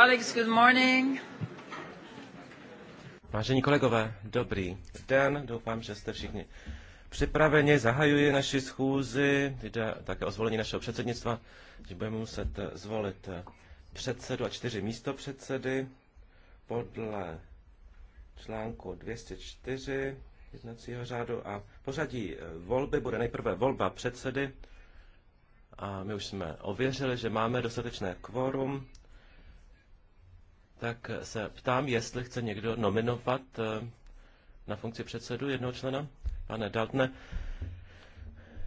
Colleagues, good morning. Vážení kolegové, dobrý den. Doufám, že jste všichni připraveni. Zahajuji naši schůzi. Jde také o zvolení našeho předsednictva, že budeme muset zvolit předsedu a čtyři místopředsedy podle článku 204 jednacího řádu a pořadí volby bude nejprve volba předsedy a my už jsme ověřili, že máme dostatečné kvorum tak se ptám, jestli chce někdo nominovat eh, na funkci předsedu jednoho člena. Pane Daltne,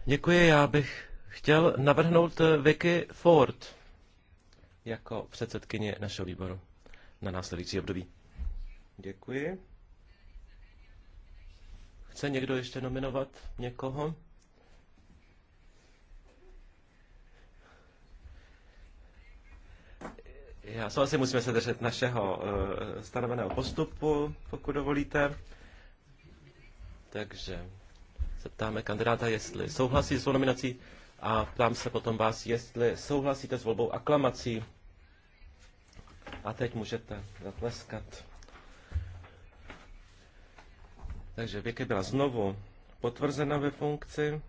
děkuji, já bych chtěl navrhnout eh, Vicky Ford jako předsedkyně našeho výboru na následující období. Děkuji. Chce někdo ještě nominovat někoho? Já asi musíme se držet našeho eh, stanoveného postupu, pokud dovolíte. Takže se ptáme kandidáta, jestli souhlasí s nominací a ptám se potom vás, jestli souhlasíte s volbou aklamací. A teď můžete zatleskat. Takže Věky byla znovu potvrzena ve funkci.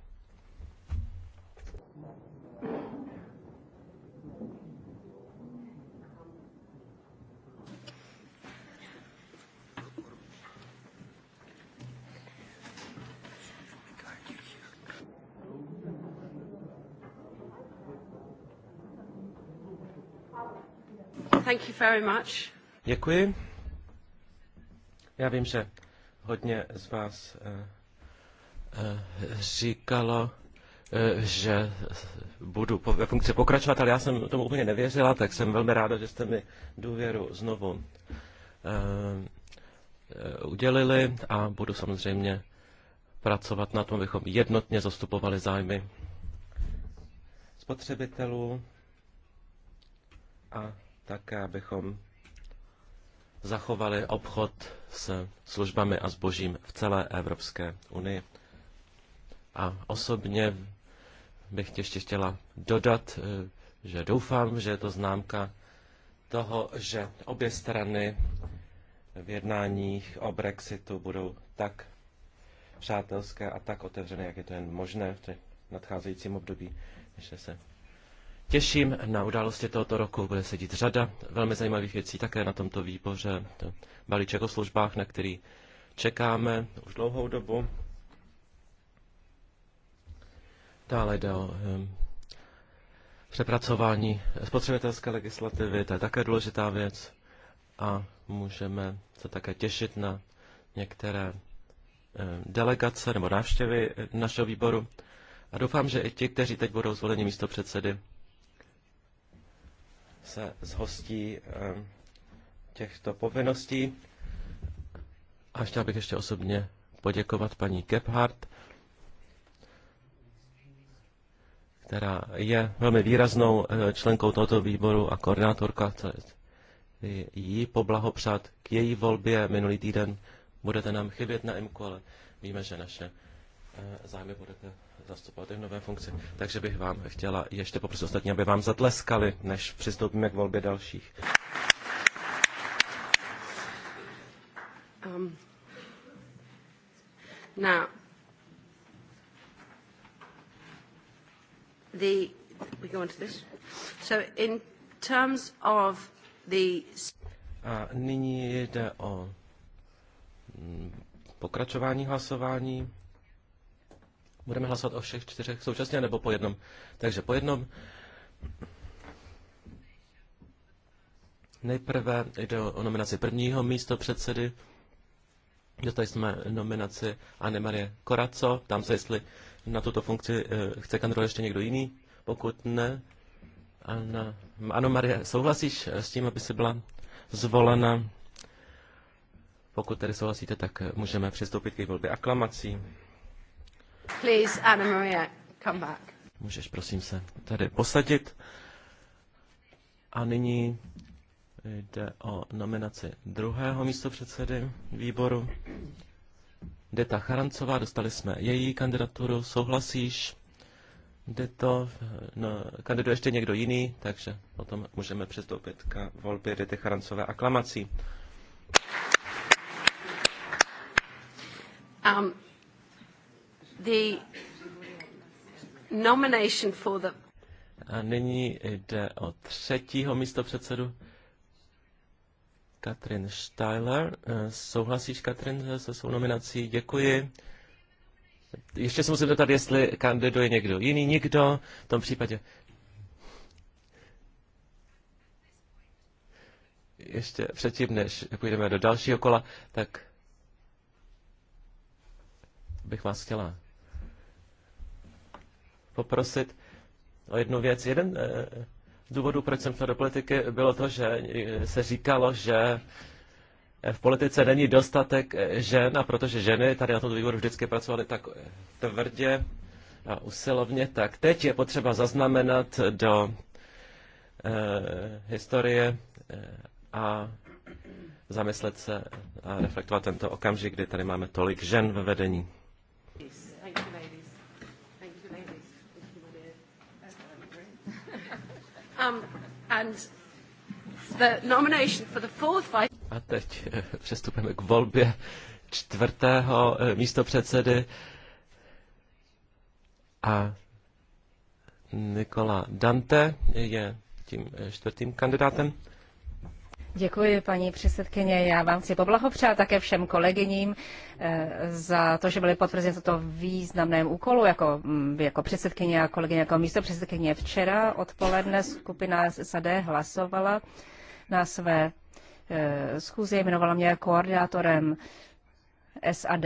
Thank you very much. Děkuji. Já vím, že hodně z vás eh, eh, říkalo, eh, že budu ve funkci pokračovat, ale já jsem tomu úplně nevěřila, tak jsem velmi ráda, že jste mi důvěru znovu udělili a budu samozřejmě pracovat na tom, abychom jednotně zastupovali zájmy spotřebitelů a také abychom zachovali obchod s službami a zbožím v celé Evropské unii. A osobně bych ještě chtěla dodat, eh, že doufám, že je to známka toho, že obě strany v jednáních o Brexitu budou tak přátelské a tak otevřené, jak je to jen možné v nadcházejícím období, že se těším na události tohoto roku. Bude sedět řada velmi zajímavých věcí také na tomto výboře. To balíček o službách, na který čekáme už dlouhou dobu. Dále jde o ehm, přepracování spotřebitelské legislativy, to je také důležitá věc a můžeme se také těšit na některé ehm, delegace nebo návštěvy našeho výboru. A doufám, že i ti, kteří teď budou zvoleni místo předsedy, se zhostí eh, těchto povinností. A chtěl bych ještě osobně poděkovat paní Gebhardt, která je velmi výraznou eh, členkou tohoto výboru a koordinátorka. Jí poblahopřát k její volbě minulý týden. Budete nám chybět na MQ, ale víme, že naše eh, zájmy budete zastupovat i v nové funkci. Takže bych vám chtěla ještě poprosit ostatní, aby vám zatleskali, než přistoupíme k volbě dalších. Um, now, the, we go on to this. So in terms of the... A nyní jde o mm, pokračování hlasování. Budeme hlasovat o všech čtyřech současně nebo po jednom? Takže po jednom. Nejprve jde o nominaci prvního místo předsedy. Dostali jsme nominaci Anne Marie Koraco. Tam se, jestli na tuto funkci eh, chce kandidovat ještě někdo jiný. Pokud ne, Anna, ano, Marie, souhlasíš s tím, aby si byla zvolena? Pokud tedy souhlasíte, tak můžeme přistoupit k volbě aklamací. Please, Anna Maria, come back. Můžeš, prosím se, tady posadit. A nyní jde o nominaci druhého místopředsedy výboru. Deta Charancová, dostali jsme její kandidaturu, souhlasíš? Jde to, no, kandiduje ještě někdo jiný, takže potom můžeme přistoupit k volbě Dety Charancové aklamací. Um, the nomination for the... A nyní jde o třetího místo předsedu. Katrin Steiler. Eh, souhlasíš, Katrin, se svou nominací? Děkuji. Ještě se musím zeptat, jestli kandiduje někdo jiný. Nikdo? V tom případě. Ještě předtím, než půjdeme do dalšího kola, tak bych vás chtěla poprosit o jednu věc. Jeden eh, z důvodů, proč jsem šel do politiky, bylo to, že eh, se říkalo, že eh, v politice není dostatek žen a protože ženy tady na tomto výboru vždycky pracovaly tak tvrdě a usilovně, tak teď je potřeba zaznamenat do eh, historie a zamyslet se a reflektovat tento okamžik, kdy tady máme tolik žen ve vedení. Um, A teď eh, přestupujeme k volbě čtvrtého eh, místo předsedy. A Nikola Dante je tím eh, čtvrtým kandidátem. Děkuji, paní předsedkyně. Já vám chci poblahopřát také všem kolegyním eh, za to, že byly potvrzeny toto významném úkolu jako, mm, jako předsedkyně a kolegyně jako místo předsedkyně. Včera odpoledne skupina SAD hlasovala na své eh, schůzi, jmenovala mě koordinátorem SAD.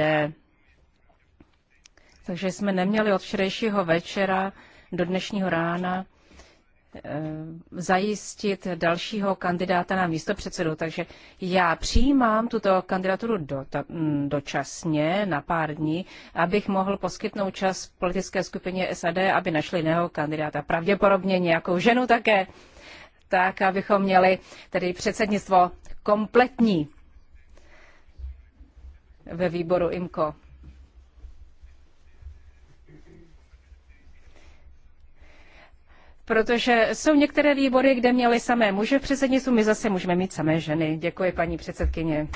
Takže jsme neměli od včerejšího večera do dnešního rána Eh, zajistit dalšího kandidáta na místo předsedu. Takže já přijímám tuto kandidaturu do, ta, mm, dočasně na pár dní, abych mohl poskytnout čas politické skupině SAD, aby našli jiného kandidáta. Pravděpodobně nějakou ženu také, tak abychom měli tedy předsednictvo kompletní ve výboru IMCO. protože jsou některé výbory, kde měly samé muže v předsednictvu, my zase můžeme mít samé ženy. Děkuji, paní předsedkyně.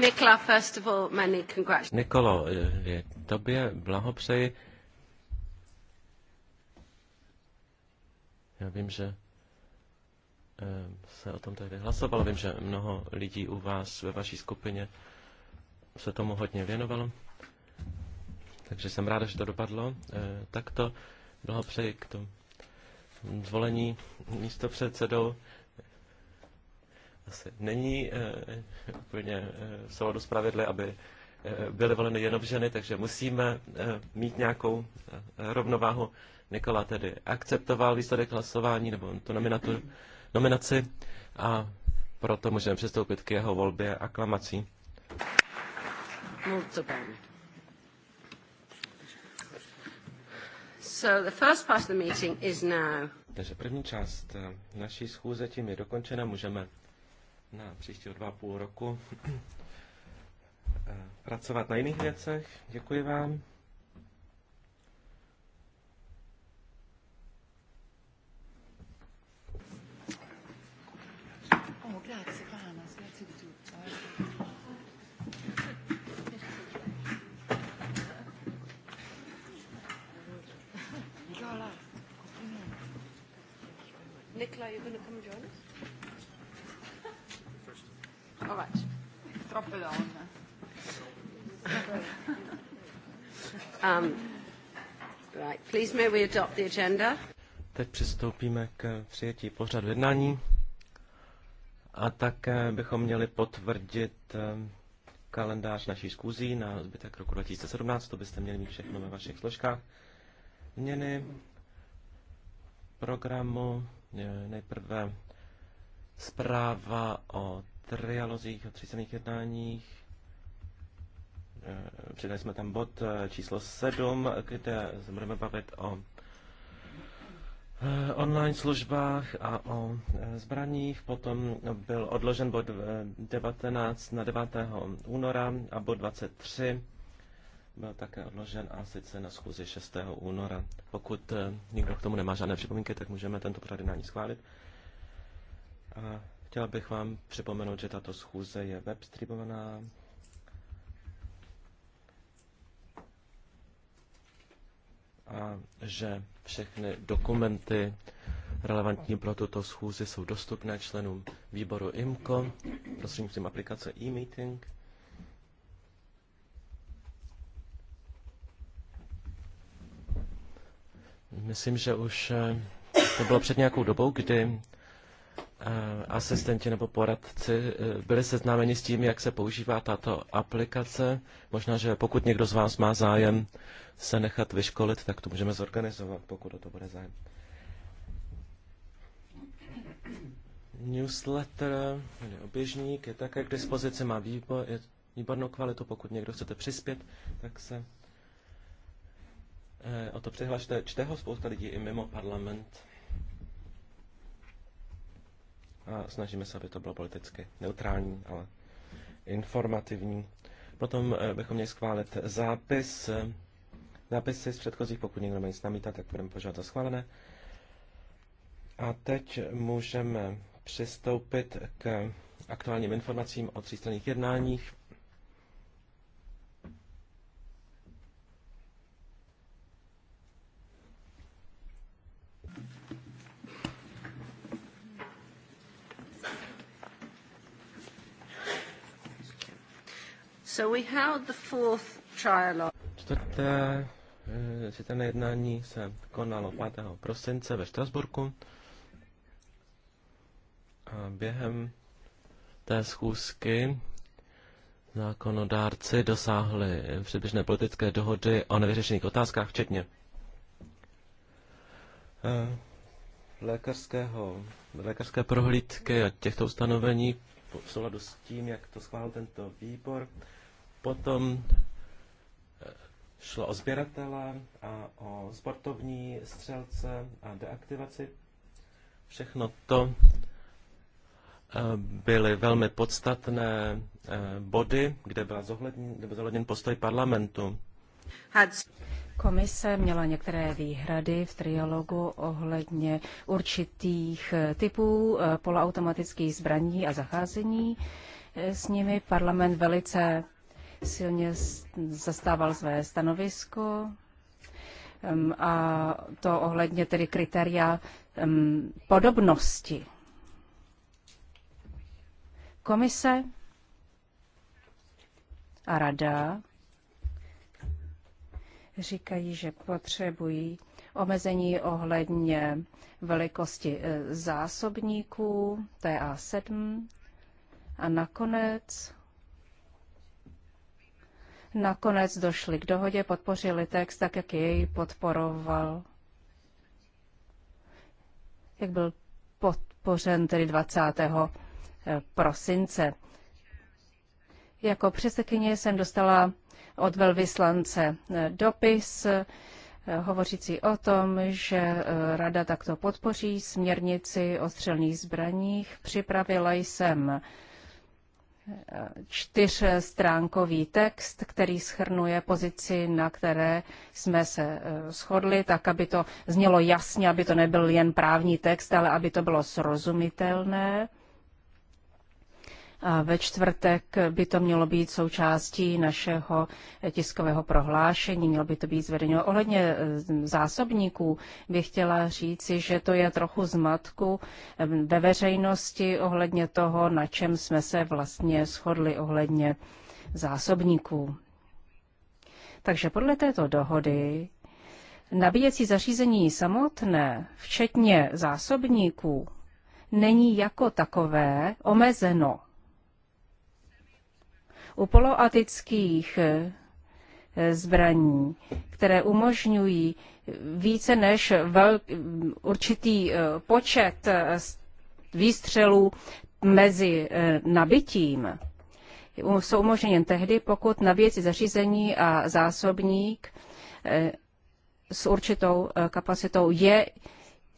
Nikola, first of all, many congratulations. Nikolo, tobě blahopřeji. Já vím, že ehm, se o tom tehdy hlasovalo. Vím, že mnoho lidí u vás ve vaší skupině se tomu hodně věnovalo. Takže jsem ráda, že to dopadlo eh, takto přeji k tomu zvolení místo předsedou. Asi není e, úplně e, v s pravidly, aby e, byly voleny jenom ženy, takže musíme e, mít nějakou e, rovnováhu. Nikola tedy akceptoval výsledek hlasování nebo tu nominatu, nominaci a proto můžeme přistoupit k jeho volbě aklamací. Muito bem. So the first part of the meeting is now. Takže první část eh, naší schůze tím je dokončena. Můžeme na příští dva půl roku eh, pracovat na jiných věcech. Děkuji vám. Nicola, you're going to come and join us? All right. Troppe donne. um, right. Please may we adopt the agenda. Teď přistoupíme k přijetí pořadu jednání. A také bychom měli potvrdit um, kalendář naší schůzí na zbytek roku 2017. To byste měli mít všechno ve vašich složkách. Měny programu Eh, nejprve zpráva o trialozích o třízených jednáních. Eh, přidali jsme tam bod eh, číslo 7, kde se budeme bavit o online službách a o zbraních. Potom byl odložen bod 19 na 9. února a bod 23 byl také odložen a sice na schůzi 6. února. Pokud eh, nikdo k tomu nemá žádné připomínky, tak můžeme tento pořad jednání schválit. A chtěl bych vám připomenout, že tato schůze je webstreamovaná. A že všechny dokumenty relevantní pro tuto schůzi jsou dostupné členům výboru IMCO prostřednictvím aplikace e-meeting. Myslím, že už eh, to bylo před nějakou dobou, kdy eh, asistenti nebo poradci eh, byli seznámeni s tím, jak se používá tato aplikace. Možná, že pokud někdo z vás má zájem se nechat vyškolit, tak to můžeme zorganizovat, pokud o to bude zájem. Newsletter, oběžník, je také k dispozici, má výbor, je výbornou kvalitu, pokud někdo chcete přispět, tak se Eh, o to přihlašte. Čte ho spousta lidí i mimo parlament. A snažíme se, aby to bylo politicky neutrální, ale informativní. Potom eh, bychom měli schválit zápis, eh, zápisy z předchozích, pokud někdo má nic tak budeme požádat o schválené. A teď můžeme přistoupit k aktuálním informacím o třístranných jednáních. So we held the fourth trialogue. Čtvrté eh, čitelné jednání se konalo 5. prosince ve Štrasburku. A během té schůzky zákonodárci dosáhli předběžné politické dohody o nevyřešených otázkách, včetně eh, lékařského, lékařské prohlídky a těchto ustanovení v souladu s tím, jak to schválil tento výbor. Potom eh, šlo o sběratele a o sportovní střelce a deaktivaci. Všechno to eh, byly velmi podstatné eh, body, kde, byl zohledněn, byl zohledněn postoj parlamentu. Komise měla některé výhrady v trialogu ohledně určitých typů poloautomatických zbraní a zacházení s nimi. Parlament velice silně zastával své stanovisko a to ohledně tedy kritéria podobnosti. Komise a rada říkají, že potřebují omezení ohledně velikosti e, zásobníků TA7 a nakonec Nakonec došli k dohodě, podpořili text tak, jak jej podporoval. Jak byl podpořen tedy 20. Eh, prosince. Jako předsedkyně jsem dostala od velvyslance eh, dopis eh, hovořící o tom, že rada takto podpoří směrnici o střelných zbraních. Připravila jsem čtyřstránkový text, který schrnuje pozici, na které jsme se eh, shodli, tak aby to znělo jasně, aby to nebyl jen právní text, ale aby to bylo srozumitelné. A ve čtvrtek by to mělo být součástí našeho tiskového prohlášení, mělo by to být zvedeno. Ohledně e, zásobníků bych chtěla říci, že to je trochu zmatku e, ve veřejnosti ohledně toho, na čem jsme se vlastně shodli ohledně zásobníků. Takže podle této dohody nabíjecí zařízení samotné, včetně zásobníků, není jako takové omezeno u poloatických eh, zbraní, které umožňují více než velk, určitý eh, počet eh, výstřelů mezi nabitím, jsou umožněn tehdy, pokud nabíjecí zařízení a zásobník s určitou kapacitou je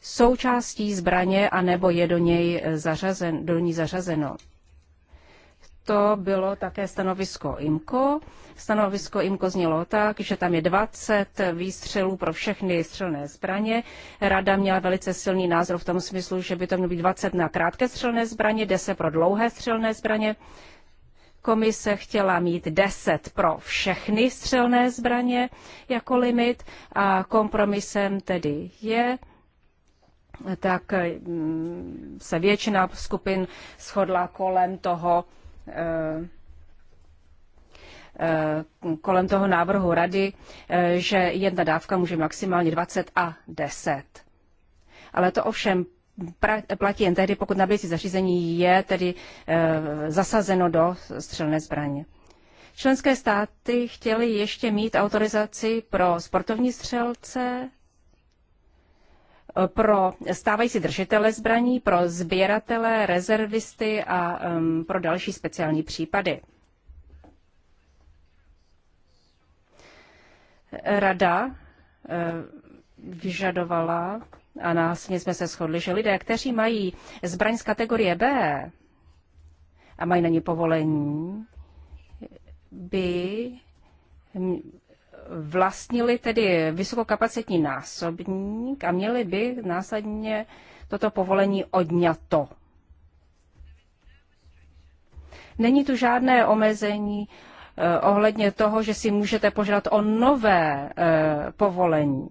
součástí zbraně a nebo je do něj zařazen, do ní zařazeno to bylo také stanovisko IMCO. Stanovisko IMCO znělo tak, že tam je 20 výstřelů pro všechny střelné zbraně. Rada měla velice silný názor v tom smyslu, že by to mělo být 20 na krátké střelné zbraně, 10 pro dlouhé střelné zbraně. Komise chtěla mít 10 pro všechny střelné zbraně jako limit a kompromisem tedy je, tak mm, se většina skupin shodla kolem toho, Eh, eh, kolem toho návrhu rady, eh, že jedna dávka může maximálně 20 a 10. Ale to ovšem platí jen tehdy, pokud nabíjecí zařízení je tedy zasazeno do střelné zbraně. Členské státy chtěly ještě mít autorizaci pro sportovní střelce, pro stávající držitele zbraní, pro sběratele, rezervisty a um, pro další speciální případy. Rada uh, vyžadovala, a následně jsme se shodli, že lidé, kteří mají zbraň z kategorie B a mají na ní povolení, by vlastnili tedy vysokokapacitní násobník a měli by následně toto povolení odňato. Není tu žádné omezení eh, ohledně toho, že si můžete požádat o nové eh, povolení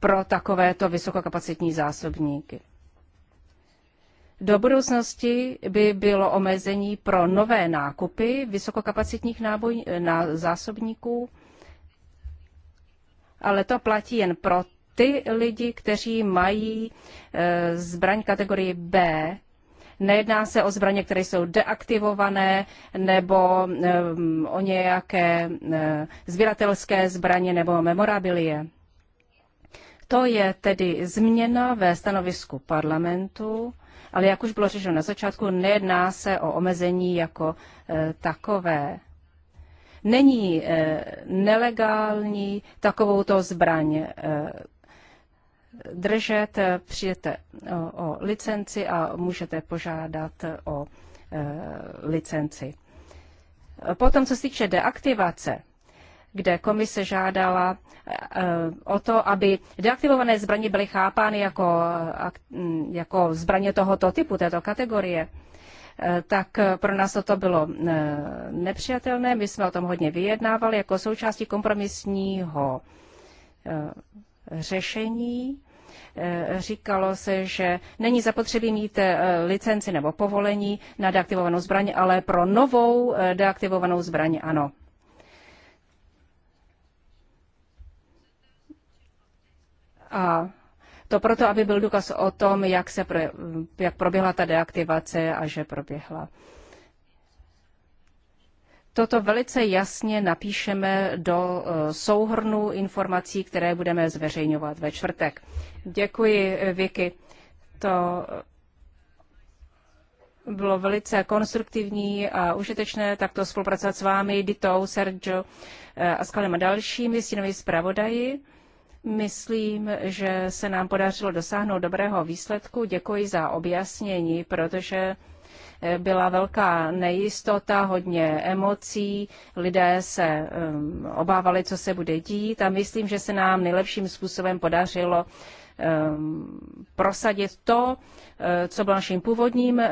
pro takovéto vysokokapacitní zásobníky. Do budoucnosti by bylo omezení pro nové nákupy vysokokapacitních náboj, na zásobníků, ale to platí jen pro ty lidi, kteří mají e, zbraň kategorii B. Nejedná se o zbraně, které jsou deaktivované nebo e, o nějaké e, zbraně nebo memorabilie. To je tedy změna ve stanovisku parlamentu ale jak už bylo řečeno na začátku, nejedná se o omezení jako e, takové. Není e, nelegální takovouto zbraň e, držet, přijete o licenci a můžete požádat o licenci. Potom, co se týče deaktivace, kde komise žádala eh, o to, aby deaktivované zbraně byly chápány jako, jako zbraně tohoto typu, této kategorie eh, tak pro nás toto bylo eh, nepřijatelné. My jsme o tom hodně vyjednávali jako součástí kompromisního řešení. Říkalo se, že není zapotřebí mít licenci nebo povolení na deaktivovanou zbraň, ale pro novou deaktivovanou zbraň ano. A to proto, aby byl důkaz o tom, jak, se pro, jak proběhla ta deaktivace a že proběhla. Toto velice jasně napíšeme do eh, souhrnu informací, které budeme zveřejňovat ve čtvrtek. Děkuji, eh, Vicky. To eh, bylo velice konstruktivní a užitečné takto spolupracovat s vámi, Ditou, Sergio a s dalšími stínovými zpravodaji. Myslím, že se nám podařilo dosáhnout dobrého výsledku. Děkuji za objasnění, protože eh, byla velká nejistota, hodně emocí, lidé se eh, obávali, co se bude dít a myslím, že se nám nejlepším způsobem podařilo eh, prosadit to, co bylo naším původním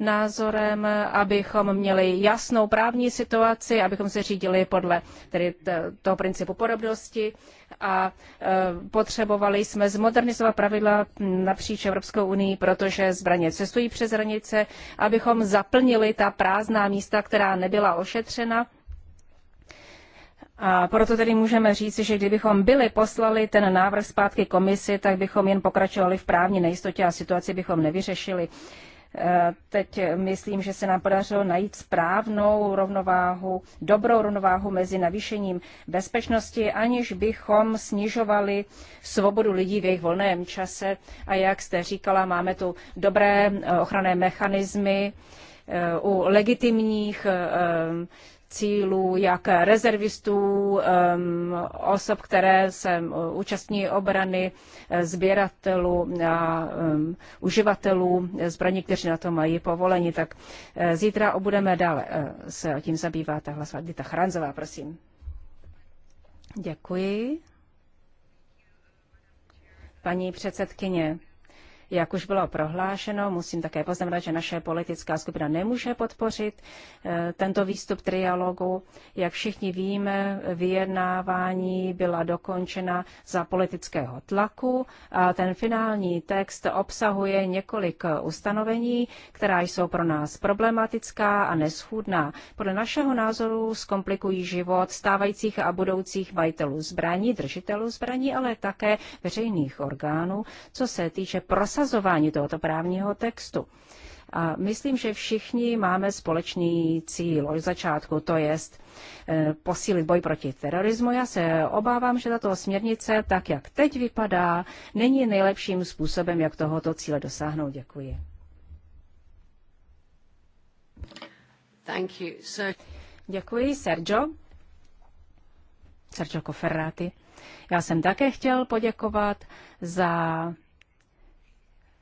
názorem, abychom měli jasnou právní situaci, abychom se řídili podle tedy toho principu podobnosti a e, potřebovali jsme zmodernizovat pravidla napříč Evropskou unii, protože zbraně cestují přes hranice, abychom zaplnili ta prázdná místa, která nebyla ošetřena. A proto tedy můžeme říci, že kdybychom byli poslali ten návrh zpátky komisi, tak bychom jen pokračovali v právní nejistotě a situaci bychom nevyřešili. Eh, teď myslím, že se nám podařilo najít správnou rovnováhu, dobrou rovnováhu mezi navýšením bezpečnosti, aniž bychom snižovali svobodu lidí v jejich volném čase. A jak jste říkala, máme tu dobré eh, ochranné mechanismy eh, u legitimních cílů, jak rezervistů, osob, které se účastní obrany, eh, sběratelů a uživatelů zbraní, kteří na to mají povolení. Tak eh, zítra budeme dále eh, se tím zabývat a hlasovat. Dita Charanzová, prosím. Děkuji. Paní předsedkyně, jak už bylo prohlášeno, musím také poznamenat, že naše politická skupina nemůže podpořit eh, tento výstup trialogu. Jak všichni víme, vyjednávání byla dokončena za politického tlaku a ten finální text obsahuje několik ustanovení, která jsou pro nás problematická a neschůdná. Podle našeho názoru zkomplikují život stávajících a budoucích majitelů zbraní, držitelů zbraní, ale také veřejných orgánů, co se týče prosazování prosazování tohoto právního textu. A myslím, že všichni máme společný cíl od začátku, to je eh, posílit boj proti terorismu. Já se obávám, že tato směrnice, tak jak teď vypadá, není nejlepším způsobem, jak tohoto cíle dosáhnout. Děkuji. Thank you, sir. Děkuji, Sergio. Sergio Koferrati. Já jsem také chtěl poděkovat za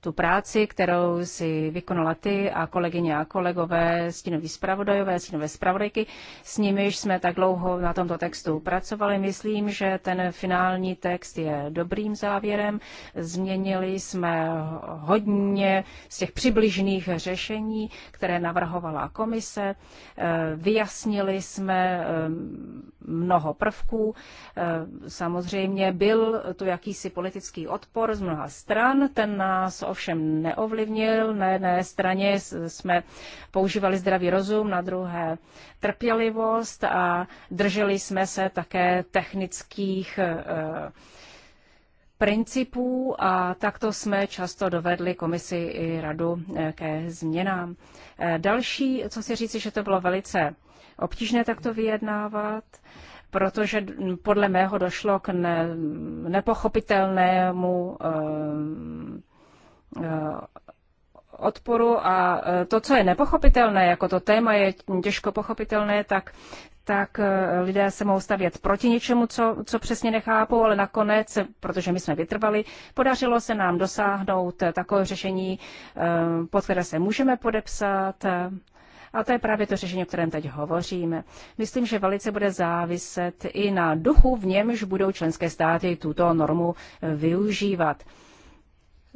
tu práci, kterou si vykonala ty a kolegyně a kolegové, stínoví zpravodajové, stínové zpravodajky, s nimiž jsme tak dlouho na tomto textu pracovali. Myslím, že ten finální text je dobrým závěrem. Změnili jsme hodně z těch přibližných řešení, které navrhovala komise. Eh, vyjasnili jsme eh, mnoho prvků. Eh, samozřejmě byl tu jakýsi politický odpor z mnoha stran, ten nás ovšem neovlivnil. Na jedné straně jsme používali zdravý rozum, na druhé trpělivost a drželi jsme se také technických eh, principů a takto jsme často dovedli komisi i radu eh, ke změnám. Eh, další, co si říci, že to bylo velice obtížné takto vyjednávat, protože podle mého došlo k ne, nepochopitelnému um, Eh, odporu a eh, to, co je nepochopitelné, jako to téma je těžko pochopitelné, tak tak eh, lidé se mohou stavět proti něčemu, co, co přesně nechápou, ale nakonec, protože my jsme vytrvali, podařilo se nám dosáhnout takové řešení, pod které se můžeme podepsat. A to je právě to řešení, o kterém teď hovoříme. Myslím, že velice bude záviset i na duchu, v němž budou členské státy tuto normu využívat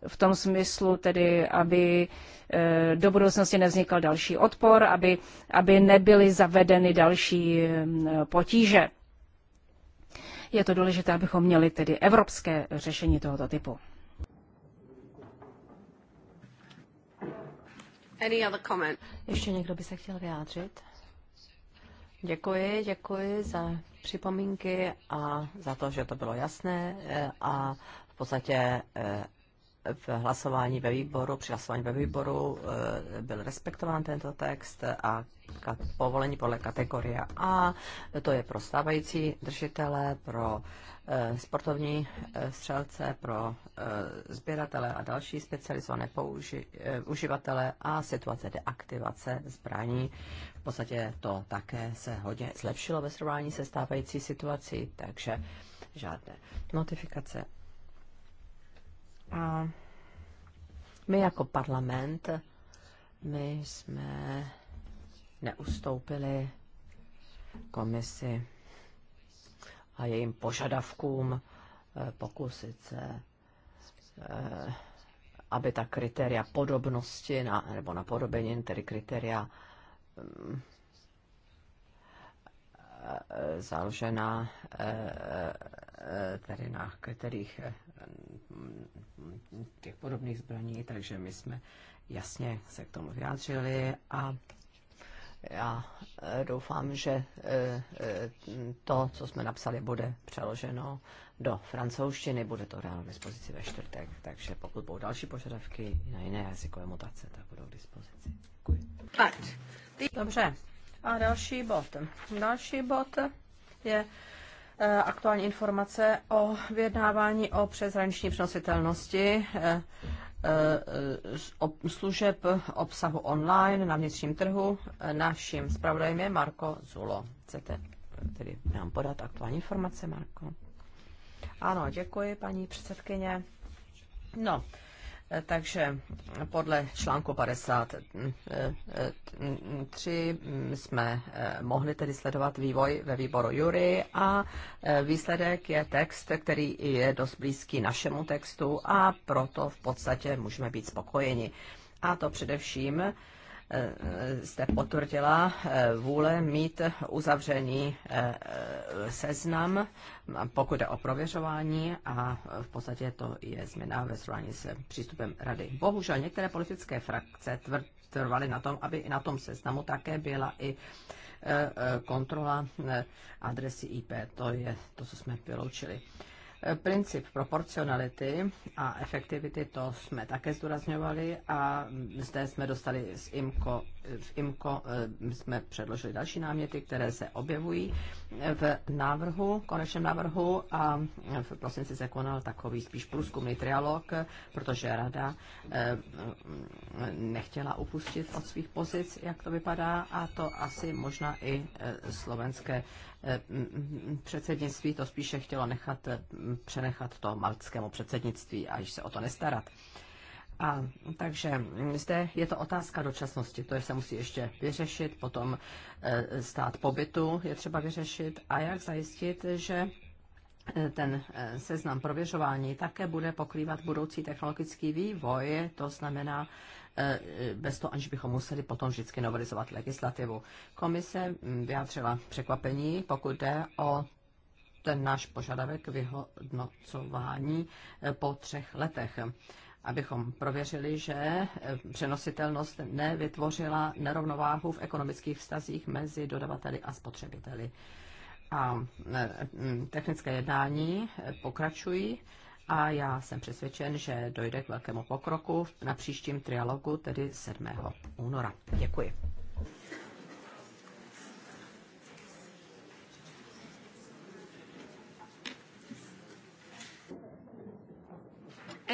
v tom smyslu tedy, aby eh, do budoucnosti nevznikal další odpor, aby, aby nebyly zavedeny další eh, potíže. Je to důležité, abychom měli tedy evropské řešení tohoto typu. Any other comment? Ještě někdo by se chtěl vyjádřit? Děkuji, děkuji za připomínky a za to, že to bylo jasné eh, a v podstatě v hlasování ve výboru, při hlasování ve výboru eh, byl respektován tento text a povolení podle kategorie A, to je pro stávající držitele, pro eh, sportovní eh, střelce, pro sběratele a další specializované použi- uživatele a situace deaktivace zbraní. V podstatě to také se hodně zlepšilo ve srovnání se stávající situací, takže žádné notifikace a my jako parlament, my jsme neustoupili komisi a jejím požadavkům eh, pokusit se, eh, aby ta kritéria podobnosti na, nebo napodobenin, tedy kritéria mm, eh, založená Eh, tedy na kterých eh, mm, těch podobných zbraní, takže my jsme jasně se k tomu vyjádřili a já eh, doufám, že to, co jsme napsali, bude přeloženo do francouzštiny, bude to ráno k dispozici ve čtvrtek, takže pokud budou další požadavky na jiné jazykové mutace, tak budou k dispozici. Děkuji. Dobře. A další bod. Další bod je Eh, aktuální informace o vyjednávání o přeshraniční přenositelnosti eh, eh, služeb obsahu online na vnitřním trhu. Naším zpravodajem je Marko Zulo. Chcete tedy nám podat aktuální informace, Marko? Ano, děkuji, paní předsedkyně. No, takže podle článku 53 jsme eh, mohli tedy sledovat vývoj ve výboru Jury a eh, výsledek je text, který je dost blízký našemu textu a proto v podstatě můžeme být spokojeni. A to především Eh, jste potvrdila eh, vůle mít uzavřený eh, seznam, pokud je o prověřování a v podstatě to je změna ve srovnání s přístupem rady. Bohužel některé politické frakce trvaly na tom, aby i na tom seznamu také byla i kontrola adresy IP. To je to, co jsme vyloučili. Princip proporcionality a efektivity, to jsme také zdůrazňovali a zde jsme dostali z IMCO, v IMCO eh, jsme předložili další náměty, které se objevují v návrhu, konečném návrhu a v prosinci se konal takový spíš průzkumný trialog, protože rada eh, nechtěla upustit od svých pozic, jak to vypadá a to asi možná i eh, slovenské předsednictví to spíše chtělo nechat, přenechat to maltskému předsednictví a již se o to nestarat. A, takže zde je to otázka dočasnosti, to se musí ještě vyřešit, potom e, stát pobytu je třeba vyřešit a jak zajistit, že e, ten e, seznam prověřování také bude pokrývat budoucí technologický vývoj, to znamená, Eh, bez toho, aniž bychom museli potom vždycky novelizovat legislativu. Komise mm, vyjádřila překvapení, pokud jde o ten náš požadavek vyhodnocování eh, po třech letech abychom prověřili, že eh, přenositelnost nevytvořila nerovnováhu v ekonomických vztazích mezi dodavateli a spotřebiteli. A mm, technické jednání pokračují a já jsem přesvědčen, že dojde k velkému pokroku na příštím trialogu, tedy 7. února. Děkuji.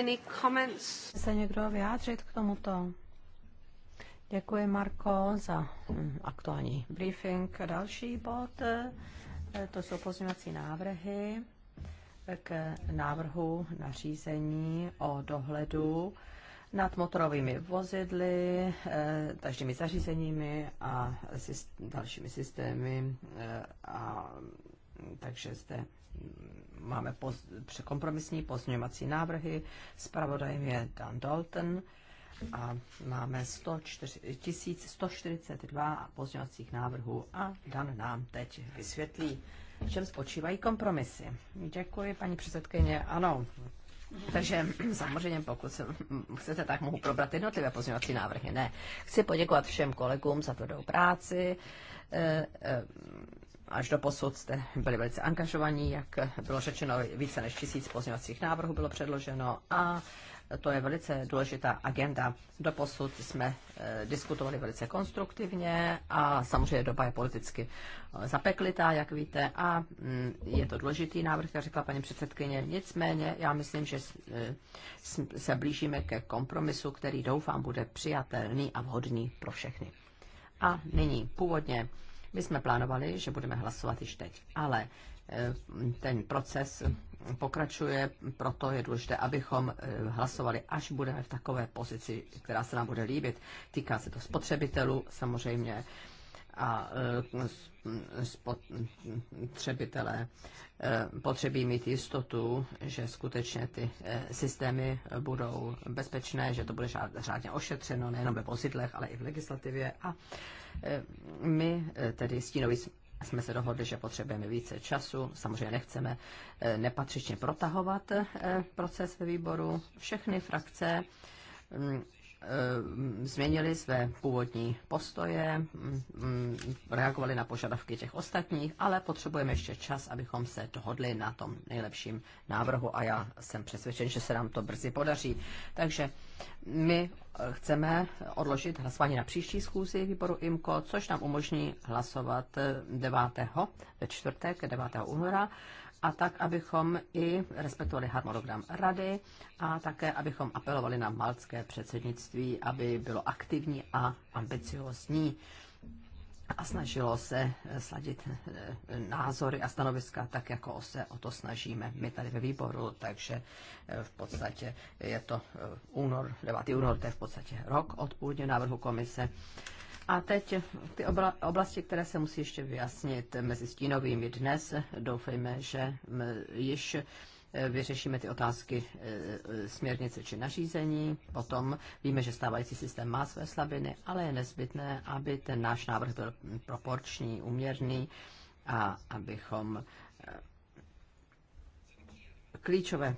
Any comments? Se někdo vyjádřit k tomuto? Děkuji, Marko, za hm, aktuální briefing. Další bod, eh, to jsou pozměňovací návrhy k návrhu nařízení o dohledu nad motorovými vozidly, eh, tažnými zařízeními a dalšími systémy. Eh, a, takže zde máme překompromisní kompromisní pozměňovací návrhy. Spravodajem je Dan Dalton a máme 142 1142 pozměňovacích návrhů a Dan nám teď vysvětlí v čem spočívají kompromisy. Děkuji, paní předsedkyně. Ano, takže samozřejmě, pokud se, chcete, tak mohu probrat jednotlivé pozměňovací návrhy. Ne. Chci poděkovat všem kolegům za tvrdou práci. E, e, až do posud jste byli velice angažovaní, jak bylo řečeno, více než tisíc pozměňovacích návrhů bylo předloženo a to je velice důležitá agenda. Doposud jsme eh, diskutovali velice konstruktivně a samozřejmě doba je politicky eh, zapeklitá, jak víte, a mm, je to důležitý návrh, jak řekla paní předsedkyně. Nicméně já myslím, že eh, se blížíme ke kompromisu, který doufám bude přijatelný a vhodný pro všechny. A nyní původně my jsme plánovali, že budeme hlasovat již teď, ale ten proces pokračuje, proto je důležité, abychom eh, hlasovali, až budeme v takové pozici, která se nám bude líbit. Týká se to spotřebitelů samozřejmě a eh, spotřebitelé eh, potřebí mít jistotu, že skutečně ty systémy budou bezpečné, že to bude řádně ošetřeno nejenom ve vozidlech, ale i v legislativě. A my, tedy stínoví jsme se dohodli, že potřebujeme více času. Samozřejmě nechceme eh, nepatřičně protahovat eh, proces ve výboru. Všechny frakce mm, eh, změnili své původní postoje, mm, mm, reagovali na požadavky těch ostatních, ale potřebujeme ještě čas, abychom se dohodli na tom nejlepším návrhu a já jsem přesvědčen, že se nám to brzy podaří. Takže my chceme odložit hlasování na příští schůzi výboru IMKO, což nám umožní hlasovat 9. ve čtvrtek 9. února a tak, abychom i respektovali harmonogram rady a také, abychom apelovali na malcké předsednictví, aby bylo aktivní a ambiciozní a snažilo se eh, sladit eh, názory a stanoviska tak, jako se o to snažíme my tady ve výboru, takže eh, v podstatě je to únor, 9. únor, to je v podstatě rok od původního návrhu komise. A teď ty oblasti, které se musí ještě vyjasnit mezi stínovými dnes, doufejme, že již Eh, vyřešíme ty otázky eh, eh, směrnice či nařízení. Potom víme, že stávající systém má své slabiny, ale je nezbytné, aby ten náš návrh byl proporční, uměrný a abychom klíčové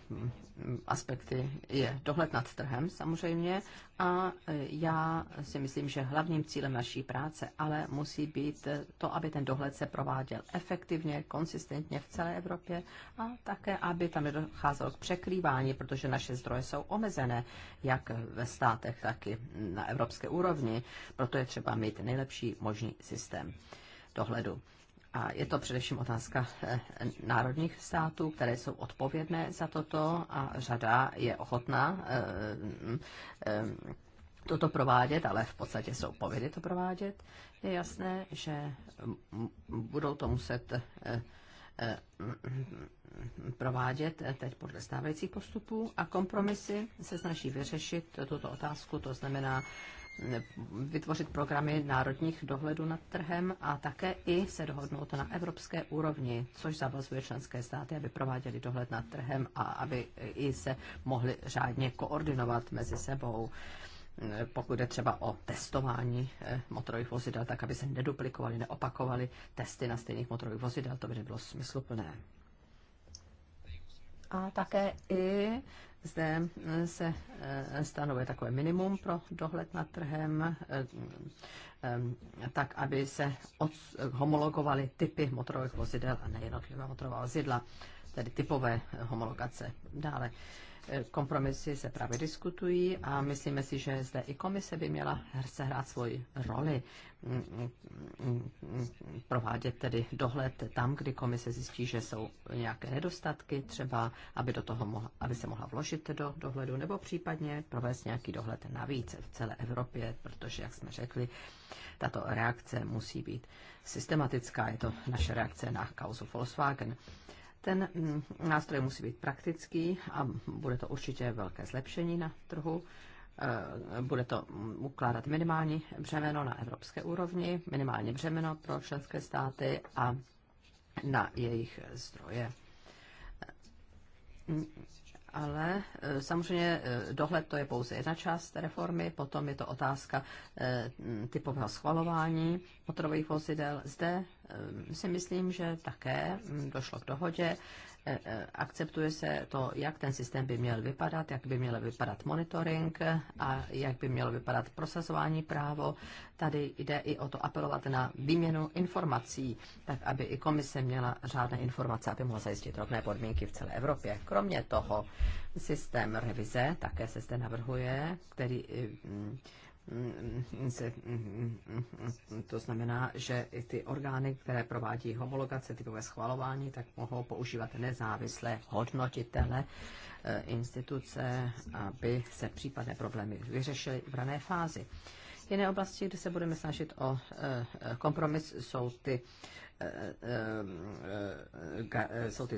aspekty je dohled nad trhem samozřejmě a já si myslím, že hlavním cílem naší práce ale musí být to, aby ten dohled se prováděl efektivně, konsistentně v celé Evropě a také, aby tam nedocházelo k překrývání, protože naše zdroje jsou omezené jak ve státech, tak i na evropské úrovni, proto je třeba mít nejlepší možný systém dohledu. A je to především otázka eh, národních států, které jsou odpovědné za toto a řada je ochotná eh, eh, toto provádět, ale v podstatě jsou povědy to provádět. Je jasné, že budou to muset provádět teď podle stávajících postupů a kompromisy se snaží vyřešit tuto otázku, to znamená vytvořit programy národních dohledů nad trhem a také i se dohodnout na evropské úrovni, což zavazuje členské státy, aby prováděli dohled nad trhem a aby i se mohli řádně koordinovat mezi sebou pokud je třeba o testování eh, motorových vozidel, tak aby se neduplikovali, neopakovali testy na stejných motorových vozidel, to by nebylo smysluplné. A také i zde eh, se eh, stanovuje takové minimum pro dohled nad trhem, eh, tak aby se homologovaly typy motorových vozidel a nejenotlivé motorová vozidla, tedy typové homologace. Dále kompromisy se právě diskutují a myslíme si, že zde i komise by měla sehrát svoji roli, provádět tedy dohled tam, kdy komise zjistí, že jsou nějaké nedostatky, třeba aby, do toho mohla, aby se mohla vložit do dohledu, nebo případně provést nějaký dohled navíc v celé Evropě, protože, jak jsme řekli, tato reakce musí být systematická. Je to naše reakce na kauzu Volkswagen. Ten mm, nástroj musí být praktický a bude to určitě velké zlepšení na trhu. Eh, bude to mm, ukládat minimální břemeno na evropské úrovni, minimální břemeno pro členské státy a na jejich zdroje ale e, samozřejmě e, dohled to je pouze jedna část reformy, potom je to otázka e, typového schvalování motorových vozidel. Zde si myslím, že také došlo k dohodě Eh, eh, akceptuje se to, jak ten systém by měl vypadat, jak by měl vypadat monitoring a jak by mělo vypadat prosazování právo. Tady jde i o to apelovat na výměnu informací, tak aby i komise měla řádné informace, aby mohla zajistit rovné podmínky v celé Evropě. Kromě toho systém revize, také se zde navrhuje, který eh, se, to znamená, že i ty orgány, které provádí homologace, typové schvalování, tak mohou používat nezávislé hodnotitele eh, instituce, aby se případné problémy vyřešily v rané fázi. Jiné oblasti, kde se budeme snažit o eh, eh, kompromis, jsou ty Eh, eh, eh, jsou ty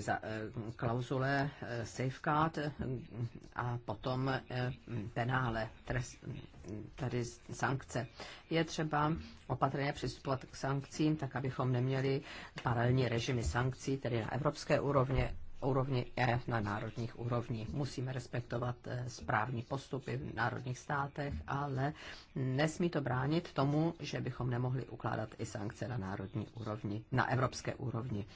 klauzule safeguard a potom penále, trest, tady sankce. Je třeba opatrně přistupovat k sankcím, tak abychom neměli paralelní režimy sankcí, tedy na evropské úrovně úrovni E na národních úrovni. Musíme respektovat eh, správní postupy v národních státech, ale nesmí to bránit tomu, že bychom nemohli ukládat i sankce na národní úrovni, na evropské úrovni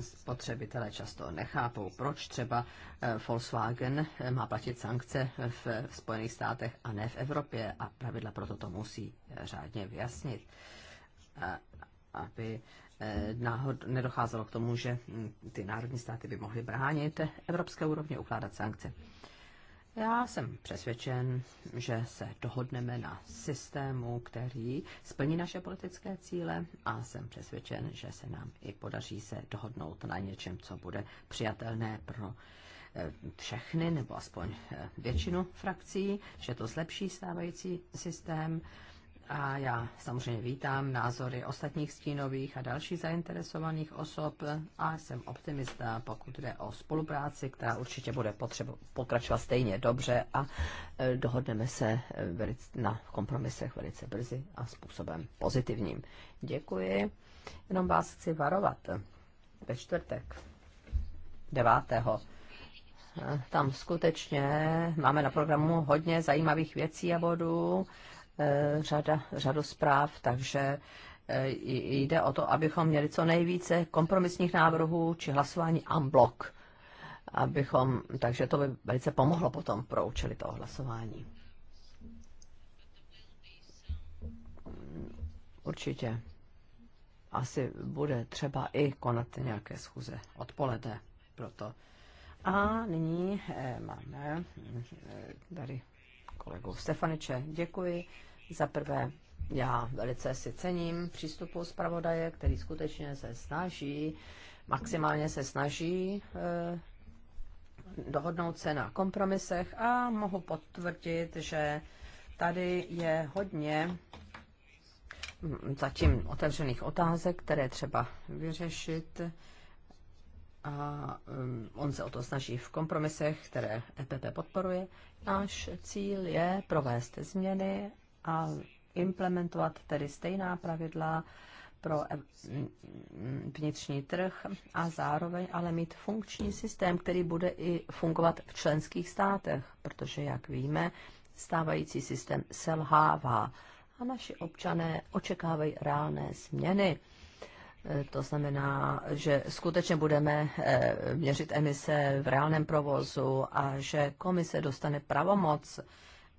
spotřebitelé často nechápou, proč třeba eh, Volkswagen eh, má platit sankce v Spojených státech a ne v Evropě a pravidla proto to musí řádně vyjasnit, aby Eh, náhod, nedocházelo k tomu, že hm, ty národní státy by mohly bránit evropské úrovně ukládat sankce. Já jsem přesvědčen, že se dohodneme na systému, který splní naše politické cíle a jsem přesvědčen, že se nám i podaří se dohodnout na něčem, co bude přijatelné pro eh, všechny nebo aspoň eh, většinu frakcí, že to zlepší stávající systém a já samozřejmě vítám názory ostatních stínových a dalších zainteresovaných osob a jsem optimista, pokud jde o spolupráci, která určitě bude potřebu pokračovat stejně dobře a e, dohodneme se e, na kompromisech velice brzy a způsobem pozitivním. Děkuji. Jenom vás chci varovat. Ve čtvrtek 9. E, tam skutečně máme na programu hodně zajímavých věcí a bodů Eh, řada, řadu zpráv, takže eh, jde o to, abychom měli co nejvíce kompromisních návrhů či hlasování unblock. Abychom, takže to by velice pomohlo potom pro účely toho hlasování. Určitě. Asi bude třeba i konat nějaké schůze odpoledne proto. A nyní eh, máme tady kolegu Stefaniče. Děkuji. Za prvé, já velice si cením přístupu zpravodaje, který skutečně se snaží, maximálně se snaží eh, dohodnout se na kompromisech a mohu potvrdit, že tady je hodně hm, zatím otevřených otázek, které třeba vyřešit. A hm, on se o to snaží v kompromisech, které EPP podporuje. Náš cíl je provést změny a implementovat tedy stejná pravidla pro vnitřní trh a zároveň ale mít funkční systém, který bude i fungovat v členských státech, protože, jak víme, stávající systém selhává a naši občané očekávají reálné změny. E, to znamená, že skutečně budeme e, měřit emise v reálném provozu a že komise dostane pravomoc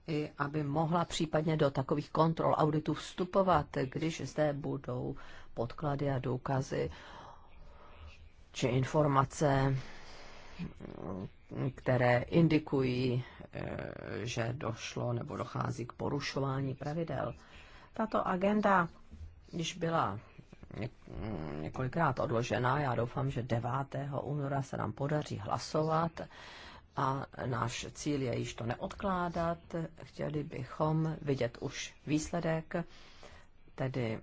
i aby mohla případně do takových kontrol auditů vstupovat, když zde budou podklady a důkazy či informace, které indikují, e, že došlo nebo dochází k porušování pravidel. Tato agenda již byla několikrát odložená. Já doufám, že 9. února se nám podaří hlasovat a náš cíl je již to neodkládat. Chtěli bychom vidět už výsledek, tedy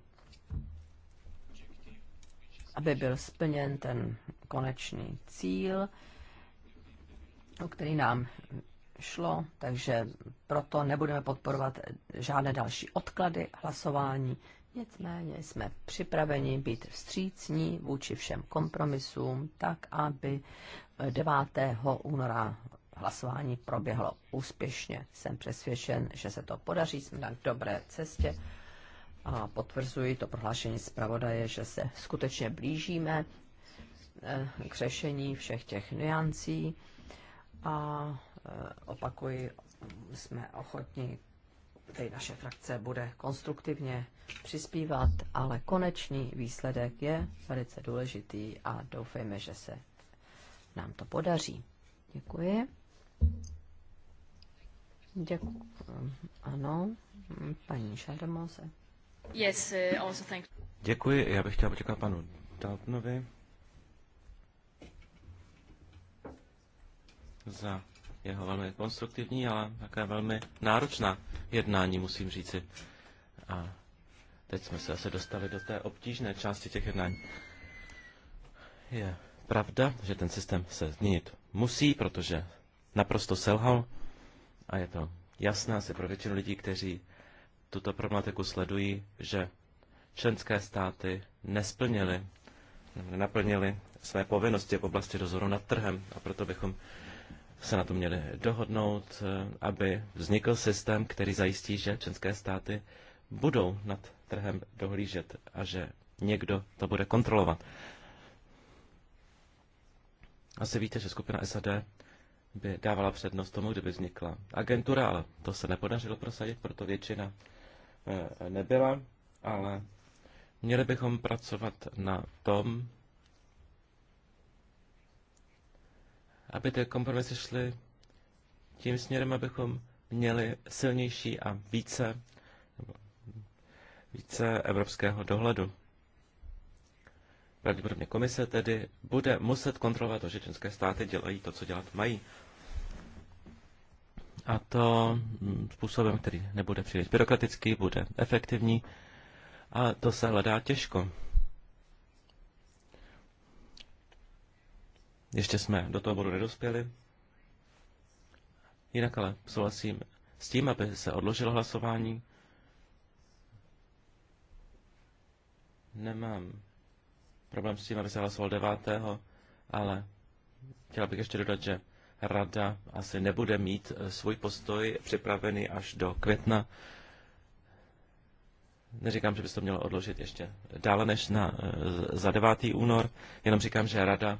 aby byl splněn ten konečný cíl, o který nám šlo, takže proto nebudeme podporovat žádné další odklady hlasování. Nicméně jsme připraveni být vstřícní vůči všem kompromisům, tak aby 9. února hlasování proběhlo úspěšně. Jsem přesvědčen, že se to podaří, jsme na dobré cestě a potvrzuji to prohlášení zpravodaje, že se skutečně blížíme eh, k řešení všech těch nuancí a eh, opakuji, jsme ochotní, tedy naše frakce bude konstruktivně přispívat, ale konečný výsledek je velice důležitý a doufejme, že se nám to podaří. Děkuji. Děkuji. Ano, paní Šarmoze. Yes, uh, also thank Děkuji, já bych chtěla poděkovat panu Daltonovi za jeho velmi konstruktivní, ale také velmi náročná jednání, musím říci. A teď jsme se asi dostali do té obtížné části těch jednání. Yeah pravda, že ten systém se změnit musí, protože naprosto selhal a je to jasné asi pro většinu lidí, kteří tuto problematiku sledují, že členské státy nesplnily, nenaplnily své povinnosti v oblasti dozoru nad trhem a proto bychom se na to měli dohodnout, eh, aby vznikl systém, který zajistí, že členské státy budou nad trhem dohlížet a že někdo to bude kontrolovat. Asi víte, že skupina SAD by dávala přednost tomu, kdyby vznikla agentura, ale to se nepodařilo prosadit, proto většina eh, nebyla, ale měli bychom pracovat na tom, aby ty kompromisy šly tím směrem, abychom měli silnější a více, více evropského dohledu pravděpodobně komise tedy bude muset kontrolovat to, že členské státy dělají to, co dělat mají. A to mm, způsobem, který nebude příliš byrokratický, bude efektivní a to se hledá těžko. Ještě jsme do toho bodu nedospěli. Jinak ale souhlasím s tím, aby se odložilo hlasování. Nemám problém s tím, aby se hlasoval 9. Ale chtěla bych ještě dodat, že rada asi nebude mít eh, svůj postoj připravený až do května. Neříkám, že by se to mělo odložit ještě dále než na, eh, za 9. únor, jenom říkám, že rada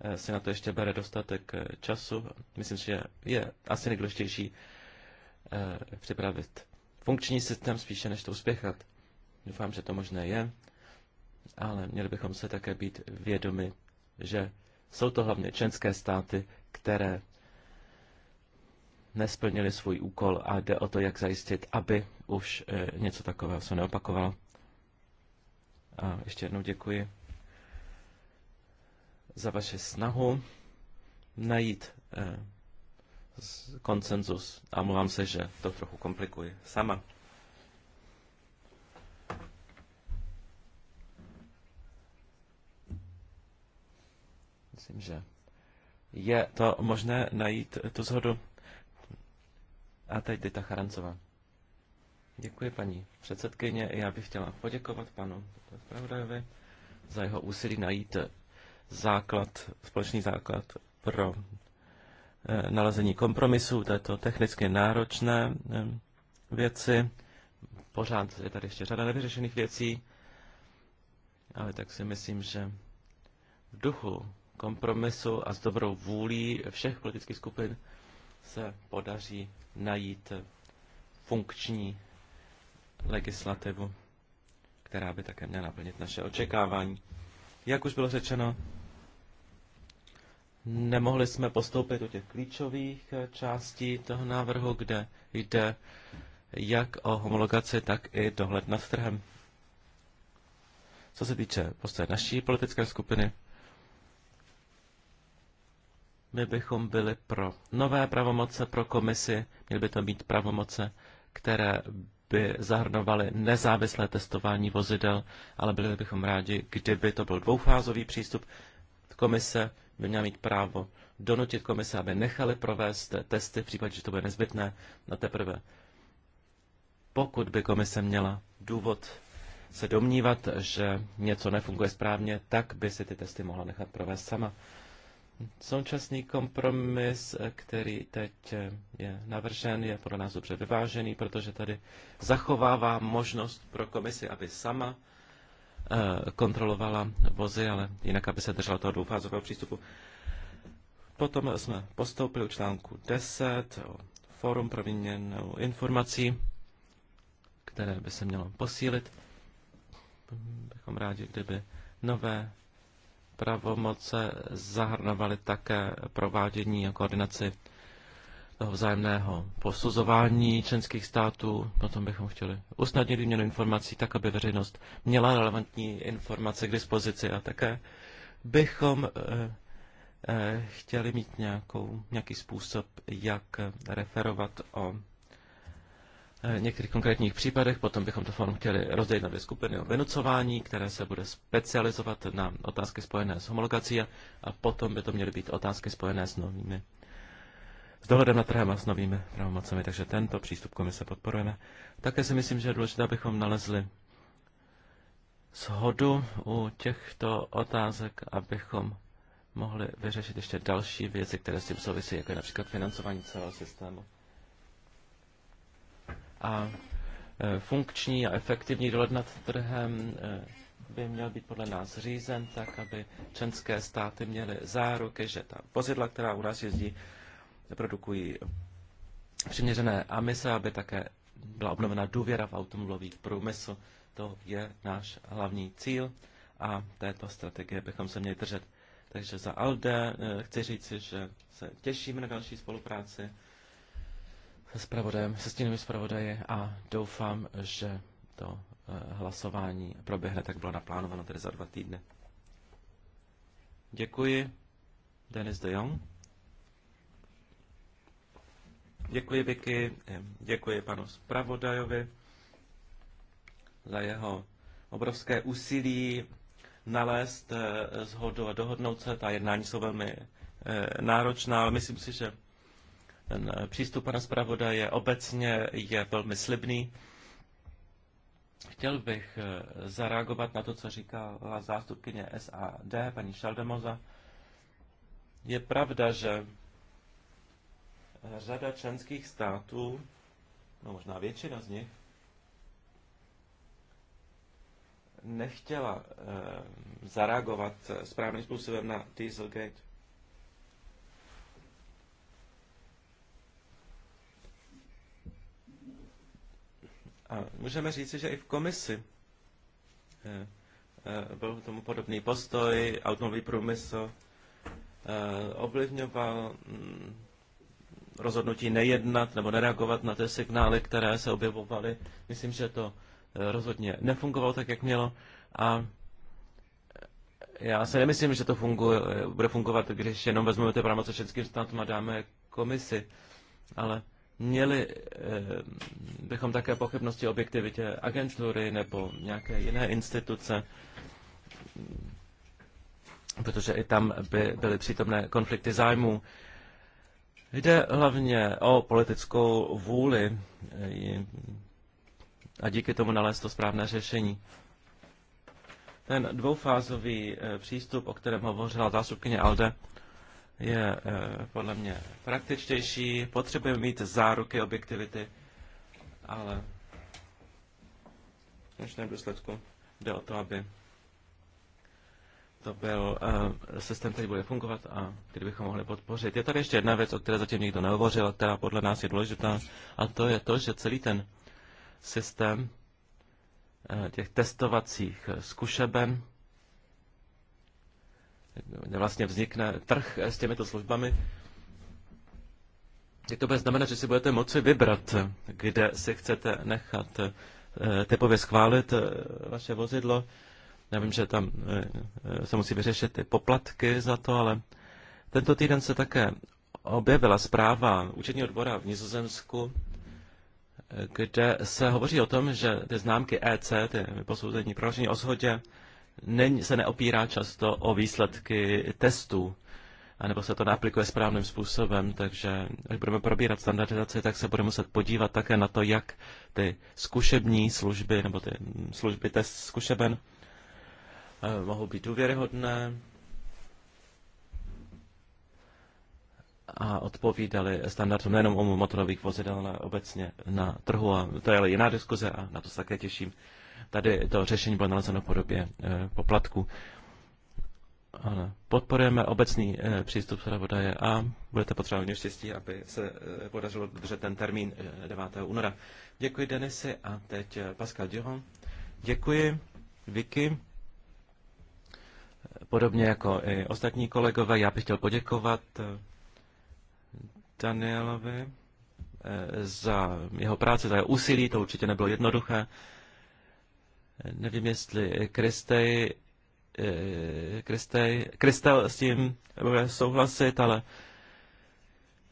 eh, si na to ještě bere dostatek času. Myslím, že je asi nejdůležitější připravit funkční systém spíše než to uspěchat. Doufám, že to možné je ale měli bychom se také být vědomi, že jsou to hlavně členské státy, které nesplnili svůj úkol a jde o to, jak zajistit, aby už eh, něco takového se neopakovalo. A ještě jednou děkuji za vaši snahu najít eh, konsenzus. A mluvám se, že to trochu komplikuji sama. Myslím, že je to možné najít tu zhodu. A teď Dita Charancová. Děkuji paní předsedkyně. Já bych chtěla poděkovat panu zpravodajovi za jeho úsilí najít základ, společný základ pro eh, nalezení kompromisu této technicky náročné eh, věci. Pořád je tady ještě řada nevyřešených věcí, ale tak si myslím, že v duchu kompromisu a s dobrou vůlí všech politických skupin se podaří najít funkční legislativu, která by také měla naplnit naše očekávání. Jak už bylo řečeno, nemohli jsme postoupit do těch klíčových eh, částí toho návrhu, kde jde jak o homologaci, tak i dohled nad trhem. Co se týče postoje naší politické skupiny, my bychom byli pro nové pravomoce pro komisi, měly by to být pravomoce, které by zahrnovaly nezávislé testování vozidel, ale byli bychom rádi, kdyby to byl dvoufázový přístup. Komise by měla mít právo donutit komise, aby nechali provést testy v případě, že to bude nezbytné na teprve. Pokud by komise měla důvod se domnívat, že něco nefunguje správně, tak by si ty testy mohla nechat provést sama. Současný kompromis, který teď je navržen, je pro nás dobře vyvážený, protože tady zachovává možnost pro komisi, aby sama eh, kontrolovala vozy, ale jinak, aby se držela toho dvoufázového přístupu. Potom jsme postoupili u článku 10 o forum pro výměnu informací, které by se mělo posílit. Bychom rádi, kdyby nové pravomoce zahrnovaly také provádění a koordinaci toho vzájemného posuzování členských států. Potom bychom chtěli usnadnit výměnu informací tak, aby veřejnost měla relevantní informace k dispozici a také bychom eh, eh, chtěli mít nějakou, nějaký způsob, jak referovat o Eh, některých konkrétních případech, potom bychom to fórum chtěli rozdělit na dvě skupiny o vynucování, které se bude specializovat na otázky spojené s homologací a potom by to měly být otázky spojené s novými s dohledem na trhem a s novými pravomocemi, takže tento přístup komise podporujeme. Také si myslím, že je důležité, abychom nalezli shodu u těchto otázek, abychom mohli vyřešit ještě další věci, které s tím souvisí, jako je například financování celého systému a e, funkční a efektivní dohled nad trhem e, by měl být podle nás řízen tak, aby členské státy měly záruky, že ta vozidla, která u nás jezdí, produkují přiměřené amise, aby také byla obnovena důvěra v automobilový průmysl. To je náš hlavní cíl a této strategie bychom se měli držet. Takže za ALDE e, chci říci, že se těšíme na další spolupráci se spravodajem, se stínými spravodaje a doufám, že to eh, hlasování proběhne, tak bylo naplánováno tedy za dva týdny. Děkuji. Denis de Jong. Děkuji Vicky, děkuji panu zpravodajovi za jeho obrovské úsilí nalézt zhodu eh, a dohodnout se. Ta jednání jsou velmi eh, náročná, ale myslím si, že ten eh, přístup pana zpravodaje obecně je velmi slibný. Chtěl bych eh, zareagovat na to, co říkala zástupkyně SAD, paní Šaldemoza. Je pravda, že eh, řada členských států, no možná většina z nich, nechtěla zareagovat správným způsobem na Dieselgate. A můžeme říci, že i v komisi eh, eh, byl tomu podobný postoj, automobilový průmysl eh, ovlivňoval mm, rozhodnutí nejednat nebo nereagovat na ty signály, které se objevovaly. Myslím, že to rozhodně nefungovalo tak, jak mělo. A já si nemyslím, že to funguje, bude fungovat, když jenom vezmeme ty pravomoce českým státům a dáme komisi. Ale Měli eh, bychom také pochybnosti o objektivitě agentury nebo nějaké jiné instituce, protože i tam by byly přítomné konflikty zájmů. Jde hlavně o politickou vůli eh, a díky tomu nalézt to správné řešení. Ten dvoufázový eh, přístup, o kterém hovořila zásupkyně Alde, je eh, podle mě praktičtější, potřebujeme mít záruky objektivity, ale v konečném důsledku jde o to, aby to byl uh, systém, který bude fungovat a který bychom mohli podpořit. Je tady ještě jedna věc, o které zatím nikdo nehovořil, a která podle nás je důležitá, a to je to, že celý ten systém uh, těch testovacích zkušeben vlastně vznikne trh s těmito službami, Je to bude znamenat, že si budete moci vybrat, kde si chcete nechat eh, typově schválit eh, vaše vozidlo. Já vím, že tam eh, se musí vyřešit ty poplatky za to, ale tento týden se také objevila zpráva účetního dvora v Nizozemsku, kde se hovoří o tom, že ty známky EC, ty posouzení prohlášení o shodě, se neopírá často o výsledky testů, anebo se to neaplikuje správným způsobem, takže až budeme probírat standardizaci, tak se budeme muset podívat také na to, jak ty zkušební služby nebo ty mm, služby test zkušeben eh, mohou být důvěryhodné a odpovídaly standardům nejenom o motorových vozidel, ale obecně na trhu. A to je ale jiná diskuze a na to se také těším tady to řešení bylo nalezeno v podobě eh, poplatku. Ano. Podporujeme obecný e, přístup zpravodaje a budete potřebovat hodně štěstí, aby se e, podařilo dodržet ten termín e, 9. února. Děkuji Denisi a teď Pascal Duhon. Děkuji Vicky. Podobně jako i ostatní kolegové, já bych chtěl poděkovat Danielovi za jeho práci, za jeho úsilí, to určitě nebylo jednoduché. Nevím, jestli Kristej, eh, Kristej, Kristel s tím bude souhlasit, ale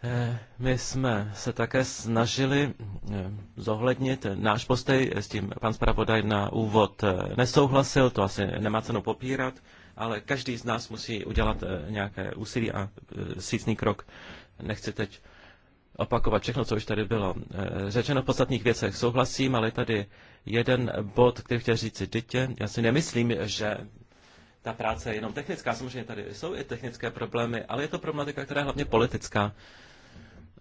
eh, my jsme se také snažili eh, zohlednit náš postoj, s tím pan zpravodaj na úvod nesouhlasil, to asi nemá cenu popírat, ale každý z nás musí udělat nějaké úsilí a sícný krok. Nechci teď opakovat všechno, co už tady bylo. Eh, řečeno v podstatných věcech souhlasím, ale tady jeden bod, který chtěl říct dítě. Já si nemyslím, že ta práce je jenom technická. Samozřejmě tady jsou i technické problémy, ale je to problematika, která je hlavně politická.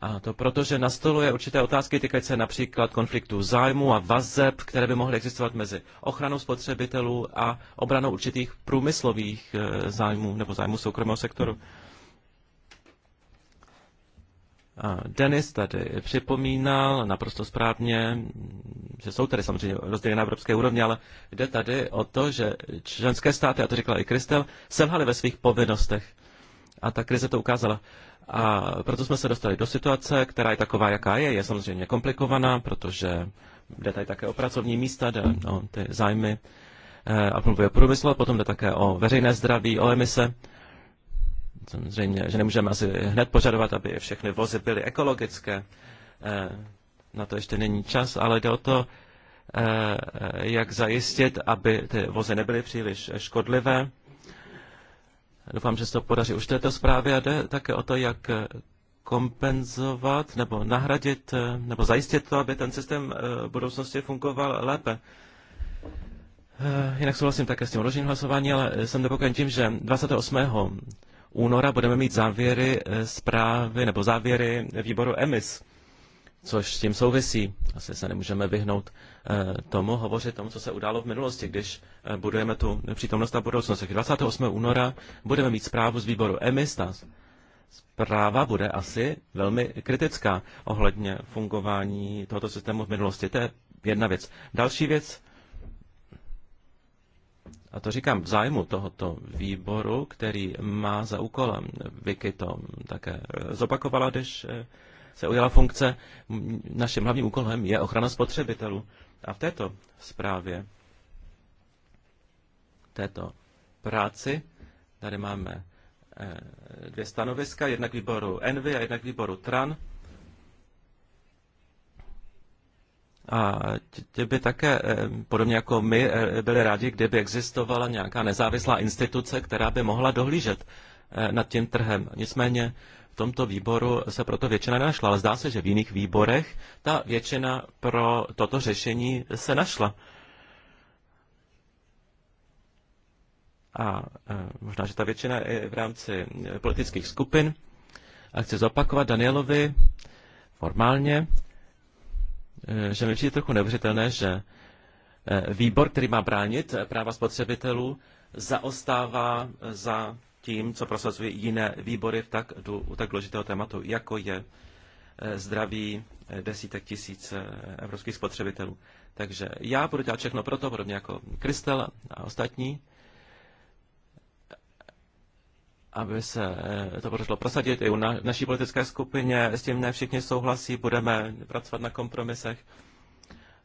A to proto, že nastoluje určité otázky týkající se například konfliktu zájmu a vazeb, které by mohly existovat mezi ochranou spotřebitelů a obranou určitých průmyslových eh, zájmů nebo zájmů soukromého sektoru. Denis tady připomínal naprosto správně, že jsou tady samozřejmě rozdíly na evropské úrovni, ale jde tady o to, že členské státy, a to řekla i Kristel, selhaly ve svých povinnostech. A ta krize to ukázala. A proto jsme se dostali do situace, která je taková, jaká je. Je samozřejmě komplikovaná, protože jde tady také o pracovní místa, jde o ty zájmy eh, a průmysl, a potom jde také o veřejné zdraví, o emise. Samozřejmě, že nemůžeme asi hned požadovat, aby všechny vozy byly ekologické. Eh, na to ještě není čas, ale jde o to, eh, jak zajistit, aby ty vozy nebyly příliš škodlivé. Doufám, že se to podaří už této zprávě a jde také o to, jak kompenzovat nebo nahradit eh, nebo zajistit to, aby ten systém v budoucnosti fungoval lépe. Jinak souhlasím také s tím odložením hlasování, ale jsem nepokojen tím, že 28 února budeme mít závěry eh, zprávy nebo závěry výboru EMIS, což s tím souvisí. Asi se nemůžeme vyhnout eh, tomu, hovořit tomu, co se událo v minulosti, když eh, budujeme tu přítomnost a budoucnost. 28. února budeme mít zprávu z výboru EMIS, ta zpráva bude asi velmi kritická ohledně fungování tohoto systému v minulosti. To je jedna věc. Další věc, a to říkám v zájmu tohoto výboru, který má za úkolem, Vicky to také zopakovala, když eh, se ujala funkce, naším hlavním úkolem je ochrana spotřebitelů. A v této zprávě, této práci, tady máme eh, dvě stanoviska, jednak výboru Envy a jednak výboru TRAN, A ti by také, eh, podobně jako my, eh, byli rádi, kdyby existovala nějaká nezávislá instituce, která by mohla dohlížet eh, nad tím trhem. Nicméně v tomto výboru se proto většina našla, ale zdá se, že v jiných výborech ta většina pro toto řešení se našla. A možná, že ta většina je v rámci politických skupin. A chci zopakovat Danielovi formálně, Eh, že mi přijde trochu nevřitelné, že eh, výbor, který má bránit eh, práva spotřebitelů, zaostává za tím, co prosazují jiné výbory v tak, u tak důležitého tématu, jako je zdraví desítek tisíc evropských spotřebitelů. Takže já budu dělat všechno proto, podobně jako Kristel a ostatní, aby se eh, to podařilo prosadit i u na, naší politické skupině. S tím ne všichni souhlasí, budeme pracovat na kompromisech.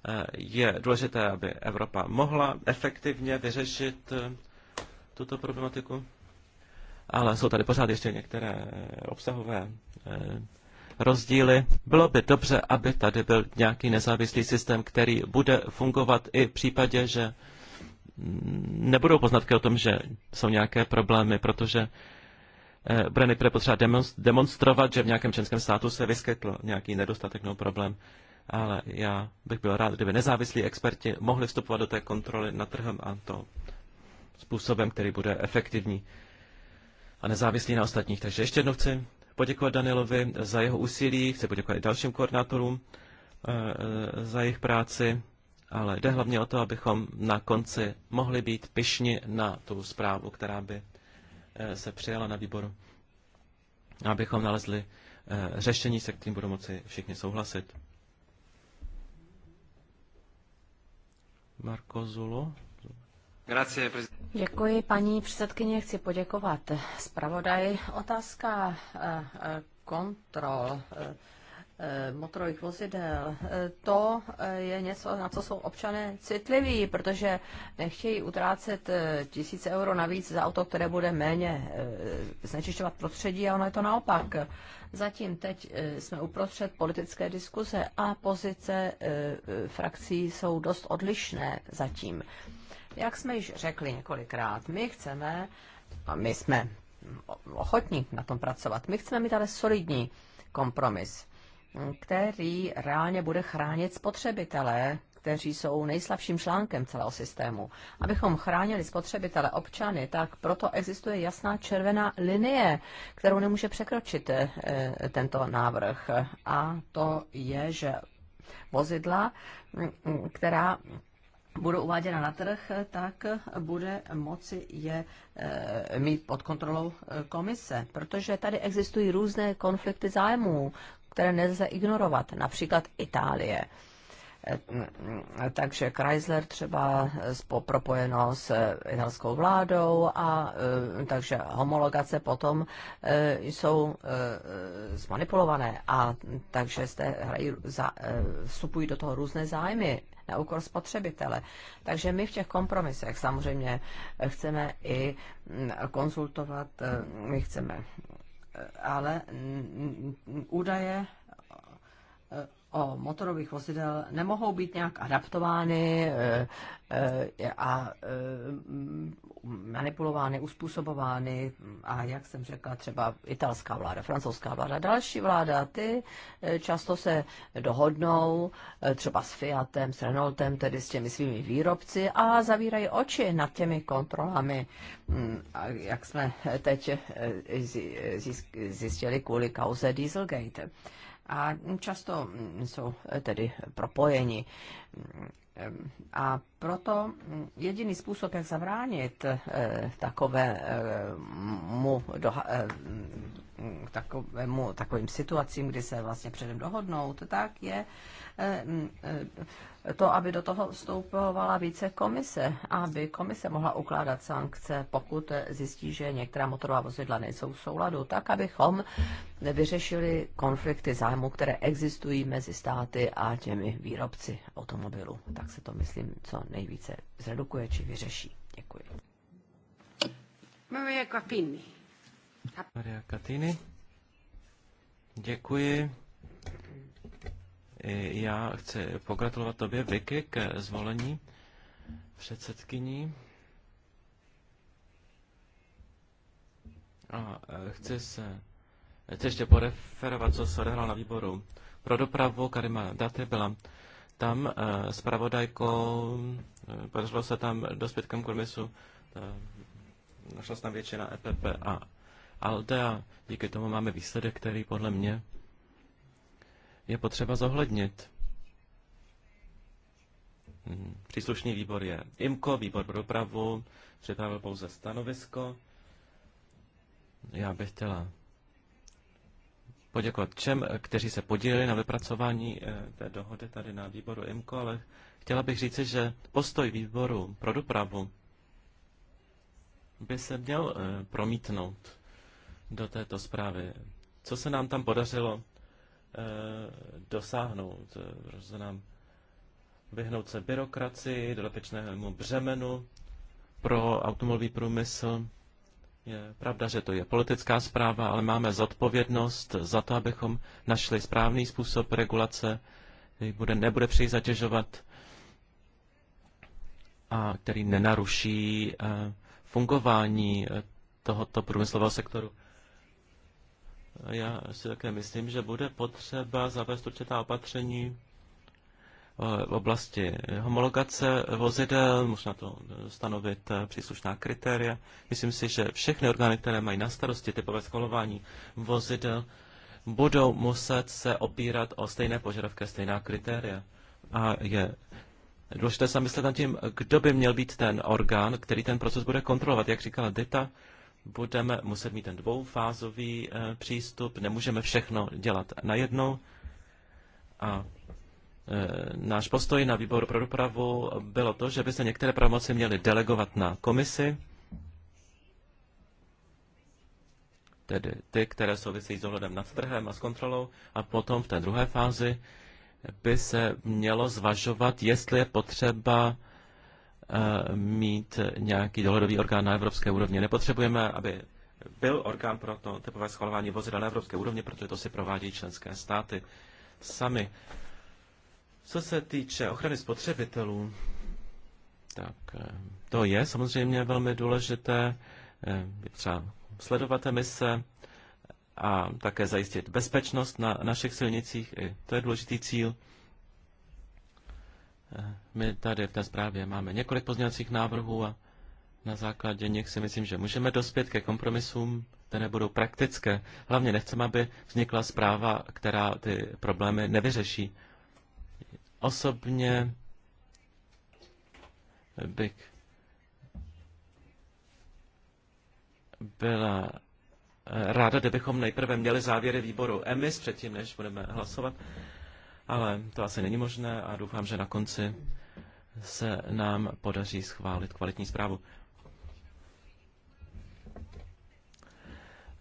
Eh, je důležité, aby Evropa mohla efektivně vyřešit eh, tuto problematiku, ale jsou tady pořád ještě některé obsahové rozdíly. Bylo by dobře, aby tady byl nějaký nezávislý systém, který bude fungovat i v případě, že mm, nebudou poznatky o tom, že jsou nějaké problémy, protože Eh, bude nejprve potřeba demonstrovat, že v nějakém členském státu se vyskytl nějaký nedostatek nebo problém. Ale já bych byl rád, kdyby nezávislí experti mohli vstupovat do té kontroly na trhem a to způsobem, který bude efektivní a nezávislý na ostatních. Takže ještě jednou chci poděkovat Danielovi za jeho úsilí, chci poděkovat i dalším koordinátorům eh, eh, za jejich práci, ale jde hlavně o to, abychom na konci mohli být pišni na tu zprávu, která by Eh, se přijala na výboru, abychom nalezli eh, řešení, se kterým budou moci všichni souhlasit. Marko Zulo. Děkuji, paní předsedkyně. Chci poděkovat zpravodaji. Otázka eh, kontrol Eh, motorových vozidel, eh, to eh, je něco, na co jsou občané citliví, protože nechtějí utrácet tisíce euro navíc za auto, které bude méně znečišťovat prostředí a ono je to naopak. Zatím teď jsme uprostřed politické diskuze a pozice frakcí jsou dost odlišné zatím. Jak jsme již řekli několikrát, my chceme, a my jsme ochotní na tom pracovat, my chceme mít ale solidní kompromis který reálně bude chránit spotřebitele, kteří jsou nejslabším článkem celého systému. Abychom chránili spotřebitele, občany, tak proto existuje jasná červená linie, kterou nemůže překročit eh, tento návrh. A to je, že vozidla, mm, která budou uváděna na trh, tak bude moci je eh, mít pod kontrolou eh, komise, protože tady existují různé konflikty zájmů, které nelze ignorovat, například Itálie. Eh, takže Chrysler třeba propojeno s eh, italskou vládou a eh, takže homologace potom jsou zmanipulované a takže jste hrají, vstupují do toho různé zájmy na úkor spotřebitele. Takže my v těch kompromisech samozřejmě chceme i mm, konzultovat, my chceme ale údaje o motorových vozidel nemohou být nějak adaptovány eh, eh, a eh, manipulovány, uspůsobovány a jak jsem řekla, třeba italská vláda, francouzská vláda, další vláda, ty často se dohodnou třeba s Fiatem, s Renaultem, tedy s těmi svými výrobci a zavírají oči nad těmi kontrolami, mm, jak jsme teď zjistili kvůli kauze Dieselgate a často jsou tedy propojeni. A proto jediný způsob, jak zabránit eh, takovému, eh, takovému, takovým situacím, kdy se vlastně předem dohodnout, tak je eh, to, aby do toho vstoupovala více komise, aby komise mohla ukládat sankce, pokud zjistí, že některá motorová vozidla nejsou v souladu, tak abychom vyřešili konflikty zájmu, které existují mezi státy a těmi výrobci automobilů. Tak se to myslím, co nejvíce zredukuje či vyřeší. Děkuji. Maria Capini. Maria Catini. Děkuji. Já chci pogratulovat tobě, Vicky, k zvolení předsedkyní. A e, chci se chci ještě poreferovat, co se odehrál na výboru pro dopravu. Karima Date byla tam s eh, pravodajkou, eh, podařilo se tam dospět k kompromisu, eh, našla se tam většina EPP a ALDE a díky tomu máme výsledek, který podle mě je potřeba zohlednit. Hmm, příslušný výbor je IMKO, výbor pro dopravu, připravil pouze stanovisko. Já bych chtěla poděkovat všem, eh, kteří se podíleli na vypracování eh, té dohody tady na výboru IMCO, ale chtěla bych říci, že postoj výboru pro dopravu by se měl eh, promítnout do této zprávy. Co se nám tam podařilo dosáhnout? Protože nám vyhnout se byrokracii, dodatečnému břemenu pro automobilový průmysl, je pravda, že to je politická zpráva, ale máme zodpovědnost za to, abychom našli správný způsob regulace, který bude, nebude příliš zatěžovat a který nenaruší eh, fungování eh, tohoto průmyslového sektoru. Já si také myslím, že bude potřeba zavést určitá opatření Eh, v oblasti homologace vozidel, možná to stanovit eh, příslušná kritéria. Myslím si, že všechny orgány, které mají na starosti typové schvalování vozidel, budou muset se opírat o stejné požadavky, stejná kritéria. A je důležité se myslet nad tím, kdo by měl být ten orgán, který ten proces bude kontrolovat. Jak říkala Dita, budeme muset mít ten dvoufázový eh, přístup, nemůžeme všechno dělat najednou. A Eh, náš postoj na výboru pro dopravu bylo to, že by se některé pravomoci měly delegovat na komisi, tedy ty, které souvisí s ohledem nad trhem a s kontrolou, a potom v té druhé fázi by se mělo zvažovat, jestli je potřeba eh, mít nějaký dohledový orgán na evropské úrovni. Nepotřebujeme, aby byl orgán pro to typové schvalování vozidel na evropské úrovni, protože to si provádí členské státy sami. Co se týče ochrany spotřebitelů, tak eh, to je samozřejmě velmi důležité, eh, třeba sledovat emise a také zajistit bezpečnost na našich silnicích. I to je důležitý cíl. Eh, my tady v té zprávě máme několik pozměňovacích návrhů a na základě nich si myslím, že můžeme dospět ke kompromisům, které budou praktické. Hlavně nechceme, aby vznikla zpráva, která ty problémy nevyřeší. Osobně bych byla ráda, kdybychom nejprve měli závěry výboru EMIS předtím, než budeme hlasovat, ale to asi není možné a doufám, že na konci se nám podaří schválit kvalitní zprávu.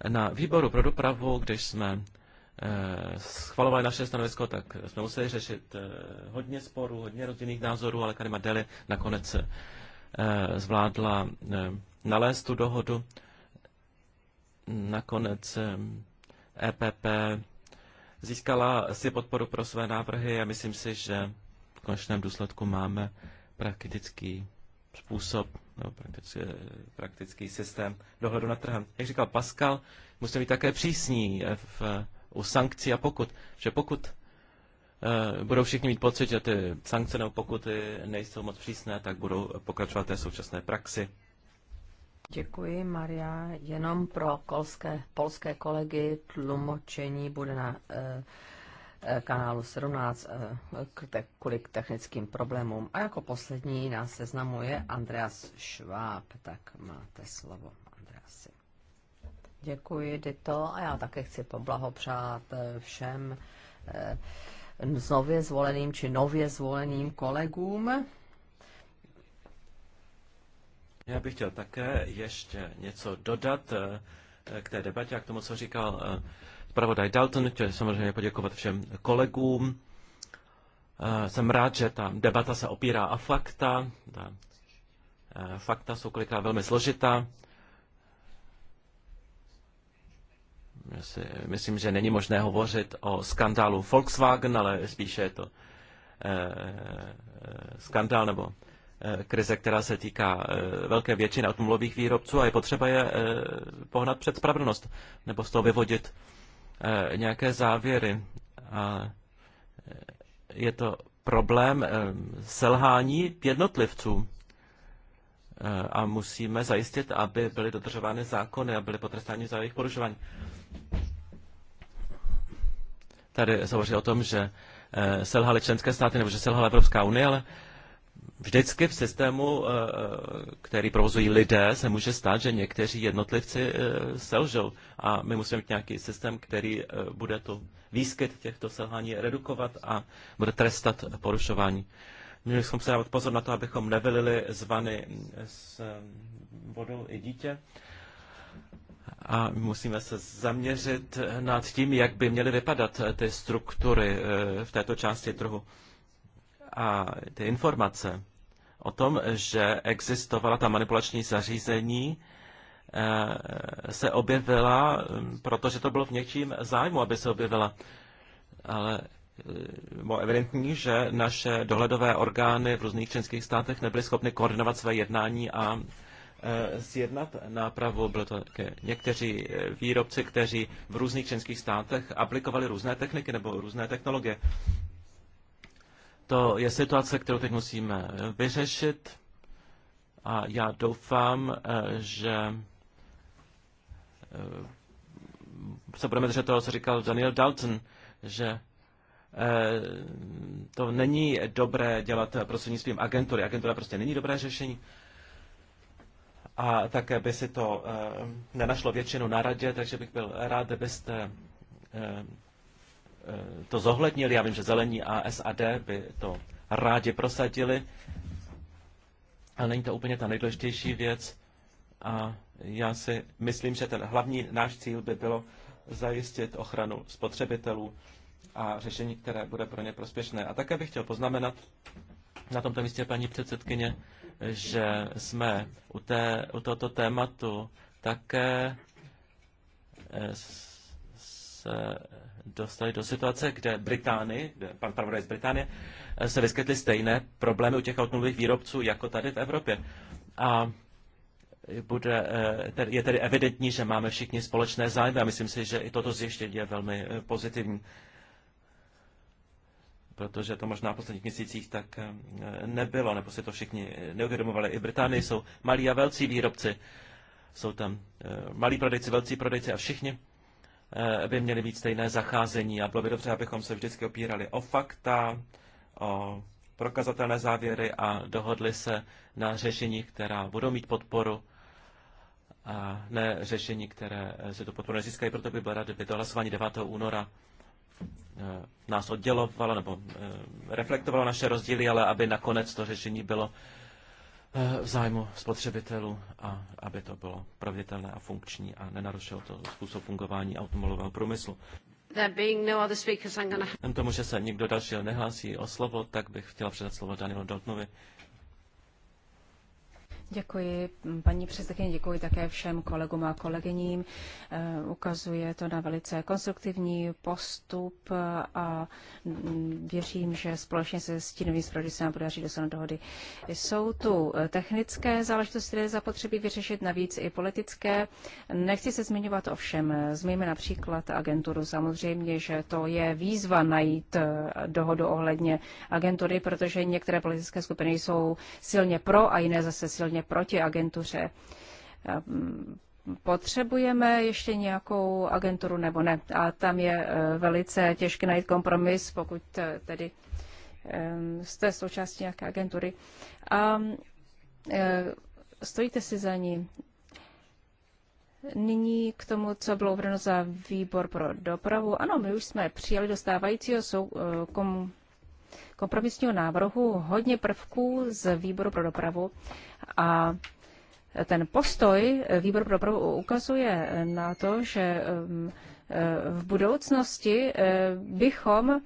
Na výboru pro dopravu, když jsme schvalovali naše stanovisko, tak jsme museli řešit eh, hodně sporů, hodně rozdílných názorů, ale Karima Deli nakonec eh, zvládla eh, nalézt tu dohodu. Nakonec EPP e získala si podporu pro své návrhy a myslím si, že v konečném důsledku máme praktický způsob nebo praktický, praktický systém dohledu na trhem. Jak říkal Pascal, musíme být také přísní v u sankcí a pokud. Že pokud e, budou všichni mít pocit, že ty sankce nebo pokuty nejsou moc přísné, tak budou pokračovat té současné praxi. Děkuji, Maria. Jenom pro kolské, polské kolegy tlumočení bude na e, kanálu 17 e, kvůli technickým problémům. A jako poslední nás seznamuje Andreas Schwab. Tak máte slovo, Andreasi. Děkuji, Dito, a já také chci poblahopřát eh, všem eh, nově zvoleným či nově zvoleným kolegům. Já bych chtěl také ještě něco dodat eh, k té debatě a k tomu, co říkal zpravodaj Dalton. Chtěl samozřejmě poděkovat všem kolegům. Jsem rád, že ta debata se opírá a fakta. Ta fakta jsou kolikrát velmi složitá myslím, že není možné hovořit o skandálu Volkswagen, ale spíše je to eh, eh, skandál nebo eh, krize, která se týká velké většiny automobilových výrobců a je potřeba je pohnat před spravedlnost nebo z toho vyvodit nějaké závěry. A je to problém selhání jednotlivců a musíme zajistit, aby byly dodržovány zákony a byly potrestány za jejich porušování. Tady se hovoří o tom, že eh, selhaly členské státy nebo že selhala Evropská unie, ale vždycky v systému, eh, eh, který provozují lidé, se může stát, že někteří jednotlivci selžou. A my musíme mít nějaký systém, který bude tu výskyt těchto selhání redukovat a bude trestat porušování. Měli jsme se dávat pozor na to, abychom nevylili zvany s vodou i dítě. A musíme se zaměřit nad tím, jak by měly vypadat ty struktury eh, v této části trhu. A ty informace o tom, že existovala ta manipulační zařízení, eh, se objevila, mm, protože to bylo v něčím zájmu, aby se objevila. Ale eh, bylo evidentní, že naše dohledové orgány v různých členských státech nebyly schopny koordinovat své jednání a zjednat eh, nápravu. Bylo to někteří eh, výrobci, kteří v různých členských státech aplikovali různé techniky nebo různé technologie. To je situace, kterou teď musíme vyřešit a já doufám, eh, že se budeme držet toho, co říkal Daniel Dalton, že to není dobré dělat prostřednictvím agentury. Agentura prostě není dobré řešení a také by si to eh, nenašlo většinu na radě, takže bych byl rád, kdybyste eh, eh, to zohlednili. Já vím, že Zelení a SAD by to rádi prosadili, ale není to úplně ta nejdůležitější věc. A já si myslím, že ten hlavní náš cíl by bylo zajistit ochranu spotřebitelů a řešení, které bude pro ně prospěšné. A také bych chtěl poznamenat na tomto místě paní předsedkyně, že jsme u, té, u tohoto tématu také eh, se dostali do situace, kde Britány, kde pan Pravodaj z Británie, eh, se vyskytly stejné problémy u těch automobilových výrobců jako tady v Evropě. A bude, eh, je tedy evidentní, že máme všichni společné zájmy a myslím si, že i toto zjištění je velmi pozitivní protože to možná v posledních měsících tak eh, nebylo, nebo si to všichni eh, neuvědomovali. I v Británii jsou malí a velcí výrobci, jsou tam eh, malí prodejci, velcí prodejci a všichni by měli mít stejné zacházení a bylo by dobře, abychom se vždycky opírali o fakta, o prokazatelné závěry a dohodli se na řešení, která budou mít podporu a ne řešení, které se tu podporu nezískají, proto by byla rád, kdyby to hlasování 9. února Eh, nás oddělovalo nebo eh, reflektovalo naše rozdíly, ale aby nakonec to řešení bylo eh, v zájmu spotřebitelů a aby to bylo proveditelné a funkční a nenarušilo to způsob fungování automobilového průmyslu. Vzhledem no tomu, že se nikdo dalšího nehlásí o slovo, tak bych chtěla předat slovo Danielu Daltnovi, Děkuji, paní předsedkyně, děkuji také všem kolegům a kolegyním. Eh, ukazuje to na velice konstruktivní postup a věřím, že společně se stínovým zpravodajem se nám podaří dosáhnout dohody. Jsou tu eh, technické záležitosti, které zapotřebí vyřešit, navíc i politické. Nechci se zmiňovat o všem. Zmíme například agenturu. Samozřejmě, že to je výzva najít eh, dohodu ohledně agentury, protože některé politické skupiny jsou silně pro a jiné zase silně výslovně proti agentuře. Ehm, potřebujeme ještě nějakou agenturu nebo ne? A tam je eh, velice těžké najít kompromis, pokud eh, tedy ehm, jste součástí nějaké agentury. A eh, stojíte si za ní. Nyní k tomu, co bylo uvedeno za výbor pro dopravu. Ano, my už jsme přijali do stávajícího sou, kompromisního návrhu hodně prvků z výboru pro dopravu a ten postoj výboru pro dopravu ukazuje na to, že um, eh, v budoucnosti eh, bychom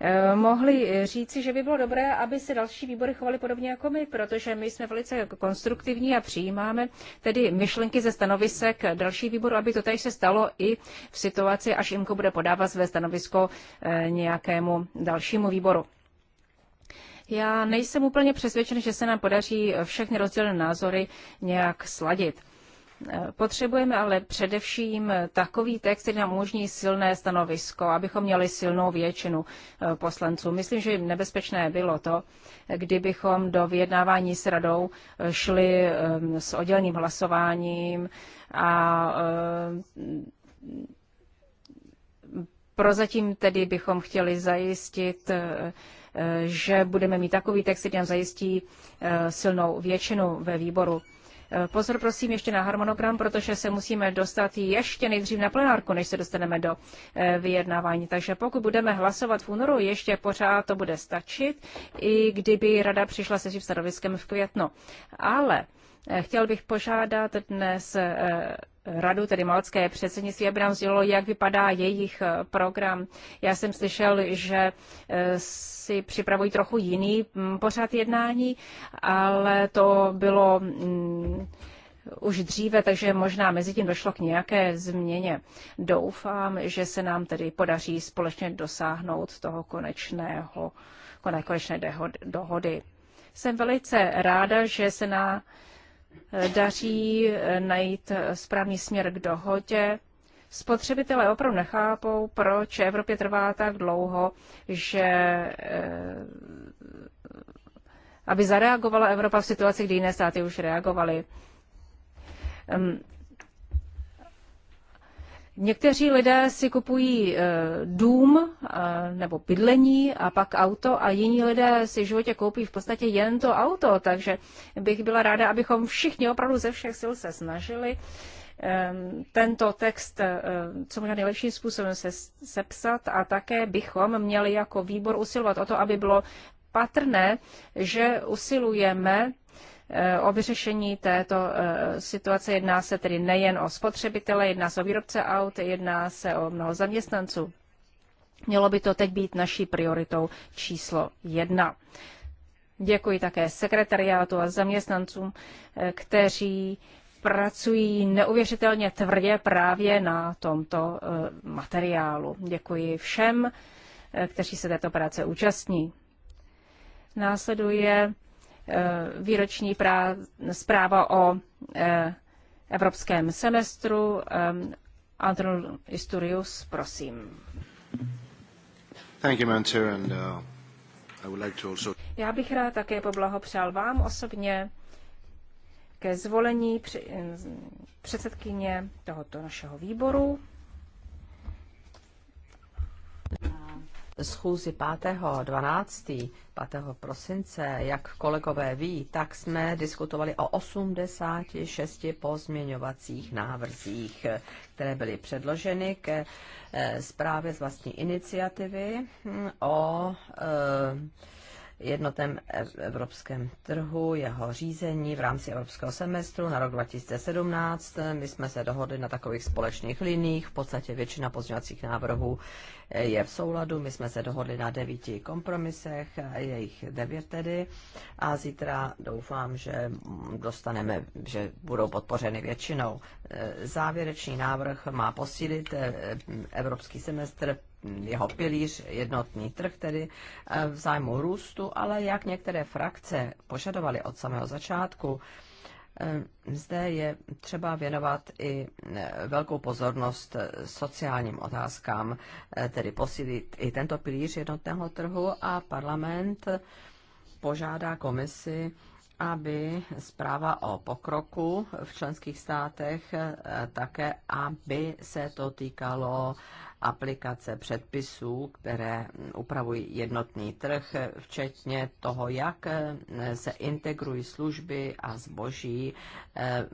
eh, mohli říci, že by bylo dobré, aby se další výbory chovaly podobně jako my, protože my jsme velice konstruktivní a přijímáme tedy myšlenky ze stanovisek další výboru, aby to tady se stalo i v situaci, až IMKO bude podávat své stanovisko nějakému dalšímu výboru. Já nejsem úplně přesvědčen, že se nám podaří všechny rozdílné názory nějak sladit. Potřebujeme ale především takový text, který nám umožní silné stanovisko, abychom měli silnou většinu eh, poslanců. Myslím, že nebezpečné bylo to, kdybychom do vyjednávání s radou eh, šli eh, s oddělným hlasováním a prozatím tedy bychom chtěli zajistit že budeme mít takový text, který nám zajistí eh, silnou většinu ve výboru. Eh, pozor prosím ještě na harmonogram, protože se musíme dostat ještě nejdřív na plenárku, než se dostaneme do eh, vyjednávání. Takže pokud budeme hlasovat v únoru, ještě pořád to bude stačit, i kdyby rada přišla se svým stanoviskem v květnu. Ale chtěl bych požádat dnes radu, tedy malcké předsednictví, aby nám sdělilo, jak vypadá jejich eh, program. Já jsem slyšel, že eh, si připravují trochu jiný mm, pořad jednání, ale to bylo mm, už dříve, takže možná mezi tím došlo k nějaké změně. Doufám, že se nám tedy podaří společně dosáhnout toho konečného, konečné dohody. Jsem velice ráda, že se na Eh, daří eh, najít eh, správný směr k dohodě. Spotřebitelé opravdu nechápou, proč Evropě trvá tak dlouho, že aby zareagovala Evropa v situaci, kdy jiné státy už reagovaly. Někteří lidé si kupují eh, dům eh, nebo bydlení a pak auto a jiní lidé si v životě koupí v podstatě jen to auto, takže bych byla ráda, abychom všichni opravdu ze všech sil se snažili ehm, tento text eh, co možná nejlepším způsobem se, sepsat a také bychom měli jako výbor usilovat o to, aby bylo patrné, že usilujeme Eh, o vyřešení této eh, situace. Jedná se tedy nejen o spotřebitele, jedná se o výrobce aut, jedná se o mnoho zaměstnanců. Mělo by to teď být naší prioritou číslo jedna. Děkuji také sekretariátu a zaměstnancům, eh, kteří pracují neuvěřitelně tvrdě právě na tomto materiálu. Děkuji všem, kteří se této práce účastní. Následuje Eh, výroční zpráva o eh, evropském semestru. Eh, Anton Isturius, prosím. Thank you, Mentor, and, uh, I would like to also... Já bych rád také poblahopřál vám osobně ke zvolení předsedkyně tohoto našeho výboru. schůzi 12. 5. prosince, jak kolegové ví, tak jsme diskutovali o 86 pozměňovacích návrzích, které byly předloženy ke eh, zprávě z vlastní iniciativy hm, o eh, jednotném evropském trhu, jeho řízení v rámci evropského semestru na rok 2017. My jsme se dohodli na takových společných liních, v podstatě většina pozměňovacích návrhů je v souladu. My jsme se dohodli na devíti kompromisech, jejich devět tedy. A zítra doufám, že dostaneme, že budou podpořeny většinou. Závěrečný návrh má posílit eh, evropský semestr jeho pilíř, jednotný trh, tedy eh, v zájmu růstu, ale jak některé frakce požadovaly od samého začátku, Eh, zde je třeba věnovat i eh, velkou pozornost eh, sociálním otázkám, tedy posílit i tento pilíř jednotného trhu a parlament požádá komisi, aby zpráva o pokroku v členských státech také, aby se to týkalo aplikace předpisů, které upravují jednotný trh, včetně toho, jak eh, se integrují služby a zboží eh,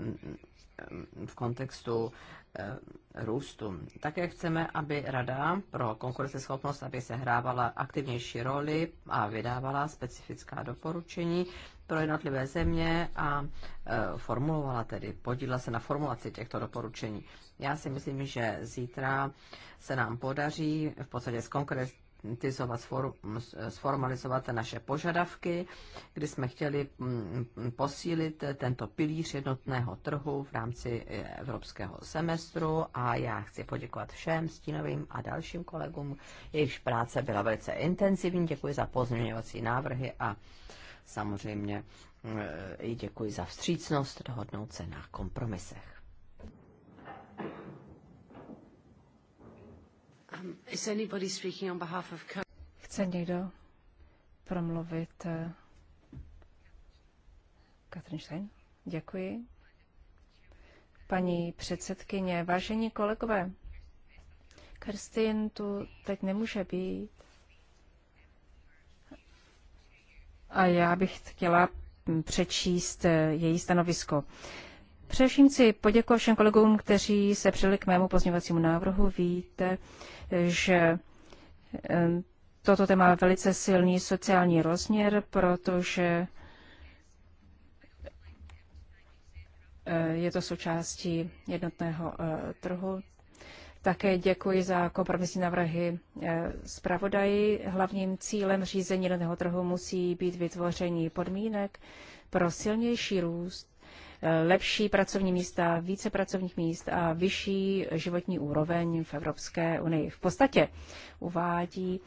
v kontextu eh, růstu. Také chceme, aby Rada pro konkurenceschopnost, aby se hrávala aktivnější roli a vydávala specifická doporučení pro jednotlivé země a e, formulovala tedy, podílela se na formulaci těchto doporučení. Já si myslím, že zítra se nám podaří v podstatě zkonkretizovat, sformalizovat naše požadavky, kdy jsme chtěli mm, posílit tento pilíř jednotného trhu v rámci evropského semestru a já chci poděkovat všem stínovým a dalším kolegům. Jejichž práce byla velice intenzivní. Děkuji za pozměňovací návrhy a samozřejmě eh, i děkuji za vstřícnost dohodnout se na kompromisech. Um, Chce někdo promluvit? Eh, Katrin Stein? Děkuji. Paní předsedkyně, vážení kolegové, Kerstin tu teď nemůže být, a já bych chtěla přečíst eh, její stanovisko. Především si poděkuji všem kolegům, kteří se přidali k mému pozměňovacímu návrhu. Víte, že eh, toto téma má velice silný sociální rozměr, protože eh, je to součástí jednotného trhu, také děkuji za kompromisní návrhy eh, zpravodaji. Hlavním cílem řízení daného trhu musí být vytvoření podmínek pro silnější růst, eh, lepší pracovní místa, více pracovních míst a vyšší životní úroveň v Evropské unii. V podstatě uvádí,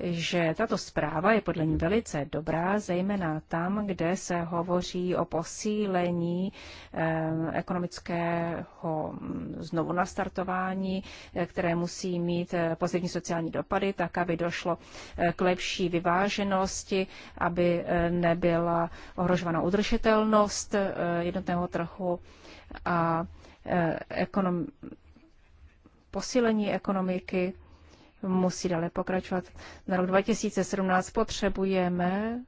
že tato zpráva je podle ní velice dobrá, zejména tam, kde se hovoří o posílení eh, ekonomického mm, znovu nastartování, eh, které musí mít eh, pozitivní sociální dopady, tak aby došlo eh, k lepší vyváženosti, aby eh, nebyla ohrožována udržitelnost eh, jednotného trhu a eh, ekonom- posílení ekonomiky musí dále pokračovat. Na rok 2017 potřebujeme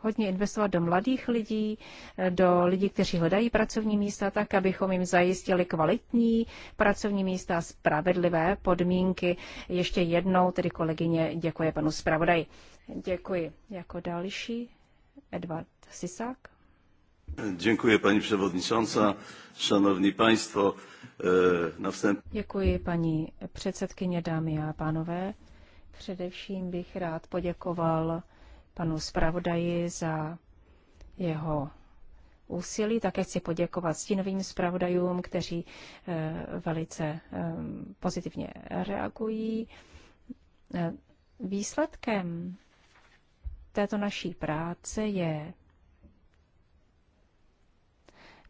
hodně investovat do mladých lidí, do lidí, kteří hledají pracovní místa, tak abychom jim zajistili kvalitní pracovní místa, spravedlivé podmínky. Ještě jednou tedy kolegyně děkuje panu zpravodaji. Děkuji. Jako další Edvard Sisák. Děkuji, paní převodničanca, šanovní państwo. E, na Děkuji, paní předsedkyně, dámy a pánové. Především bych rád poděkoval panu zpravodaji za jeho úsilí. Také chci poděkovat stínovým zpravodajům, kteří e, velice e, pozitivně reagují. Výsledkem této naší práce je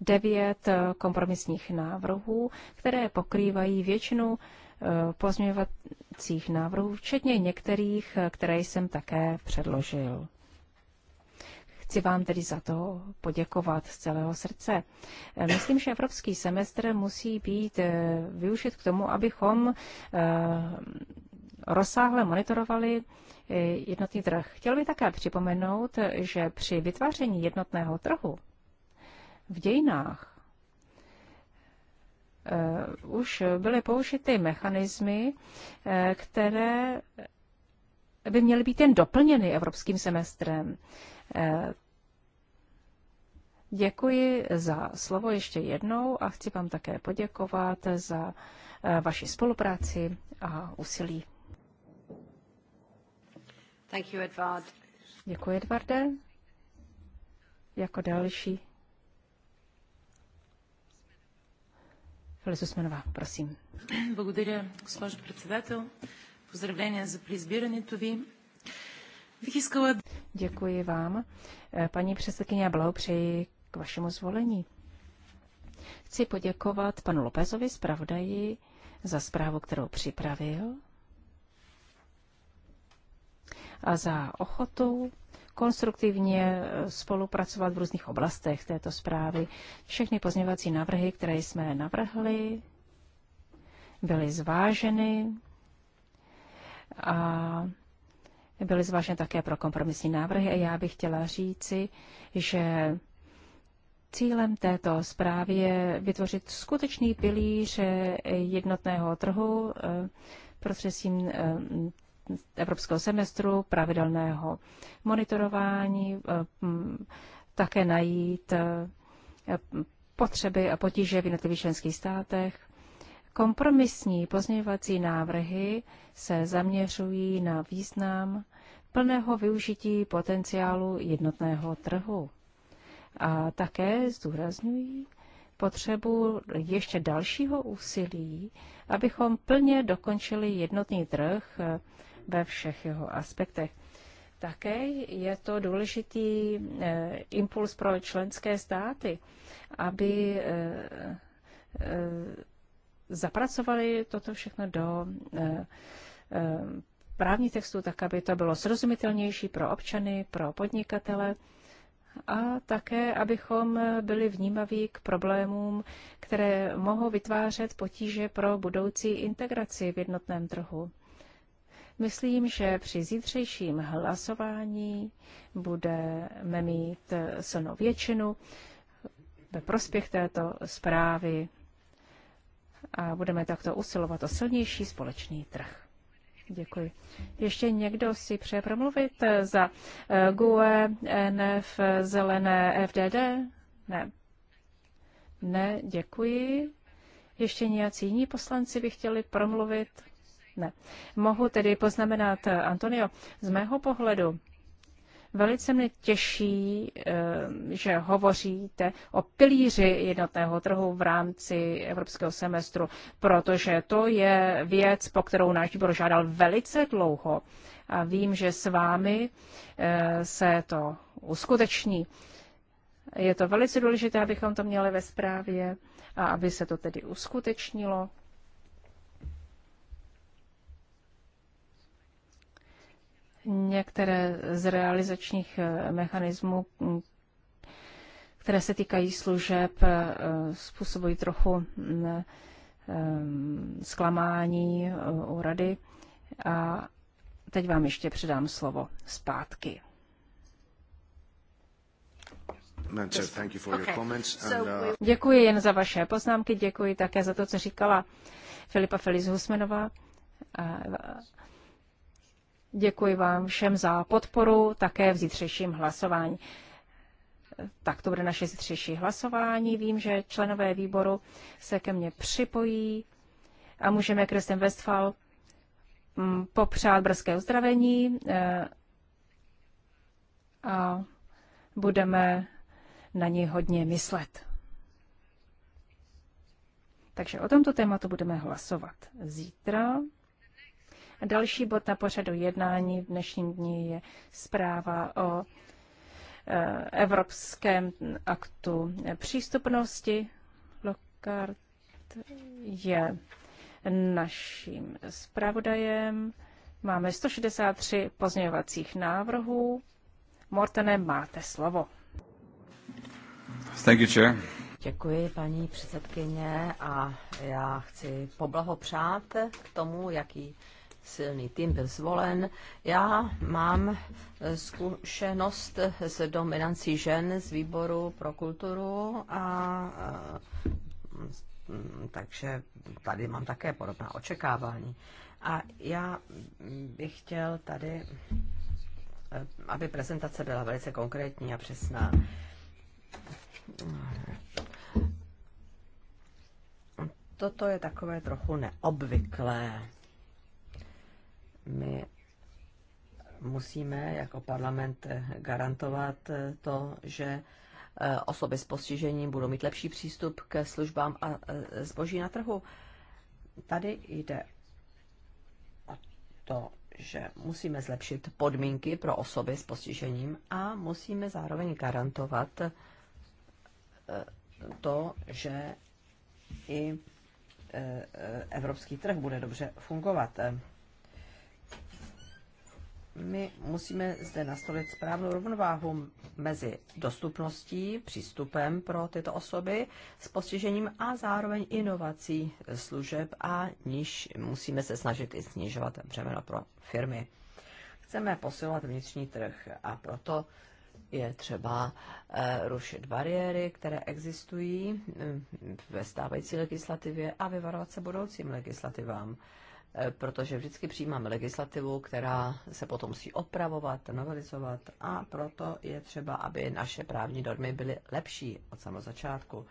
devět eh, kompromisních návrhů, které pokrývají většinu eh, pozměňovacích návrhů, včetně některých, eh, které jsem také předložil. Chci vám tedy za to poděkovat z celého srdce. Myslím, že evropský semestr musí být využit k tomu, abychom rozsáhle monitorovali jednotný trh. Chtěl bych také připomenout, že při vytváření jednotného trhu v dějinách eh, už byly použity mechanismy, eh, které by měly být jen doplněny evropským semestrem. Eh, děkuji za slovo ještě jednou a chci vám také poděkovat za vaši spolupráci a úsilí. Thank you, Edvard. Děkuji, Edvarde. Jako další Felisu prosím. Благодаря, госпожо председател. Поздравления за преизбирането ви. Bych искala... Děkuji vám. Paní předsedkyně, blahopřeji k vašemu zvolení. Chci poděkovat panu Lopezovi, zpravodaji, za zprávu, kterou připravil a za ochotu konstruktivně eh, spolupracovat v různých oblastech této zprávy. Všechny pozměňovací návrhy, které jsme navrhli, byly zváženy a byly zváženy také pro kompromisní návrhy. A já bych chtěla říci, že Cílem této zprávy je vytvořit skutečný pilíř jednotného trhu eh, prostřednictvím eh, evropského semestru, pravidelného monitorování, eh, také najít eh, potřeby a potíže v jednotlivých členských státech. Kompromisní pozměňovací návrhy se zaměřují na význam plného využití potenciálu jednotného trhu. A také zdůrazňují potřebu ještě dalšího úsilí, abychom plně dokončili jednotný trh eh, ve všech jeho aspektech. Také je to důležitý eh, impuls pro členské státy, aby eh, eh, zapracovali toto všechno do eh, právní textu, tak aby to bylo srozumitelnější pro občany, pro podnikatele a také, abychom byli vnímaví k problémům, které mohou vytvářet potíže pro budoucí integraci v jednotném trhu. Myslím, že při zítřejším hlasování budeme mít silnou většinu ve prospěch této zprávy a budeme takto usilovat o silnější společný trh. Děkuji. Ještě někdo si přeje promluvit za eh, GUE, NF, Zelené, FDD? Ne. Ne, děkuji. Ještě nějací jiní poslanci by chtěli promluvit? Ne. Mohu tedy poznamenat, eh, Antonio, z mého pohledu velice mě těší, eh, že hovoříte o pilíři jednotného trhu v rámci evropského semestru, protože to je věc, po kterou náš výbor žádal velice dlouho a vím, že s vámi eh, se to uskuteční. Je to velice důležité, abychom to měli ve zprávě a aby se to tedy uskutečnilo. některé z realizačních eh, mechanismů, mm, které se týkají služeb, eh, způsobují trochu mm, eh, zklamání u rady. A teď vám ještě předám slovo zpátky. Uh, děkuji jen za vaše poznámky, děkuji také za to, co říkala Filipa Feliz Husmenová. Děkuji vám všem za podporu, také v zítřejším hlasování. Tak to bude naše zítřejší hlasování. Vím, že členové výboru se ke mně připojí a můžeme Kristen Westfal mm, popřát brzké uzdravení eh, a budeme na ní hodně myslet. Takže o tomto tématu budeme hlasovat zítra. Další bod na pořadu jednání v dnešním dní je zpráva o e, Evropském aktu přístupnosti. Lockhart je naším zpravodajem. Máme 163 pozměňovacích návrhů. Mortene, máte slovo. Thank you, chair. Děkuji, paní předsedkyně, a já chci poblahopřát k tomu, jaký silný tým byl zvolen. Já mám eh, zkušenost s dominancí žen z výboru pro kulturu a eh, takže tady mám také podobná očekávání. A já bych chtěl tady, eh, aby prezentace byla velice konkrétní a přesná. Toto je takové trochu neobvyklé my musíme jako parlament garantovat to, že eh, osoby s postižením budou mít lepší přístup ke službám a eh, zboží na trhu. Tady jde o to, že musíme zlepšit podmínky pro osoby s postižením a musíme zároveň garantovat eh, to, že i evropský trh bude dobře fungovat my musíme zde nastolit správnou rovnováhu mezi dostupností, přístupem pro tyto osoby s postižením a zároveň inovací služeb a níž musíme se snažit i snižovat břemeno pro firmy. Chceme posilovat vnitřní trh a proto je třeba eh, rušit bariéry, které existují mm, ve stávající legislativě a vyvarovat se budoucím legislativám. Eh, protože vždycky přijímáme legislativu, která se potom musí opravovat, novelizovat a proto je třeba, aby naše právní normy byly lepší od samého začátku.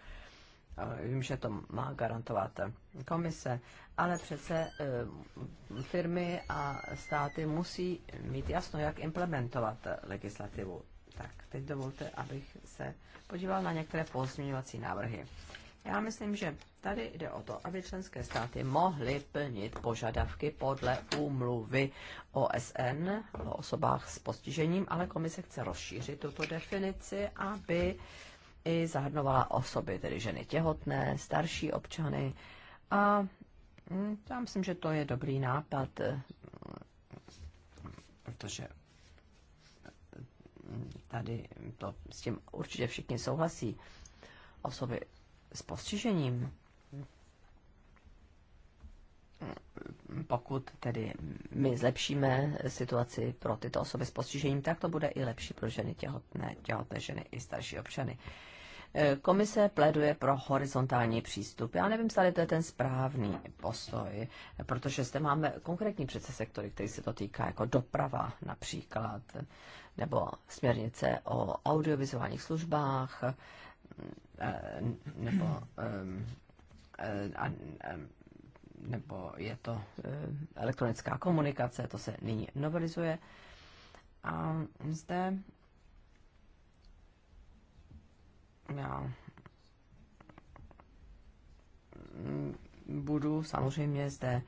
Eh, vím, že to má garantovat komise, ale přece eh, firmy a státy musí mít jasno, jak implementovat legislativu. Tak teď dovolte, abych se podíval na některé pozměňovací návrhy. Já myslím, že tady jde o to, aby členské státy mohly plnit požadavky podle úmluvy OSN o osobách s postižením, ale komise chce rozšířit tuto definici, aby i zahrnovala osoby, tedy ženy těhotné, starší občany. A mm, já myslím, že to je dobrý nápad, protože tady to s tím určitě všichni souhlasí. Osoby s postižením, pokud tedy my zlepšíme situaci pro tyto osoby s postižením, tak to bude i lepší pro ženy těhotné, těhotné ženy i starší občany. E, komise pléduje pro horizontální přístup. Já nevím, zda to je ten správný postoj, protože zde máme konkrétní přece sektory, který se to týká, jako doprava například, nebo směrnice o audiovizuálních službách, Eh, nebo, eh, nebo je to eh, elektronická komunikace, to se nyní novelizuje. A zde já mm, budu samozřejmě zde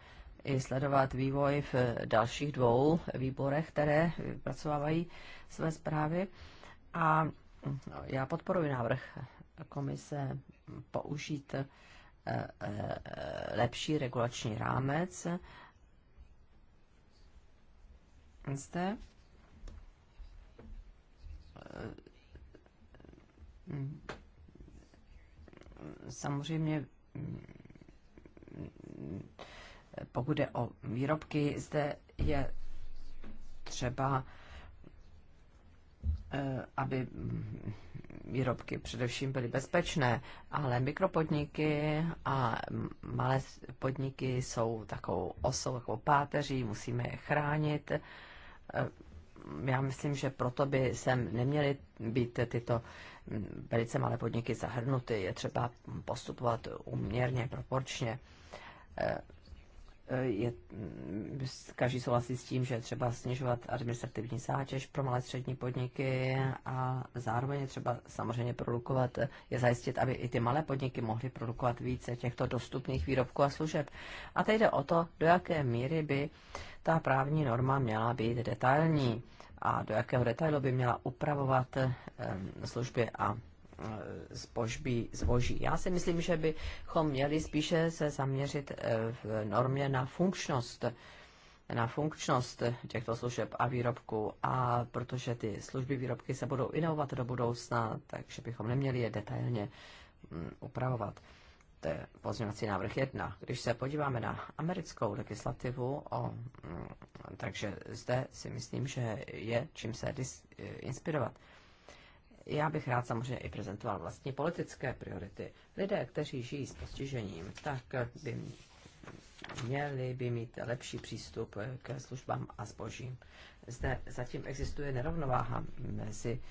i sledovat vývoj v dalších dvou výborech, které vypracovávají své zprávy. A já podporuji návrh komise použít eh, eh, lepší regulační rámec. Zde eh, samozřejmě pokud jde o výrobky, zde je třeba, aby výrobky především byly bezpečné, ale mikropodniky a malé podniky jsou takovou osou, takovou páteří, musíme je chránit. Eh, já myslím, že proto by sem neměly být tyto hm, velice malé podniky zahrnuty. Je třeba postupovat uměrně, proporčně eh, je, každý souhlasí s tím, že je třeba snižovat administrativní zátěž pro malé střední podniky a zároveň je třeba samozřejmě produkovat, je zajistit, aby i ty malé podniky mohly produkovat více těchto dostupných výrobků a služeb. A teď jde o to, do jaké míry by ta právní norma měla být detailní a do jakého detailu by měla upravovat služby a Eh, zboží, zboží. Já si myslím, že bychom měli spíše se zaměřit eh, v normě na funkčnost na funkčnost těchto služeb a výrobků a protože ty služby výrobky se budou inovovat do budoucna, takže bychom neměli je detailně mm, upravovat. To je pozměňovací návrh jedna. Když se podíváme na americkou legislativu, o, mm, takže zde si myslím, že je čím se eh, inspirovat já bych rád samozřejmě i prezentoval vlastní politické priority. Lidé, kteří žijí s postižením, tak by měli by mít lepší přístup ke službám a zbožím. Zde zatím existuje nerovnováha mezi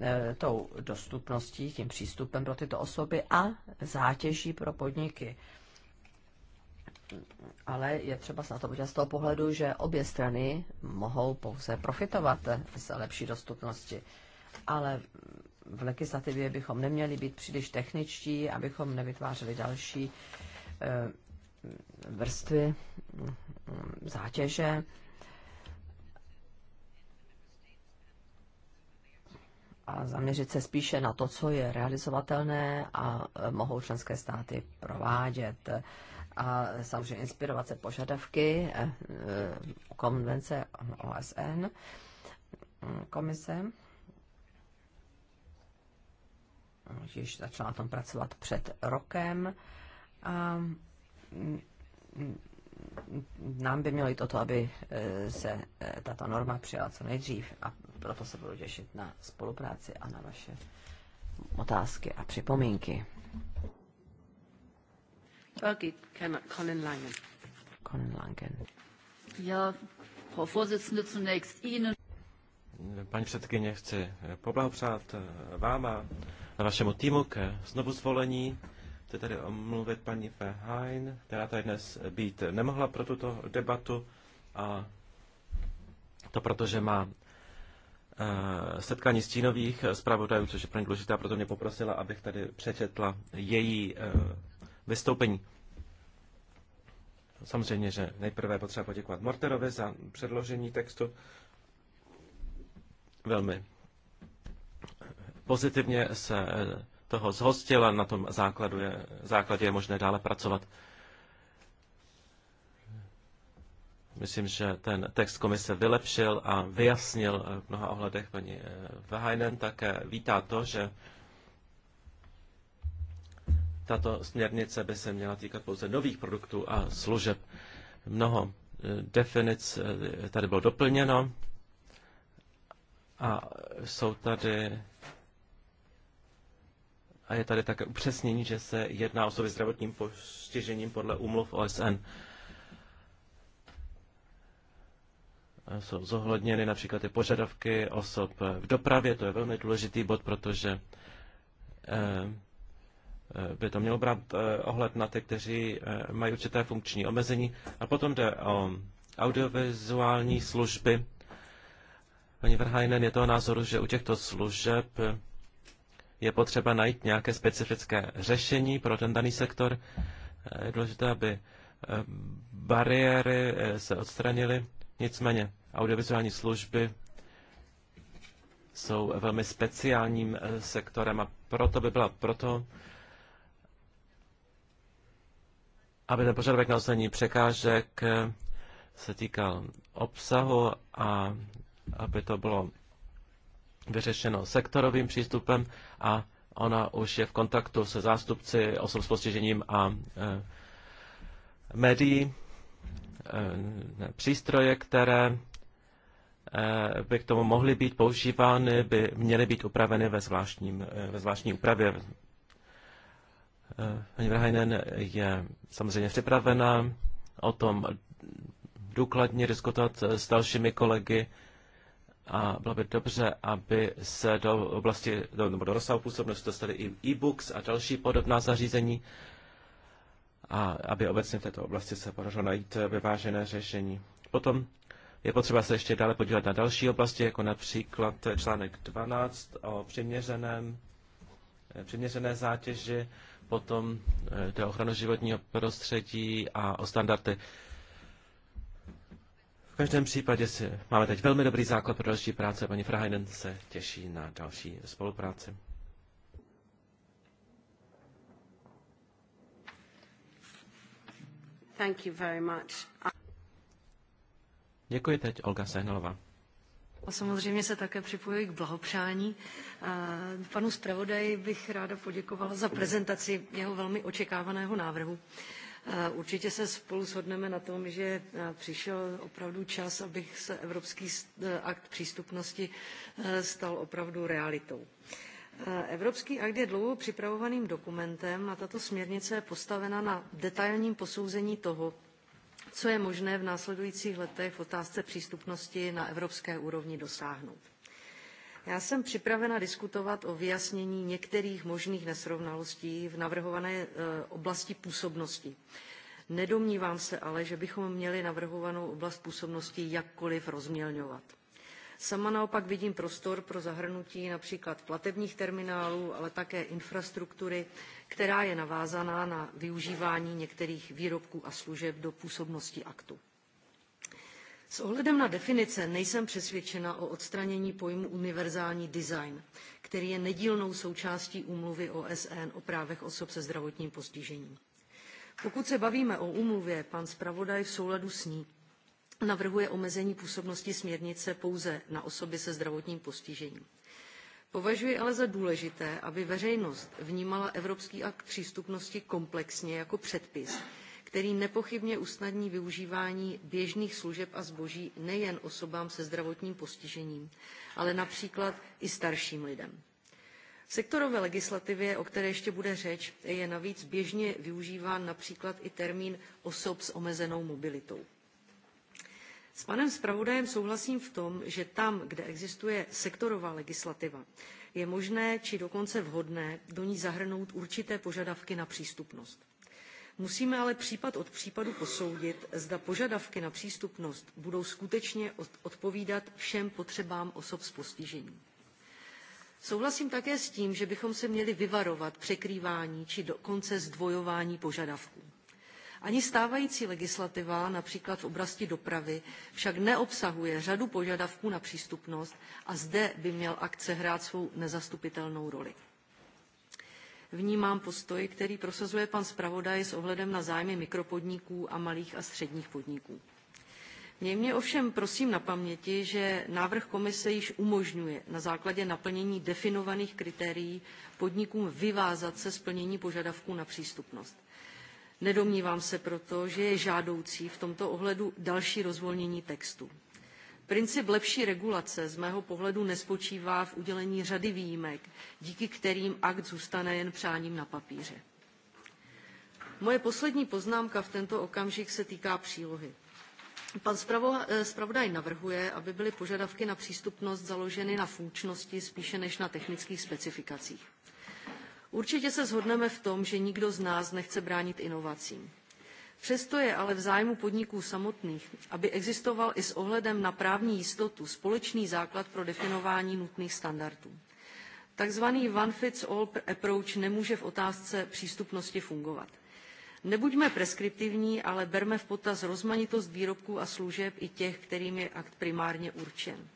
e, tou dostupností, tím přístupem pro tyto osoby a zátěží pro podniky. Ale je třeba se na to podívat z toho pohledu, že obě strany mohou pouze profitovat z lepší dostupnosti ale v legislativě bychom neměli být příliš techničtí, abychom nevytvářeli další eh, vrstvy mm, zátěže. A zaměřit se spíše na to, co je realizovatelné a eh, mohou členské státy provádět. A samozřejmě inspirovat se požadavky eh, konvence OSN, mm, komise již začala na tom pracovat před rokem. A nám by mělo jít o to, aby e, se e, tato norma přijala co nejdřív a proto se budu těšit na spolupráci a na vaše otázky a připomínky. Colin Langen. Colin Langen. Ja, zunächst Ihnen. Paní předkyně, chci poblahopřát e, vám a na vašemu týmu ke znovu zvolení. Chci tady omluvit paní Fehain, která tady dnes být nemohla pro tuto debatu a to proto, že má eh, setkání stínových zpravodajů, což je pro ně důležité, a proto mě poprosila, abych tady přečetla její eh, vystoupení. Samozřejmě, že nejprve je potřeba poděkovat Morterovi za předložení textu. Velmi Pozitivně se eh, toho zhostil a na tom základu je, základě je možné dále pracovat. Myslím, že ten text komise vylepšil a vyjasnil eh, v mnoha ohledech. Paní eh, Vahajnen také vítá to, že tato směrnice by se měla týkat pouze nových produktů a služeb. Mnoho definic tady bylo doplněno a jsou tady a je tady také upřesnění, že se jedná o osoby zdravotním postižením podle umluv OSN. Jsou zohledněny například i požadavky osob v dopravě, to je velmi důležitý bod, protože eh, eh, by to mělo brát eh, ohled na ty, kteří mají určité funkční omezení. A potom jde o audiovizuální služby. Paní Verheinen je toho názoru, že u těchto služeb je potřeba najít nějaké specifické řešení pro ten daný sektor. Eh, je důležité, aby eh, bariéry eh, se odstranily. Nicméně audiovizuální služby jsou velmi speciálním sektorem a proto by byla proto, aby ten požadavek na odstranění překážek se týkal obsahu a aby to bylo vyřešeno sektorovým přístupem a ona už je v kontaktu se zástupci osob s postižením a e, médií, e, přístroje, které e, by k tomu mohly být používány, by měly být upraveny ve, zvláštním, e, ve zvláštní úpravě. E, paní Verheinen je samozřejmě připravena o tom důkladně diskutovat s dalšími kolegy a bylo by dobře, aby se do oblasti, do, nebo do rozsahu působnosti dostali i e-books a další podobná zařízení a aby obecně v této oblasti se podařilo najít vyvážené řešení. Potom je potřeba se ještě dále podívat na další oblasti, jako například článek 12 o přiměřeném, přiměřené zátěži, potom eh, jde o ochranu životního prostředí a o standardy každém případě si máme teď velmi dobrý základ pro další práce. Paní Frahajnen se těší na další spolupráci. Thank you very much. Děkuji teď Olga Sehnalová. Samozřejmě se také připojuji k blahopřání. Panu zpravodaji bych ráda poděkovala za prezentaci jeho velmi očekávaného návrhu. Určitě se spolu shodneme na tom, že e, přišel opravdu čas, aby se Evropský e, akt přístupnosti e, stal opravdu realitou. Evropský akt je dlouho připravovaným dokumentem a tato směrnice je postavena na detailním posouzení toho, co je možné v následujících letech v otázce přístupnosti na evropské úrovni dosáhnout. Já jsem připravena diskutovat o vyjasnění některých možných nesrovnalostí v navrhované eh, oblasti působnosti. Nedomnívám se ale, že bychom měli navrhovanou oblast působnosti jakkoliv rozmělňovat. Sama naopak vidím prostor pro zahrnutí například platebních terminálů, ale také infrastruktury, která je navázaná na využívání některých výrobků a služeb do působnosti aktu. S ohledem na definice nejsem přesvědčena o odstranění pojmu univerzální design, který je nedílnou součástí úmluvy OSN o právech osob se zdravotním postižením. Pokud se bavíme o úmluvě, pan zpravodaj v souladu s ní navrhuje omezení působnosti směrnice pouze na osoby se zdravotním postižením. Považuji ale za důležité, aby veřejnost vnímala Evropský akt přístupnosti komplexně jako předpis, který nepochybně usnadní využívání běžných služeb a zboží nejen osobám se zdravotním postižením, ale například i starším lidem. V sektorové legislativě, o které ještě bude řeč, je navíc běžně využíván například i termín osob s omezenou mobilitou. S panem zpravodajem souhlasím v tom, že tam, kde existuje sektorová legislativa, je možné či dokonce vhodné do ní zahrnout určité požadavky na přístupnost. Musíme ale případ od případu posoudit, zda požadavky na přístupnost budou skutečně odpovídat všem potřebám osob s postižením. Souhlasím také s tím, že bychom se měli vyvarovat překrývání či dokonce zdvojování požadavků. Ani stávající legislativa, například v oblasti dopravy, však neobsahuje řadu požadavků na přístupnost a zde by měl akt sehrát svou nezastupitelnou roli vnímám postoj, který prosazuje pan zpravodaj s ohledem na zájmy mikropodniků a malých a středních podniků. Měj mě ovšem prosím na paměti, že návrh komise již umožňuje na základě naplnění definovaných kritérií podnikům vyvázat se splnění požadavků na přístupnost. Nedomnívám se proto, že je žádoucí v tomto ohledu další rozvolnění textu. Princip lepší regulace z mého pohledu nespočívá v udělení řady výjimek, díky kterým akt zůstane jen přáním na papíře. Moje poslední poznámka v tento okamžik se týká přílohy. Pan eh, zpravodaj navrhuje, aby byly požadavky na přístupnost založeny na funkčnosti spíše než na technických specifikacích. Určitě se shodneme v tom, že nikdo z nás nechce bránit inovacím. Přesto je ale v zájmu podniků samotných, aby existoval i s ohledem na právní jistotu společný základ pro definování nutných standardů. Takzvaný one fits all approach nemůže v otázce přístupnosti fungovat. Nebuďme preskriptivní, ale berme v potaz rozmanitost výrobků a služeb i těch, kterým je akt primárně určen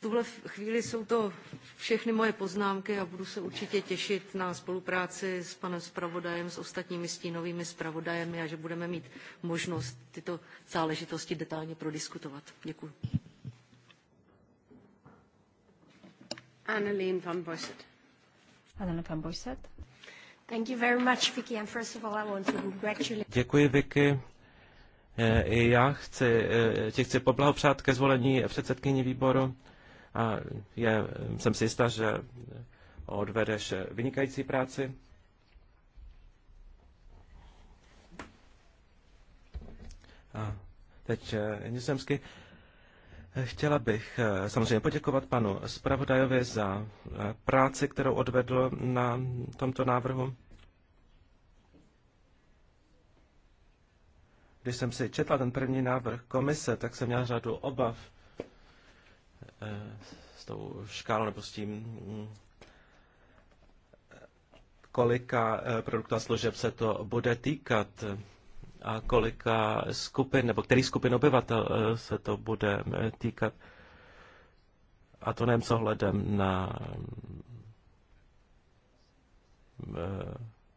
tuhle chvíli jsou to všechny moje poznámky a budu se určitě těšit na spolupráci s panem zpravodajem, s ostatními stínovými zpravodajemi a že budeme mít možnost tyto záležitosti detailně prodiskutovat. Děkuji. Annelien van Boyset. Annelien van Boyset. Thank you very much, Vicky, and first of all, I want to congratulate... Děkuji, Vicky. Eh, I já chci, eh, ti chci poblahopřát ke zvolení předsedkyní výboru a je, jsem si jistá, že odvedeš vynikající práci. A teď eh, nizozemsky. Chtěla bych eh, samozřejmě poděkovat panu Spravodajovi za eh, práci, kterou odvedl na tomto návrhu. Když jsem si četla ten první návrh komise, tak jsem měl řadu obav, s tou škálou nebo s tím, kolika eh, produktů a služeb se to bude týkat a kolika skupin nebo který skupin obyvatel eh, se to bude eh, týkat. A to nejen s ohledem na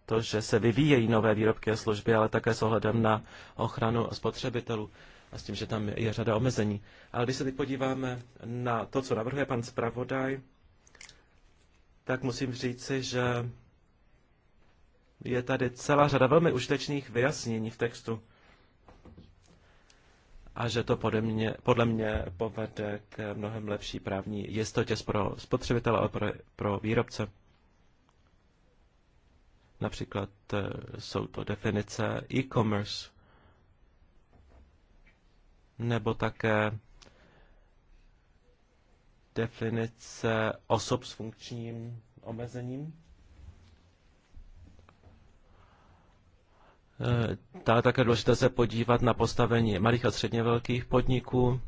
to, že se vyvíjejí nové výrobky a služby, ale také s ohledem na ochranu spotřebitelů a s tím, že tam je řada omezení. Ale když se teď podíváme na to, co navrhuje pan zpravodaj, tak musím říci, že je tady celá řada velmi užitečných vyjasnění v textu. A že to podle mě, podle mě povede k mnohem lepší právní jistotě pro spotřebitele a pro, pro výrobce. Například eh, jsou to definice e-commerce, nebo také definice osob s funkčním omezením. Eh, ta je také důležité se podívat na postavení malých a středně velkých podniků,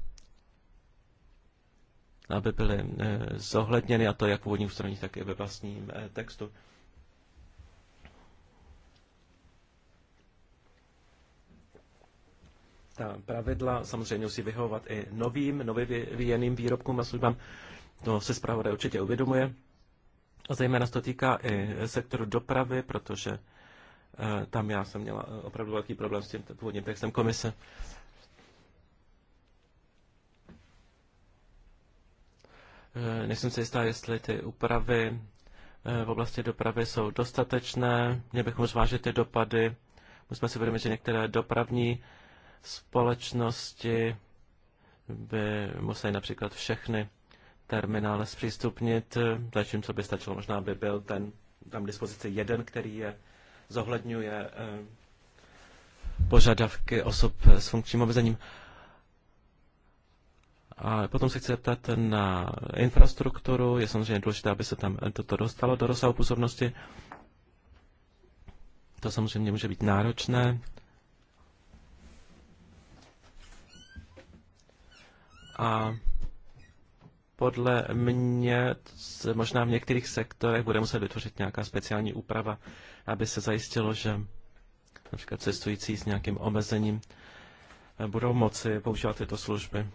aby byly eh, zohledněny, a to jak v úvodním ustanovení, tak i ve vlastním eh, textu. Ta pravidla samozřejmě musí vyhovovat i novým, nově vyvíjeným výrobkům a službám. To se zpravodaj určitě uvědomuje. A zejména se to týká i sektoru dopravy, protože eh, tam já jsem měla eh, opravdu velký problém s tím původním textem komise. Eh, nejsem si jistá, jestli ty úpravy v oblasti dopravy jsou dostatečné. Měli bychom zvážit ty dopady. Musíme si vědomit, že některé dopravní společnosti by museli například všechny terminály zpřístupnit, zatímco by stačilo možná, by byl ten tam dispozici jeden, který je zohledňuje eh, požadavky osob s funkčním omezením. A potom se chci zeptat na infrastrukturu. Je samozřejmě důležité, aby se tam toto dostalo do rozsahu působnosti. To samozřejmě může být náročné a podle mě se možná v některých sektorech bude muset vytvořit nějaká speciální úprava, aby se zajistilo, že například cestující s nějakým omezením eh, budou moci používat tyto služby.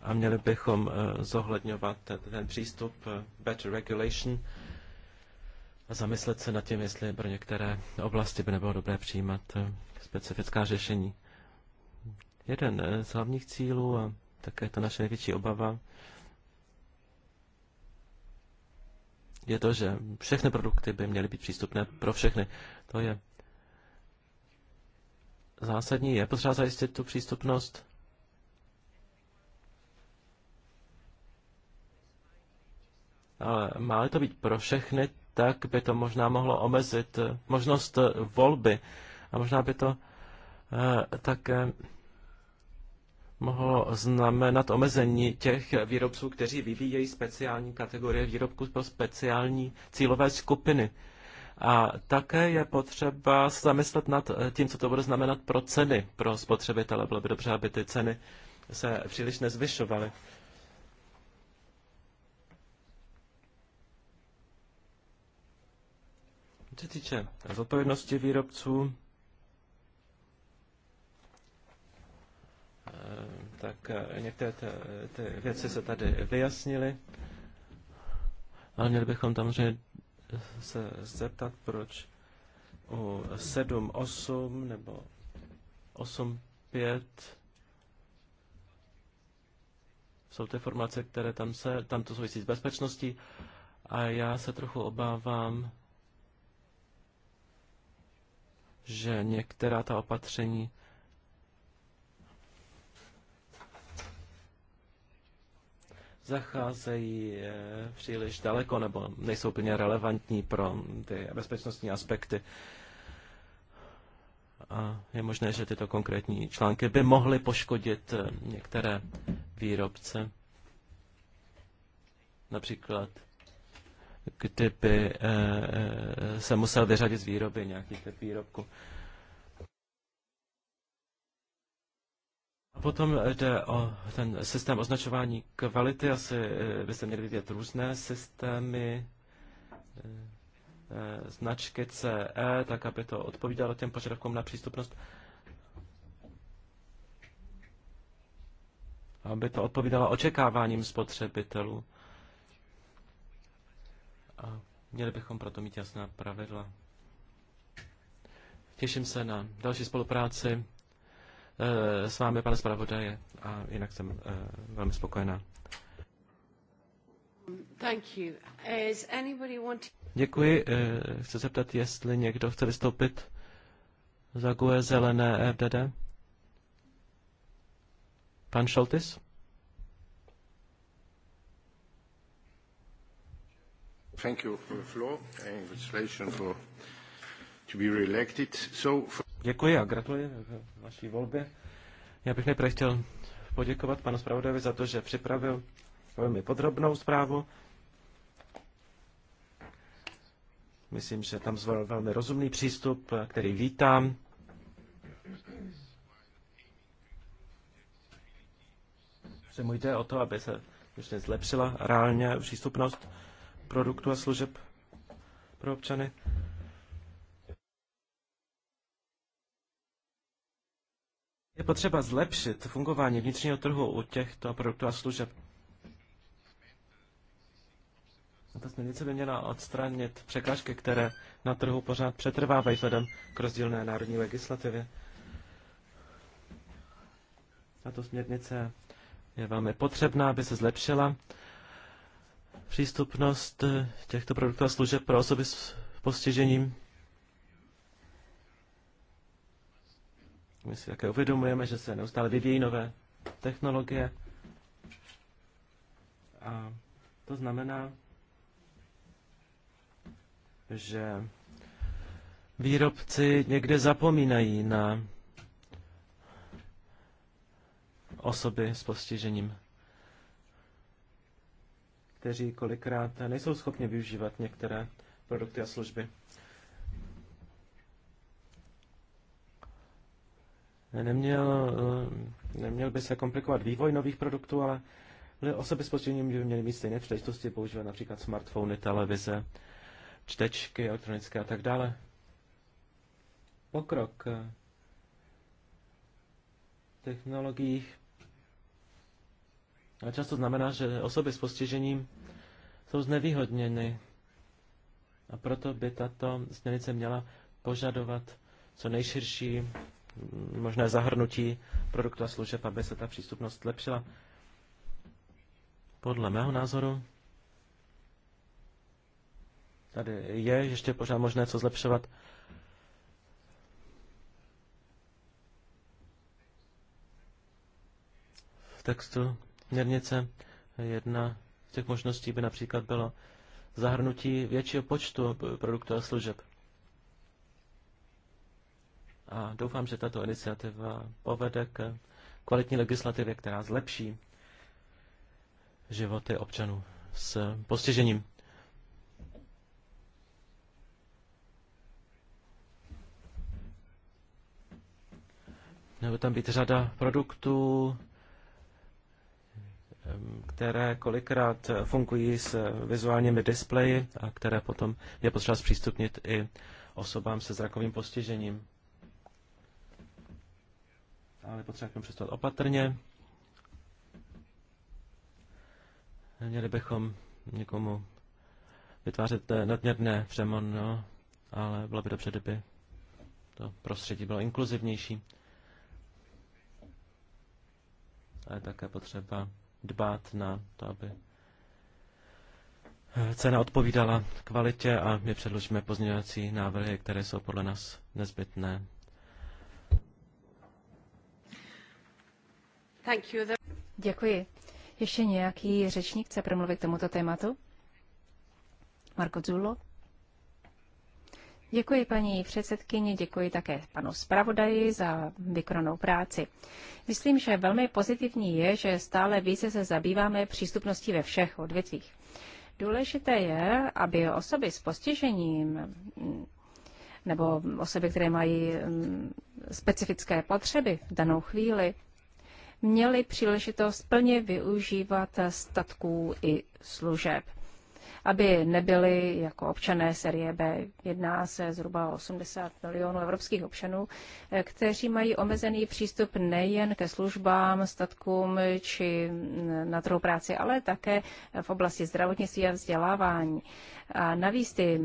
A měli bychom eh, zohledňovat ten, přístup eh, better regulation a zamyslet se nad tím, jestli pro některé oblasti by nebylo dobré přijímat specifická řešení. Jeden eh, z hlavních cílů a také to naše největší obava je to, že všechny produkty by měly být přístupné pro všechny. To je zásadní. Je potřeba zajistit tu přístupnost. Ale má to být pro všechny, tak by to možná mohlo omezit eh, možnost eh, volby. A možná by to eh, také mohlo znamenat omezení těch výrobců, kteří vyvíjejí speciální kategorie výrobků pro speciální cílové skupiny. A také je potřeba zamyslet nad tím, co to bude znamenat pro ceny pro spotřebitele. Bylo by dobře, aby ty ceny se příliš nezvyšovaly. Co se týče zodpovědnosti výrobců, tak eh, některé ty, ty věci se tady vyjasnily. Ale měli bychom tam že se zeptat, proč u 7.8 nebo 8.5 jsou ty formace, které tam se, tam to souvisí s bezpečností a já se trochu obávám, že některá ta opatření zacházejí eh, příliš daleko nebo nejsou úplně relevantní pro ty bezpečnostní aspekty. A je možné, že tyto konkrétní články by mohly poškodit eh, některé výrobce. Například, kdyby eh, se musel vyřadit z výroby nějaký typ výrobku. A potom jde o ten systém označování kvality. Asi eh, byste měli vidět různé systémy eh, eh, značky CE, tak aby to odpovídalo těm požadavkům na přístupnost. Aby to odpovídalo očekáváním spotřebitelů. A měli bychom proto mít jasná pravidla. Těším se na další spolupráci Eh, s vámi, pane zpravodaje, a jinak jsem eh, velmi spokojená. Děkuji. Eh, chci se ptat, jestli někdo chce vystoupit za GUE zelené FDD. Pan Šoltis? Thank you for the floor and congratulations for to be reelected. So for Děkuji a gratuluji vaší volbě. Já bych nejprve chtěl poděkovat panu zpravodajovi za to, že připravil velmi podrobnou zprávu. Myslím, že tam zvolil velmi rozumný přístup, který vítám. Že jde o to, aby se ještě zlepšila reálně přístupnost produktů a služeb pro občany. Je potřeba zlepšit fungování vnitřního trhu u těchto produktů a služeb. A ta směrnice by měla odstranit překážky, které na trhu pořád přetrvávají vzhledem k rozdílné národní legislativě. Tato směrnice je velmi potřebná, aby se zlepšila přístupnost těchto produktů a služeb pro osoby s postižením. My si také uvědomujeme, že se neustále vyvíjí nové technologie. A to znamená, že výrobci někde zapomínají na osoby s postižením, kteří kolikrát nejsou schopni využívat některé produkty a služby. neměl, eh, neměl by se komplikovat vývoj nových produktů, ale osoby s postižením by měly mít stejné příležitosti používat například smartfony, televize, čtečky elektronické a tak dále. Pokrok eh, technologiích a často znamená, že osoby s postižením jsou znevýhodněny. A proto by tato směrnice měla požadovat co nejširší možné zahrnutí produktů a služeb, aby se ta přístupnost zlepšila. Podle mého názoru tady je ještě pořád možné co zlepšovat. V textu směrnice jedna z těch možností by například bylo zahrnutí většího počtu produktů a služeb a doufám, že tato iniciativa povede k kvalitní legislativě, která zlepší životy občanů s postižením. Nebo tam být řada produktů, které kolikrát fungují s vizuálními displeji a které potom je potřeba zpřístupnit i osobám se zrakovým postižením ale potřeba k tomu přistupovat opatrně. Neměli bychom někomu vytvářet eh, nadměrné no, ale bylo by dobře, kdyby to prostředí bylo inkluzivnější. A je také potřeba dbát na to, aby cena odpovídala kvalitě a my předložíme pozměňovací návrhy, které jsou podle nás nezbytné Děkuji. Ještě nějaký řečník chce promluvit k tomuto tématu? Marko Zulo. Děkuji paní předsedkyni, děkuji také panu zpravodaji za vykonanou práci. Myslím, že velmi pozitivní je, že stále více se zabýváme přístupností ve všech odvětvích. Důležité je, aby osoby s postižením nebo osoby, které mají mm, specifické potřeby v danou chvíli, měli příležitost plně využívat statků i služeb aby nebyli jako občané série B. Jedná se zhruba 80 milionů evropských občanů, eh, kteří mají omezený přístup nejen ke službám, statkům či na trhu práci, ale také v oblasti zdravotnictví a vzdělávání. A navíc ty,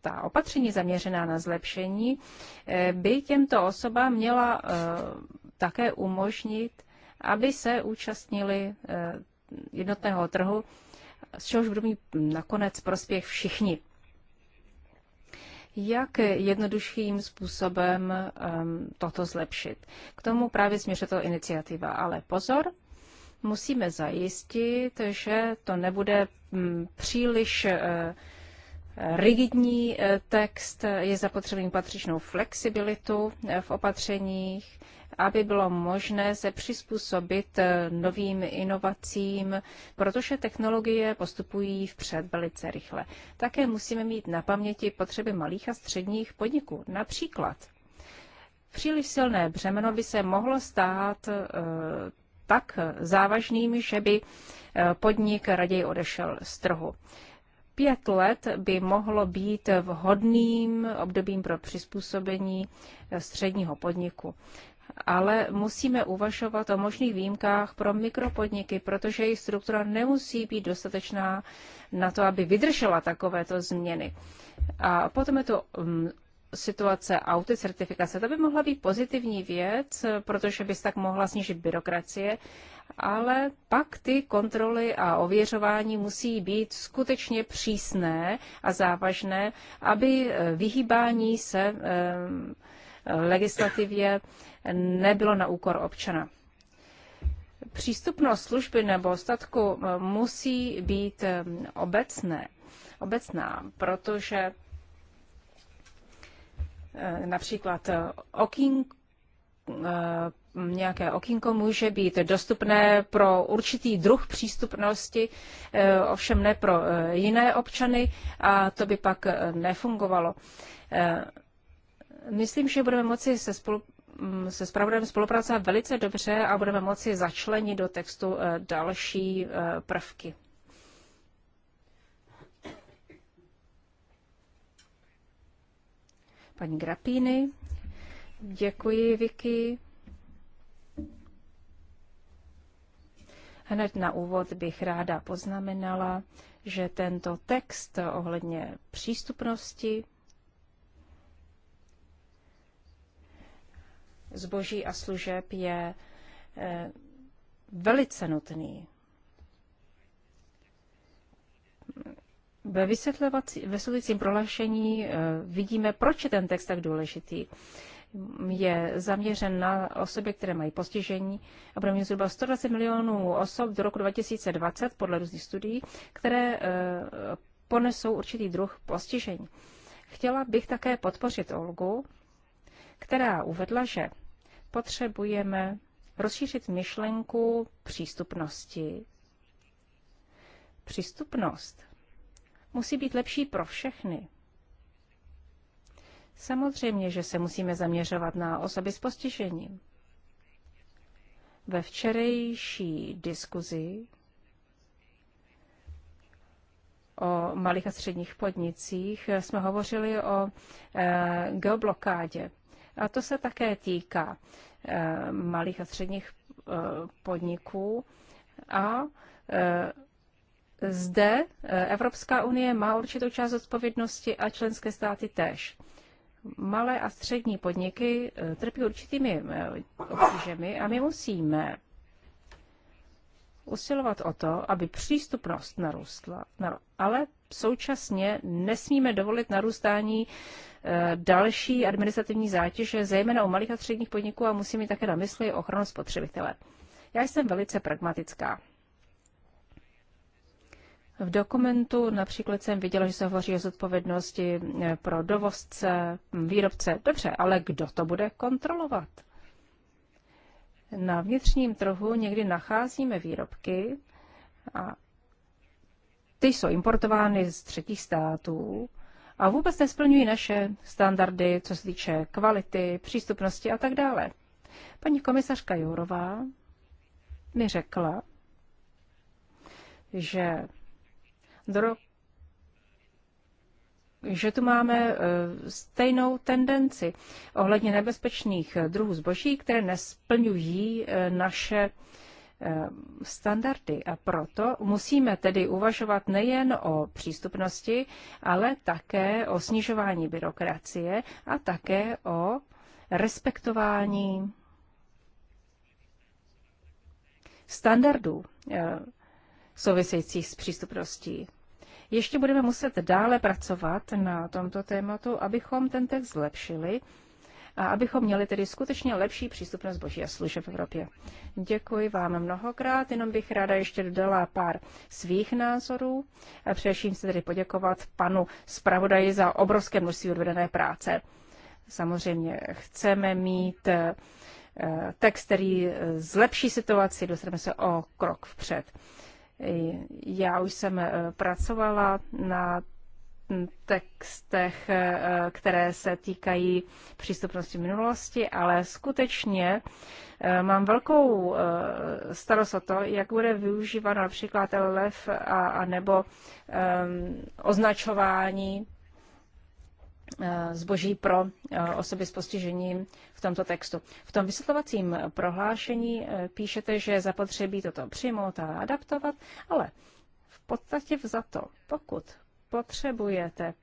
ta opatření zaměřená na zlepšení eh, by těmto osobám měla eh, také umožnit aby se účastnili eh, jednotného trhu, z čehož budou mít nakonec prospěch všichni. Jak jednodušším způsobem um, toto zlepšit? K tomu právě směřuje to iniciativa. Ale pozor, musíme zajistit, že to nebude um, příliš uh, rigidní eh, text, je zapotřebí patřičnou flexibilitu v opatřeních, aby bylo možné se přizpůsobit eh, novým inovacím, protože technologie postupují vpřed velice rychle. Také musíme mít na paměti potřeby malých a středních podniků. Například příliš silné břemeno by se mohlo stát eh, tak závažným, že by eh, podnik raději odešel z trhu. Pět let by mohlo být vhodným obdobím pro přizpůsobení středního podniku ale musíme uvažovat o možných výjimkách pro mikropodniky, protože jejich struktura nemusí být dostatečná na to, aby vydržela takovéto změny. A potom je to mm, situace autocertifikace. To by mohla být pozitivní věc, protože by se tak mohla snížit byrokracie, ale pak ty kontroly a ověřování musí být skutečně přísné a závažné, aby eh, vyhýbání se eh, legislativě nebylo na úkor občana. Přístupnost služby nebo statku eh, musí být eh, obecné, obecná, protože eh, například okín, nějaké okínko může být dostupné pro určitý druh přístupnosti, ovšem ne pro jiné občany a to by pak nefungovalo. Myslím, že budeme moci se, spolu, mm, se spravodajem spolupracovat velice dobře a budeme moci začlenit do textu eh, další eh, prvky. Paní Grapíny, děkuji Vicky. Hned na úvod bych ráda poznamenala, že tento text ohledně přístupnosti zboží a služeb je eh, velice nutný. Ve vysvětlujícím prohlášení eh, vidíme, proč je ten text tak důležitý. Je zaměřen na osoby, které mají postižení a budeme mít zhruba 120 milionů osob do roku 2020 podle různých studií, které eh, ponesou určitý druh postižení. Chtěla bych také podpořit Olgu která uvedla, že potřebujeme rozšířit myšlenku přístupnosti. Přístupnost musí být lepší pro všechny. Samozřejmě, že se musíme zaměřovat na osoby s postižením. Ve včerejší diskuzi o malých a středních podnicích jsme hovořili o e, geoblokádě. A to se také týká eh, malých a středních eh, podniků. A eh, zde Evropská unie má určitou část odpovědnosti a členské státy též. Malé a střední podniky trpí určitými obtížemi a my musíme usilovat o to, aby přístupnost narůstla, ale současně nesmíme dovolit narůstání Eh, další administrativní zátěže, zejména u malých a středních podniků a musí mít také na mysli ochranu spotřebitele. Já jsem velice pragmatická. V dokumentu například jsem viděla, že se hovoří o zodpovědnosti eh, pro dovozce, výrobce. Dobře, ale kdo to bude kontrolovat? Na vnitřním trhu někdy nacházíme výrobky a ty jsou importovány z třetích států a vůbec nesplňují naše standardy, co se týče kvality, přístupnosti a tak dále. Paní komisařka Jourová mi řekla, že dro- že tu máme e, stejnou tendenci ohledně nebezpečných druhů zboží, které nesplňují e, naše Eh, standardy. A proto musíme tedy uvažovat nejen o přístupnosti, ale také o snižování byrokracie a také o respektování standardů eh, souvisejících s přístupností. Ještě budeme muset dále pracovat na tomto tématu, abychom ten text zlepšili a abychom měli tedy skutečně lepší přístupnost boží a služeb v Evropě. Děkuji vám mnohokrát, jenom bych ráda ještě dodala pár svých názorů. A především se tedy poděkovat panu zpravodaji za obrovské množství odvedené práce. Samozřejmě chceme mít eh, text, který zlepší situaci, dostaneme se o krok vpřed. Já už jsem eh, pracovala na textech, eh, které se týkají přístupnosti minulosti, ale skutečně eh, mám velkou eh, starost o to, jak bude využíváno například LF e a, a nebo um, označování zboží pro osoby s postižením v tomto textu. V tom vysvětlovacím prohlášení píšete, že zapotřebí toto přijmout a adaptovat, ale v podstatě za to, pokud potřebujete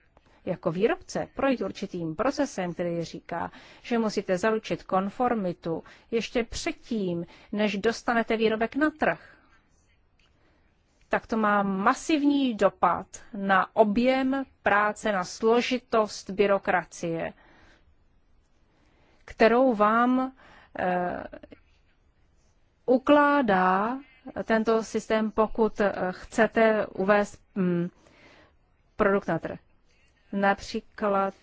jako výrobce projít určitým procesem, který říká, že musíte zaručit konformitu ještě předtím, než dostanete výrobek na trh, tak to má masivní dopad na objem práce, na složitost byrokracie, kterou vám e, ukládá tento systém, pokud chcete uvést. Mm, produkt na trh. Například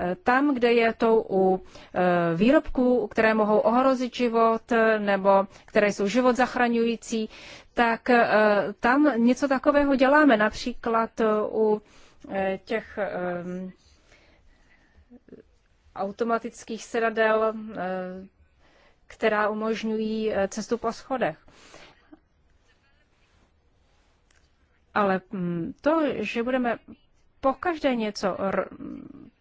eh, tam, kde je to u eh, výrobků, které mohou ohrozit život eh, nebo které jsou život zachraňující, tak tam něco takového děláme. Například u těch automatických sedadel, která umožňují cestu po schodech. Ale mm, to, že budeme po každé něco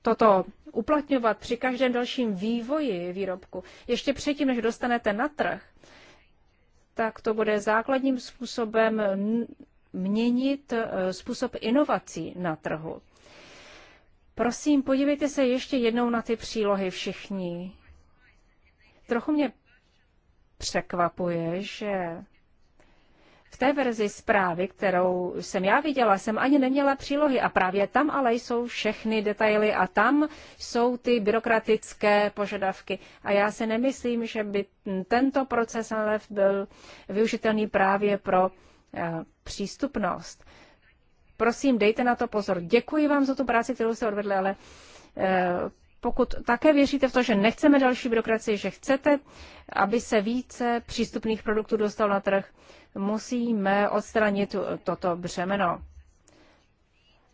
toto uplatňovat při každém dalším vývoji výrobku, ještě předtím, než dostanete na trh, tak to bude základním způsobem měnit e, způsob inovací na trhu. Prosím, podívejte se ještě jednou na ty přílohy všichni. Trochu mě překvapuje, že v té verzi zprávy, kterou jsem já viděla, jsem ani neměla přílohy a právě tam ale jsou všechny detaily a tam jsou ty byrokratické požadavky. A já si nemyslím, že by tento proces NLF byl využitelný právě pro eh, přístupnost. Prosím, dejte na to pozor. Děkuji vám za tu práci, kterou jste odvedli, ale eh, pokud také věříte v to, že nechceme další byrokracii, že chcete, aby se více přístupných produktů dostalo na trh, musíme odstranit toto břemeno.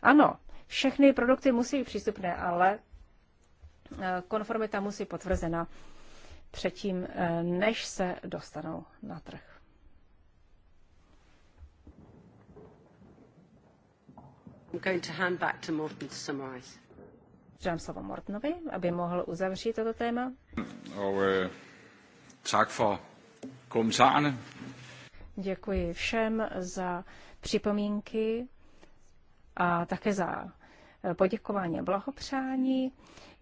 Ano, všechny produkty musí být přístupné, ale eh, konformita musí potvrzena předtím, eh, než se dostanou na trh. I'm Dám slovo Mortonovi, aby mohl uzavřít toto téma. Og, øh, tak for Děkuji všem za připomínky a také za eh, poděkování a blahopřání.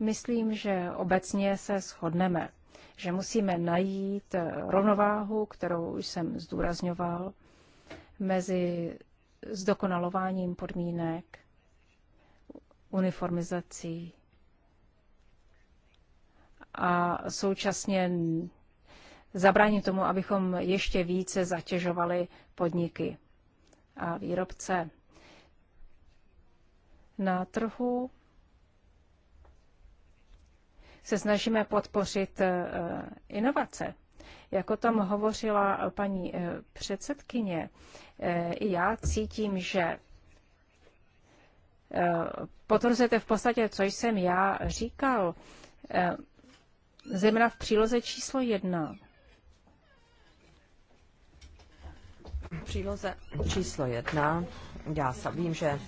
Myslím, že obecně se shodneme, že musíme najít eh, rovnováhu, kterou jsem zdůrazňoval, mezi zdokonalováním podmínek, uniformizací a současně zabránit tomu, abychom ještě více zatěžovali podniky a výrobce. Na trhu se snažíme podpořit eh, inovace. Jak o tom hovořila paní eh, předsedkyně, eh, i já cítím, že potvrzujete v podstatě, co jsem já říkal, zejména v příloze číslo jedna. příloze číslo jedna, já vím, že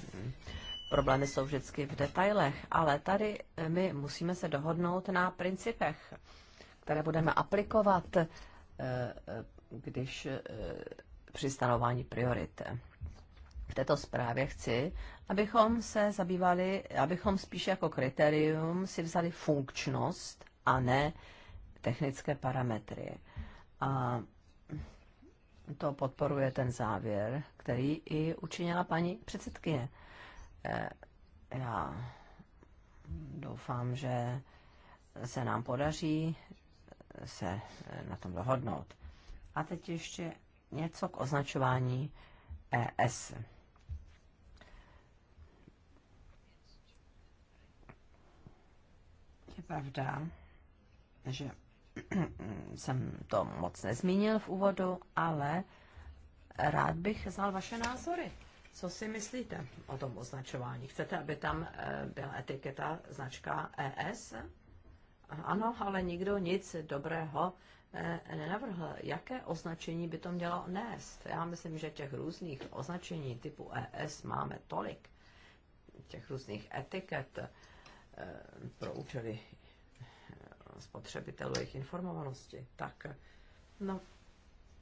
problémy jsou vždycky v detailech, ale tady eh, my musíme se dohodnout na principech, které budeme aplikovat, eh, eh, když při stanování priorit. V této zprávě chci, abychom se zabývali, abychom spíše jako kritérium si vzali funkčnost a ne technické parametry. A to podporuje ten závěr, který i učinila paní předsedkyně. Eh, já doufám, že se nám podaří se eh, na tom dohodnout. A teď ještě něco k označování ES. Je pravda, že jsem to moc nezmínil v úvodu, ale rád bych znal vaše názory. Co si myslíte o tom označování? Chcete, aby tam eh, byla etiketa značka ES? Ano, ale nikdo nic dobrého eh, nenavrhl. Jaké označení by to mělo nést? Já myslím, že těch různých označení typu ES máme tolik, těch různých etiket eh, pro účely spotřebitelů, jejich informovanosti. Tak, no,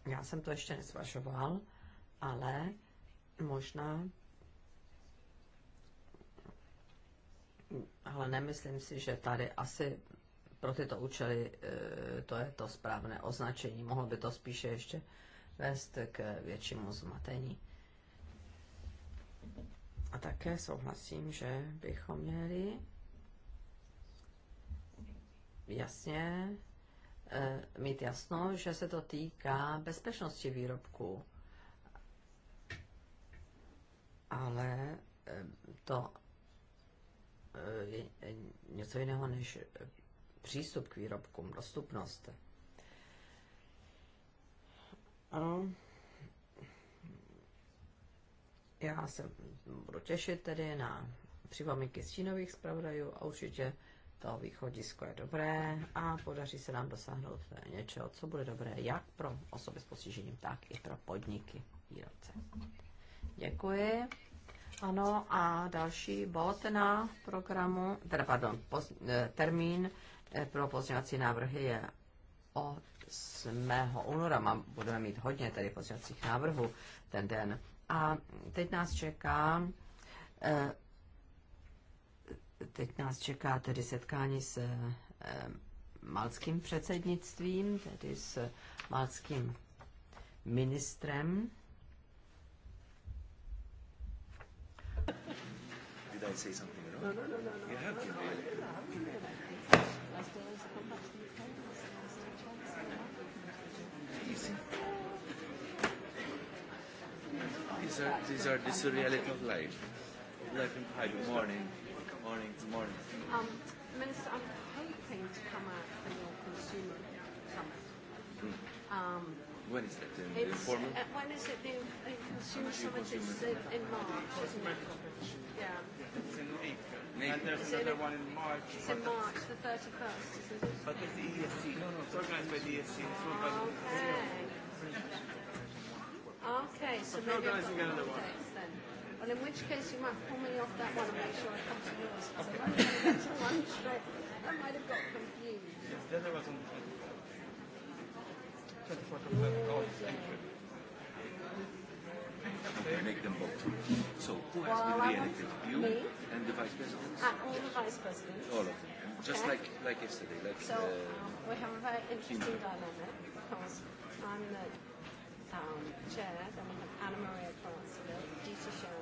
já jsem to ještě nesvažoval, ale možná, ale nemyslím si, že tady asi pro tyto účely e, to je to správné označení. Mohlo by to spíše ještě vést k většímu zmatení. A také souhlasím, že bychom měli jasně e, mít jasno, že se to týká bezpečnosti výrobků. Ale e, to e, je něco jiného než přístup k výrobkům, dostupnost. A Já se budu těšit tedy na připomínky čínových zpravodajů a určitě to východisko je dobré a podaří se nám dosáhnout něčeho, co bude dobré jak pro osoby s postižením, tak i pro podniky výrobce. Děkuji. Ano, a další bod na programu, teda pardon, poz, eh, termín eh, pro pozměňovací návrhy je 8. února. Mám, budeme mít hodně tedy pozměňovacích návrhů ten den. A teď nás čeká eh, teď nás čeká tedy setkání s eh, malským předsednictvím, tedy s malským ministrem. Did I say something wrong? No, no, no, no. no. You have These are, these are, the surreality of life. Life in private morning morning. Good morning. Um, Minister, I'm hoping to come out from your consumer summit. Hmm. Um, when is that? In it's, informal? Uh, when is it? The, the consumer summit consumer is in, in March, isn't it? Yeah. yeah. It's in April. And there's another one in March. It's in March, the 31st, isn't it? But it's the ESC. No, no, it's organized by the ESC. It's oh, Okay. Okay, so no, maybe I've got another one. then. Well, in which case you might pull me off that one and make sure I come to yours, because I'm only going to one trip. I might have got confused. Yes, the other was on the 24th. 24th of oh, They make them both. So who has well, been re You me? and the vice president? And all the vice presidents. All of them. And just like, like yesterday. Like so uh, we have a very interesting team. dilemma because I'm the um, chair, then we have Anna Maria Francis, Dieter Schoen,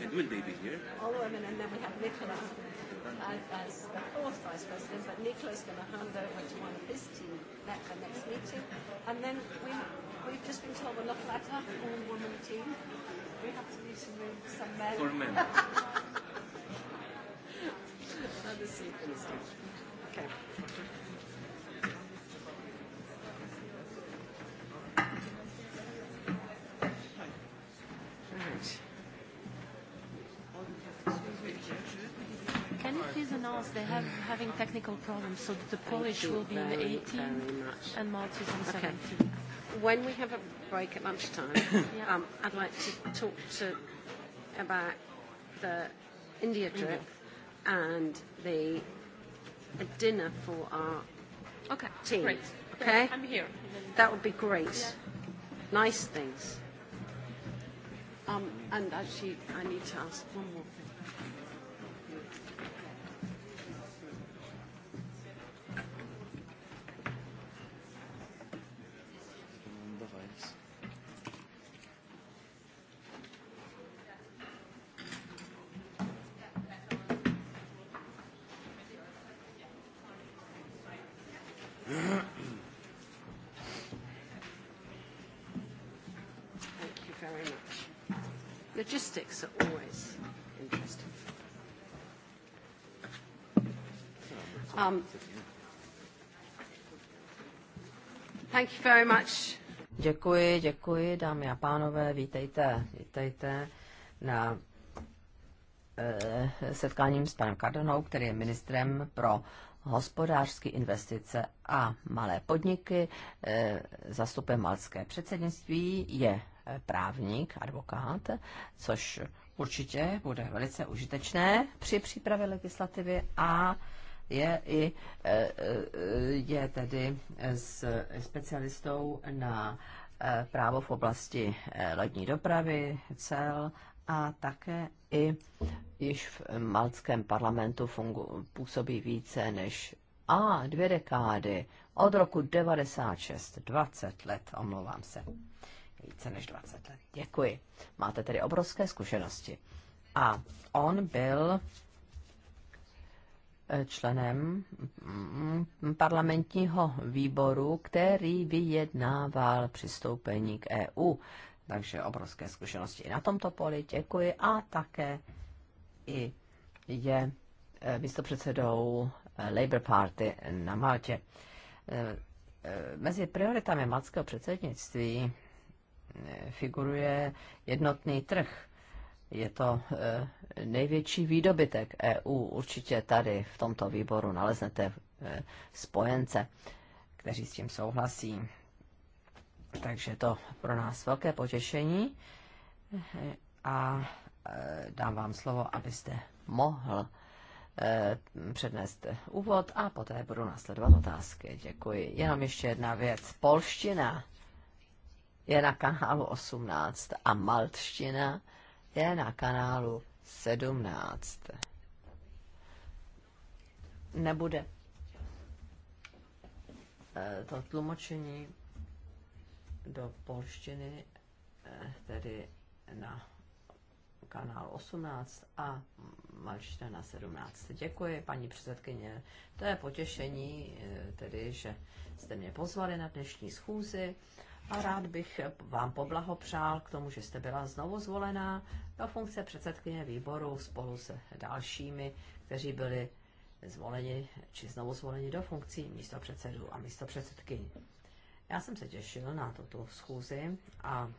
And will they be here? All women, and then we have Nicholas as, as the fourth vice president, but Nicholas is going to hand over to one of his team at the next meeting. And then we, we've just been told we're not allowed to have an all-woman team. We have to leave some room for some men. For men. Another seat please. Okay. Brussels, they have having technical problems, so the Polish will be in the 18th and Maltese on 17th. When we have a break at lunchtime, yeah. um, I'd like to talk to about the India trip mm-hmm. and the a dinner for our okay, team. Great. Okay, I'm here. That would be great. Yeah. Nice things. Um, and actually, I need to ask one more statistics are always interesting. Um, thank you very much. Děkuji, děkuji, dámy a pánové, vítejte, vítejte na e, setkáním s panem Kardonou, který je ministrem pro hospodářské investice a malé podniky. E, malské předsednictví je právník, advokát, což určitě bude velice užitečné při přípravě legislativy a je i e, e, je tedy s specialistou na e, právo v oblasti lodní dopravy, cel a také i již v malckém parlamentu fungu, působí více než a dvě dekády od roku 96, 20 let, omlouvám se více než 20 let. Děkuji. Máte tedy obrovské zkušenosti. A on byl eh, členem mm, parlamentního výboru, který vyjednával přistoupení k EU. Takže obrovské zkušenosti i na tomto poli. Děkuji. A také i je eh, místopředsedou eh, Labour Party na Maltě. Mezi prioritami maltského předsednictví figuruje jednotný trh. Je to eh, největší výdobytek EU. Určitě tady v tomto výboru naleznete eh, spojence, kteří s tím souhlasí. Takže to pro nás velké potěšení a eh, dám vám slovo, abyste mohl přednést úvod a poté budou následovat otázky. Děkuji. Jenom ještě jedna věc. Polština je na kanálu 18 a maltština je na kanálu 17. Nebude eh, to tlumočení do polštiny, eh, tedy na kanál 18 a maltština na 17. Děkuji, paní předsedkyně. To je potěšení, eh, tedy, že jste mě pozvali na dnešní schůzi a rád bych vám poblahopřál k tomu, že jste byla znovu zvolená do funkce předsedkyně výboru spolu s dalšími, kteří byli zvoleni či znovu zvoleni do funkcí místo předsedů a místo předsedkyní. Já jsem se těšil na tuto schůzi a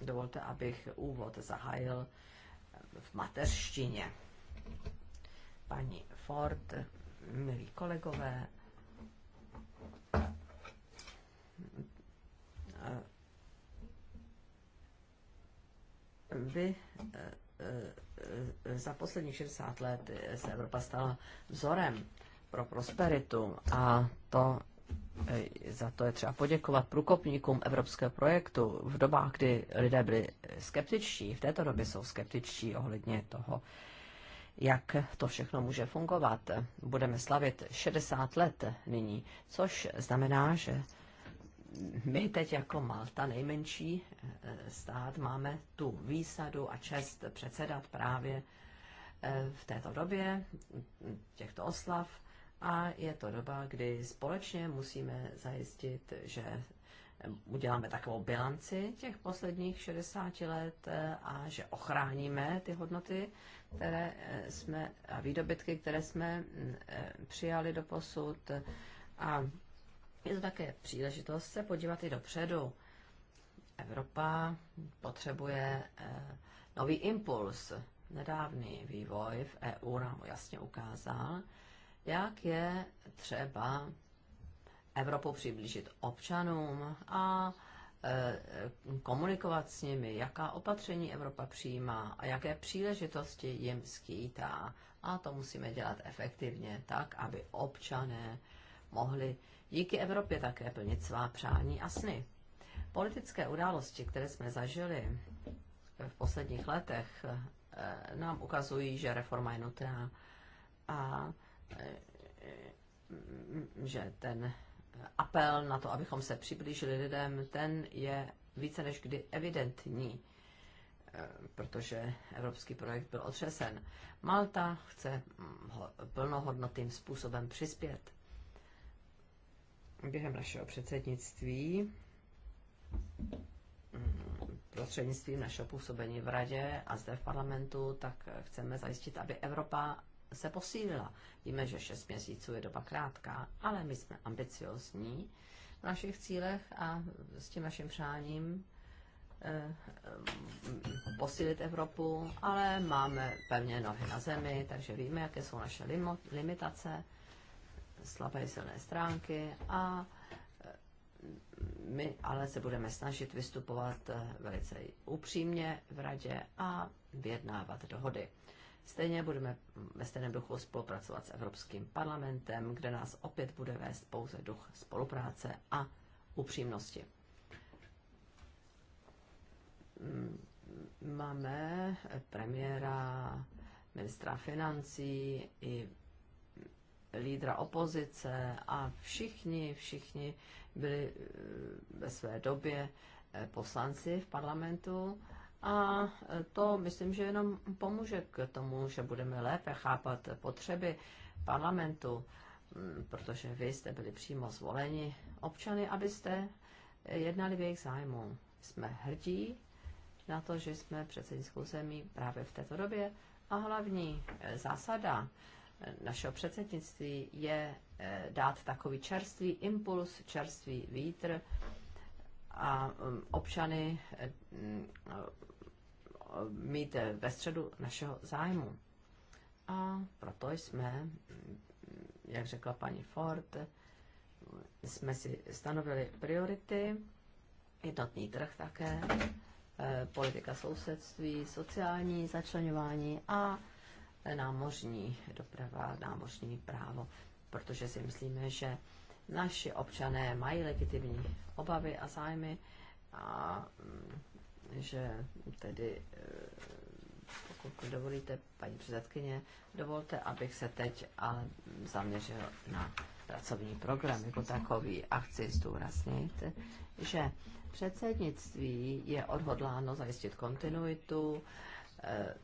dovolte, abych úvod zahájil v mateřštině. Paní Ford, milí kolegové, vy e, e, za posledních 60 let se Evropa stala vzorem pro prosperitu a to e, za to je třeba poděkovat průkopníkům evropského projektu v dobách, kdy lidé byli skeptičtí, v této době jsou skeptičtí ohledně toho, jak to všechno může fungovat. Budeme slavit 60 let nyní, což znamená, že my teď jako Malta, nejmenší eh, stát, máme tu výsadu a čest předsedat právě eh, v této době těchto oslav a je to doba, kdy společně musíme zajistit, že uděláme takovou bilanci těch posledních 60 let eh, a že ochráníme ty hodnoty, které jsme a výdobytky, které jsme mm, přijali do posud a je to také příležitost se podívat i dopředu. Evropa potřebuje eh, nový impuls. Nedávný vývoj v EU nám jasně ukázal, jak je třeba Evropu přiblížit občanům a eh, komunikovat s nimi, jaká opatření Evropa přijímá a jaké příležitosti jim skýtá. A to musíme dělat efektivně tak, aby občané mohli díky Evropě také plnit svá přání a sny. Politické události, které jsme zažili v posledních letech, eh, nám ukazují, že reforma je nutná a eh, že ten apel na to, abychom se přiblížili lidem, ten je více než kdy evidentní, eh, protože evropský projekt byl otřesen. Malta chce hm, plnohodnotným způsobem přispět během našeho předsednictví mm, prostřednictvím našeho působení v Radě a zde v parlamentu, tak chceme zajistit, aby Evropa se posílila. Víme, že 6 měsíců je doba krátká, ale my jsme ambiciozní v našich cílech a s tím naším přáním eh, mm, posílit Evropu, ale máme pevně nohy na zemi, takže víme, jaké jsou naše limitace slabé silné stránky a eh, my ale se budeme snažit vystupovat eh, velice upřímně v radě a vyjednávat dohody. Stejně budeme ve stejném duchu spolupracovat s Evropským parlamentem, kde nás opět bude vést pouze duch spolupráce a upřímnosti. Mm, máme premiéra, ministra financí i lídra opozice a všichni, všichni byli eh, ve své době eh, poslanci v parlamentu a eh, to myslím, že jenom pomůže k tomu, že budeme lépe chápat potřeby parlamentu, hm, protože vy jste byli přímo zvoleni občany, abyste jednali v jejich zájmu. Jsme hrdí na to, že jsme předsednickou zemí právě v této době a hlavní zásada našeho předsednictví je eh, dát takový čerstvý impuls, čerstvý vítr a um, občany eh, mm, eh, mít ve středu našeho zájmu. A proto jsme, mm, jak řekla paní Ford, jsme si stanovili priority, jednotný trh také, politika sousedství, sociální začlenování a námořní doprava, námořní právo, protože si myslíme, že naši občané mají legitimní obavy a zájmy a mm, že tedy, eh, pokud dovolíte, paní předsedkyně, dovolte, abych se teď ale zaměřil na pracovní program jako takový a chci zdůraznit, že předsednictví je odhodláno zajistit kontinuitu, eh,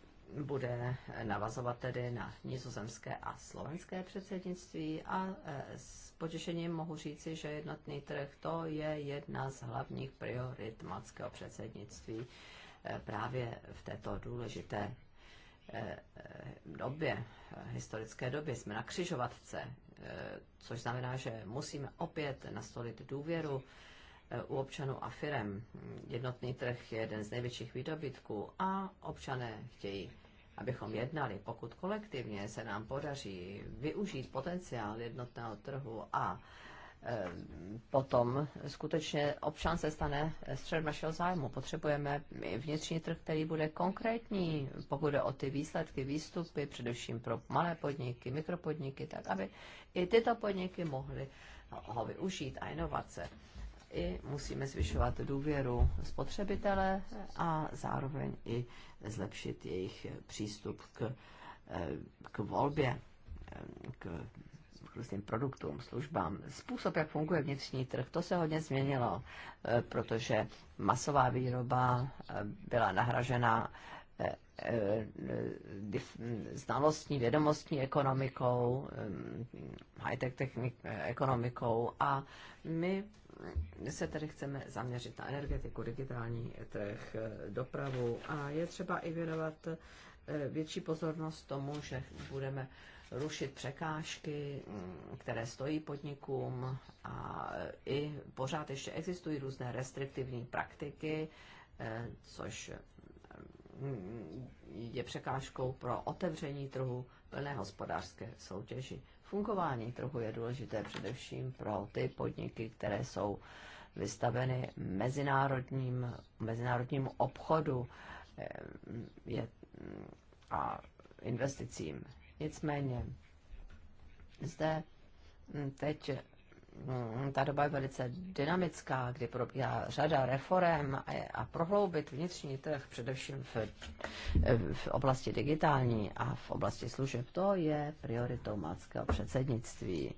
bude navazovat tedy na nizozemské a slovenské předsednictví a e, s potěšením mohu říci, že jednotný trh to je jedna z hlavních priorit malckého předsednictví e, právě v této důležité e, době, historické době. Jsme na křižovatce, což znamená, že musíme opět nastolit důvěru u občanů a firem. Jednotný trh je jeden z největších výdobytků a občané chtějí, abychom jednali. Pokud kolektivně se nám podaří využít potenciál jednotného trhu a e, potom skutečně občan se stane střed našeho zájmu. Potřebujeme vnitřní trh, který bude konkrétní, pokud jde o ty výsledky, výstupy, především pro malé podniky, mikropodniky, tak aby i tyto podniky mohly ho využít a inovace i musíme zvyšovat důvěru spotřebitele a zároveň i zlepšit jejich přístup k, eh, k volbě, eh, k různým produktům, službám. Způsob, jak funguje vnitřní trh, to se hodně změnilo, eh, protože masová výroba byla nahražena znalostní, vědomostní ekonomikou, high-tech technik ekonomikou a my se tedy chceme zaměřit na energetiku, digitální trh, dopravu a je třeba i věnovat eh, větší pozornost tomu, že budeme rušit překážky, mm, které stojí podnikům a eh, i pořád ještě existují různé restriktivní praktiky, eh, což mm, je překážkou pro otevření trhu plné hospodářské soutěži. Fungování trhu je důležité především pro ty podniky, které jsou vystaveny mezinárodním, mezinárodnímu obchodu eh, je, mm, a investicím. Nicméně zde mm, teď Mm, ta doba je velice dynamická, kdy probíhá řada reform a, a prohloubit vnitřní trh, především v, v oblasti digitální a v oblasti služeb, to je prioritou malckého předsednictví.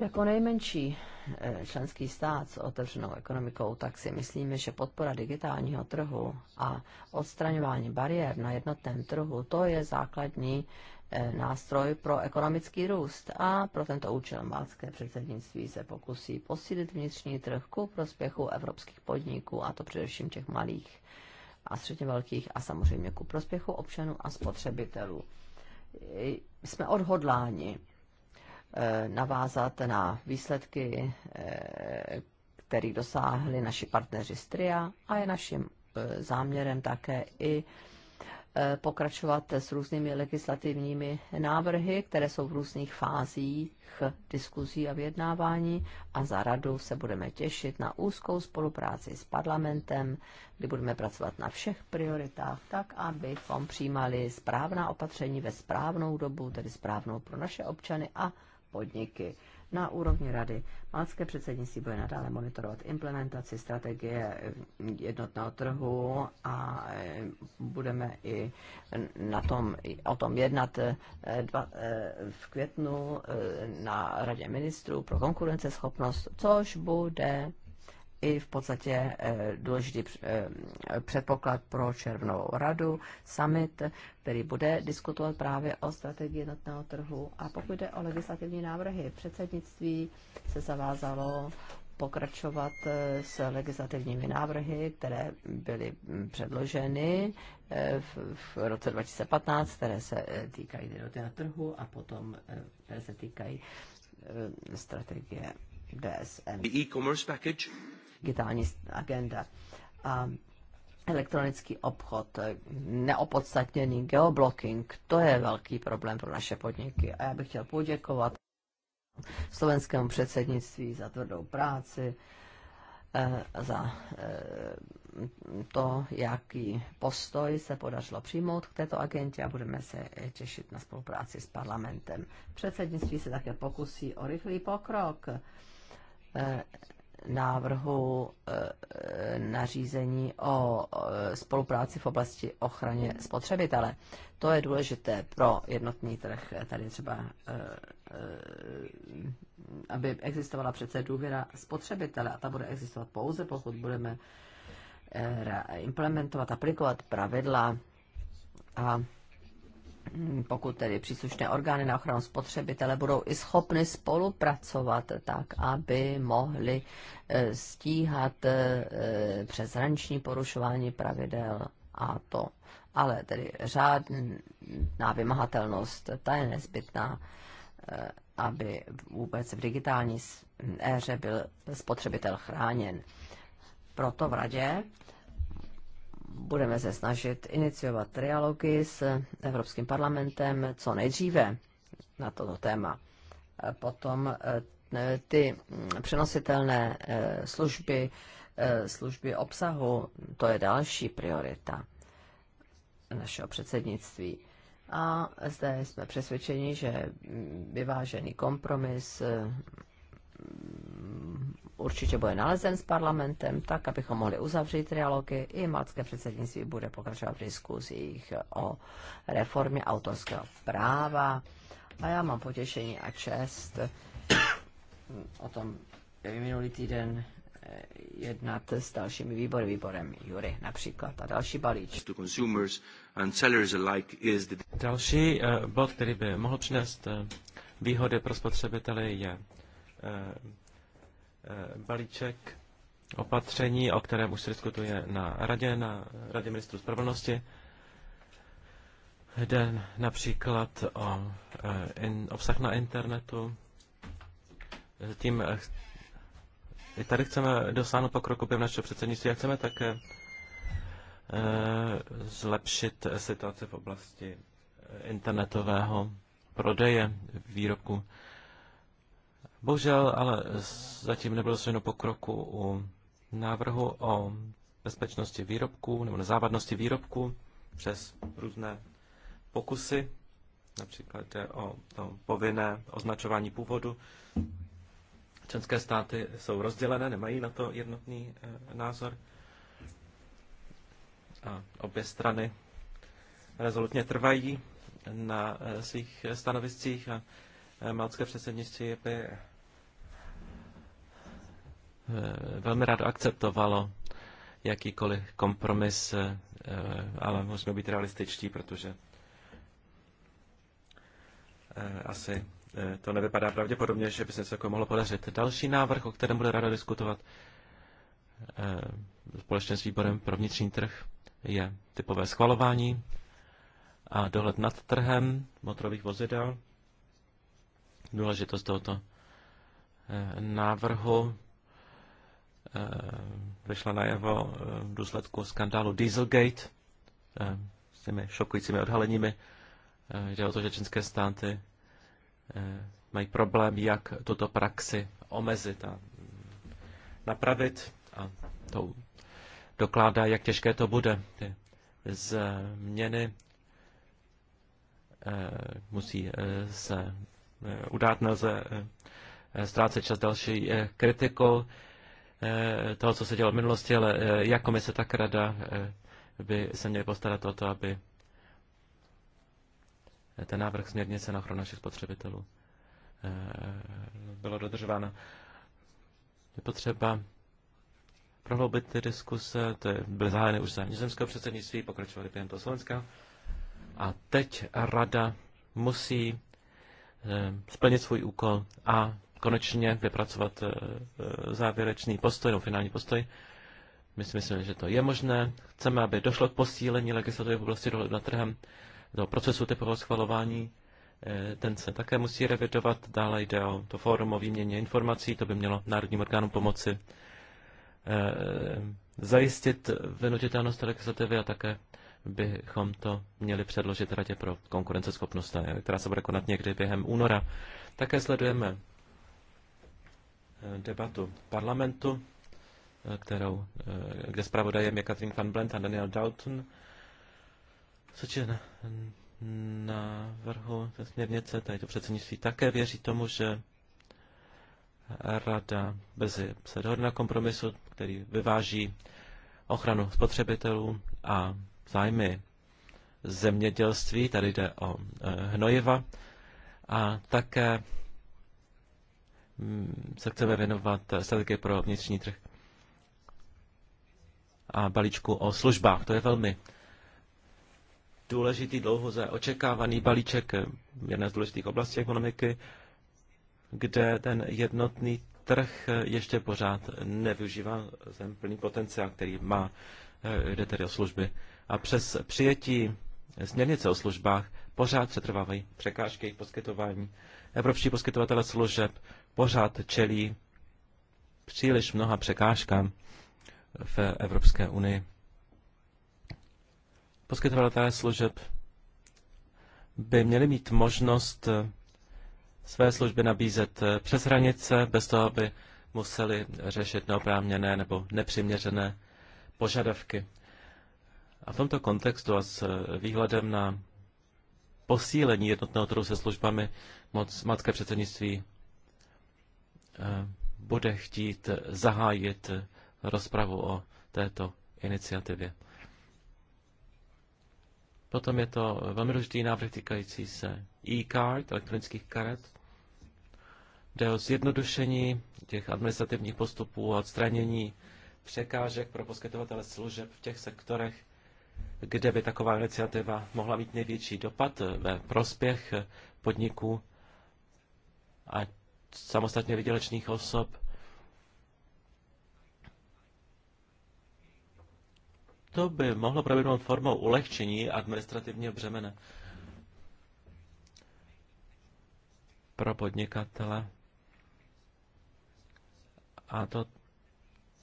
Jako nejmenší e, členský stát s otevřenou ekonomikou, tak si myslíme, že podpora digitálního trhu a odstraňování bariér na jednotném trhu, to je základní Eh, nástroj pro ekonomický růst a pro tento účel malské předsednictví se pokusí posílit vnitřní trh ku prospěchu evropských podniků, a to především těch malých a středně velkých a samozřejmě ku prospěchu občanů a spotřebitelů. Eh, jsme odhodláni eh, navázat na výsledky, které dosáhli naši partneři z TRIA a je naším záměrem také i Eh, pokračovat s různými legislativními návrhy, které jsou v různých fázích diskuzí a vyjednávání a za radu se budeme těšit na úzkou spolupráci s parlamentem, kdy budeme pracovat na všech prioritách tak, abychom přijímali správná opatření ve správnou dobu, tedy správnou pro naše občany a podniky na úrovni rady. Malské předsednictví bude nadále monitorovat implementaci strategie jednotného trhu a eh, budeme i na tom, o tom jednat eh, dva, eh, v květnu na radě ministrů pro konkurenceschopnost, což bude i v podstatě eh, důležitý eh, předpoklad pro červnovou radu, summit, který bude diskutovat právě o strategii jednotného trhu. A pokud jde o legislativní návrhy, předsednictví se zavázalo pokračovat eh, s legislativními návrhy, které byly mm, předloženy v, v roce 2015, které se týkají jednotného trhu a potom které se týkají strategie DSM. The e-commerce package digitální agenda. A elektronický obchod, neopodstatněný geoblocking, to je velký problém pro naše podniky. A já bych chtěl poděkovat slovenskému předsednictví za tvrdou práci, eh, za eh, to, jaký postoj se podařilo přijmout k této agentě a budeme se těšit na spolupráci s parlamentem. Předsednictví se také pokusí o rychlý pokrok eh, návrhu e, e, nařízení o spolupráci v oblasti ochraně spotřebitele. To je důležité pro jednotný trh. Tady třeba, e, aby existovala přece důvěra spotřebitele a ta bude existovat pouze, pokud budeme implementovat, aplikovat pravidla a pokud tedy příslušné orgány na ochranu spotřebitele budou i schopny spolupracovat tak, aby mohli eh, stíhat eh, přeshraniční porušování pravidel a to. Ale tedy řádná vymahatelnost, ta je nezbytná, eh, aby vůbec v digitální éře byl spotřebitel chráněn. Proto v radě budeme se snažit iniciovat trialogy s Evropským parlamentem co nejdříve na toto téma. Potom e, ty přenositelné e, služby, e, služby obsahu, to je další priorita našeho předsednictví. A zde jsme přesvědčeni, že vyvážený kompromis určitě bude nalezen s parlamentem, tak abychom mohli uzavřít trialogy. I malcké předsednictví bude pokračovat v diskuzích o reformě autorského práva. A já mám potěšení a čest o tom minulý týden eh, jednat s dalšími výbory, výborem Jury například a další balíč. Další eh, bod, který by mohl přinést eh, výhody pro spotřebitele, je Eh, balíček opatření, o kterém už se diskutuje na radě, na radě ministrů spravedlnosti. Jde například o eh, in, obsah na internetu. Tím eh, i tady chceme dosáhnout pokroku během našeho předsednictví a chceme také e, zlepšit situaci v oblasti internetového prodeje výrobků. Bohužel, ale zatím nebylo se pokroku u návrhu o bezpečnosti výrobků nebo nezávadnosti výrobků přes různé pokusy. Například jde o to povinné označování původu. Členské státy jsou rozdělené, nemají na to jednotný e, názor. A obě strany rezolutně trvají na e, svých eh, stanoviscích a e, malcké předsednictví by Eh, velmi rádo akceptovalo jakýkoliv kompromis, eh, ale musíme být realističtí, protože eh, asi to nevypadá pravděpodobně, že by se něco mohlo podařit. Další návrh, o kterém bude ráda diskutovat společně s výborem pro vnitřní trh, je typové schvalování a dohled nad trhem motorových vozidel. Důležitost tohoto návrhu Eh, vyšla najevo eh, v důsledku skandálu Dieselgate eh, s těmi šokujícími odhaleními. Jde o to, že čínské státy mají problém, jak tuto praxi omezit a napravit a to dokládá, jak těžké to bude. Ty změny musí se udát, nelze ztrácet čas další kritikou. Eh, toho, co se dělo v minulosti, ale eh, jak komise, tak rada eh, by se měly postarat o to, aby ten návrh směrnice na ochranu našich spotřebitelů bylo dodržováno. Je potřeba prohloubit ty diskuse, to byly zahájeny už za nizozemského předsednictví, pokračovaly během toho Slovenska. A teď rada musí splnit svůj úkol a konečně vypracovat eh, eh, závěrečný postoj nebo finální postoj. My si myslíme, že to je možné. Chceme, aby došlo k posílení legislativy v oblasti dohledu nad trhem do procesu typového schvalování. Eh, ten se také musí revidovat. Dále jde o to fórum o výměně informací. To by mělo národním orgánům pomoci zajistit vynutitelnost legislativy a také bychom to měli předložit Radě pro konkurenceschopnost, která se bude konat někdy během února. Také sledujeme debatu parlamentu, eh, kterou, eh, kde zpravodajem je Katrin van Blent a Daniel Dalton, což je na, na vrhu té směrnice, tady to předsednictví také věří tomu, že rada brzy se dohodne na kompromisu, který vyváží ochranu spotřebitelů a zájmy zemědělství, tady jde o eh, hnojiva, a také Mm, se chceme věnovat strategie pro vnitřní trh a balíčku o službách. To je velmi důležitý dlouhoze očekávaný balíček v jedné z důležitých oblastí ekonomiky, kde ten jednotný trh ještě pořád nevyužívá ten plný potenciál, který má, eh, jde tedy o služby. A přes přijetí směrnice o službách pořád přetrvávají překážky jejich poskytování. Evropští poskytovatele služeb pořád čelí příliš mnoha překážkám v Evropské unii. Poskytovatelé služeb by měli mít možnost své služby nabízet přes hranice, bez toho, aby museli řešit neoprávněné nebo nepřiměřené požadavky. A v tomto kontextu a s výhledem na posílení jednotného trhu se službami moc matské předsednictví Eh, bude chtít zahájit rozpravu o této iniciativě. Potom je to velmi důležitý návrh týkající se e-card, elektronických karet. Jde o zjednodušení těch administrativních postupů a odstranění překážek pro poskytovatele služeb v těch sektorech, kde by taková iniciativa mohla mít největší dopad ve prospěch podniků a samostatně vydělečných osob. To by mohlo proběhnout formou ulehčení administrativního břemene pro podnikatele. A to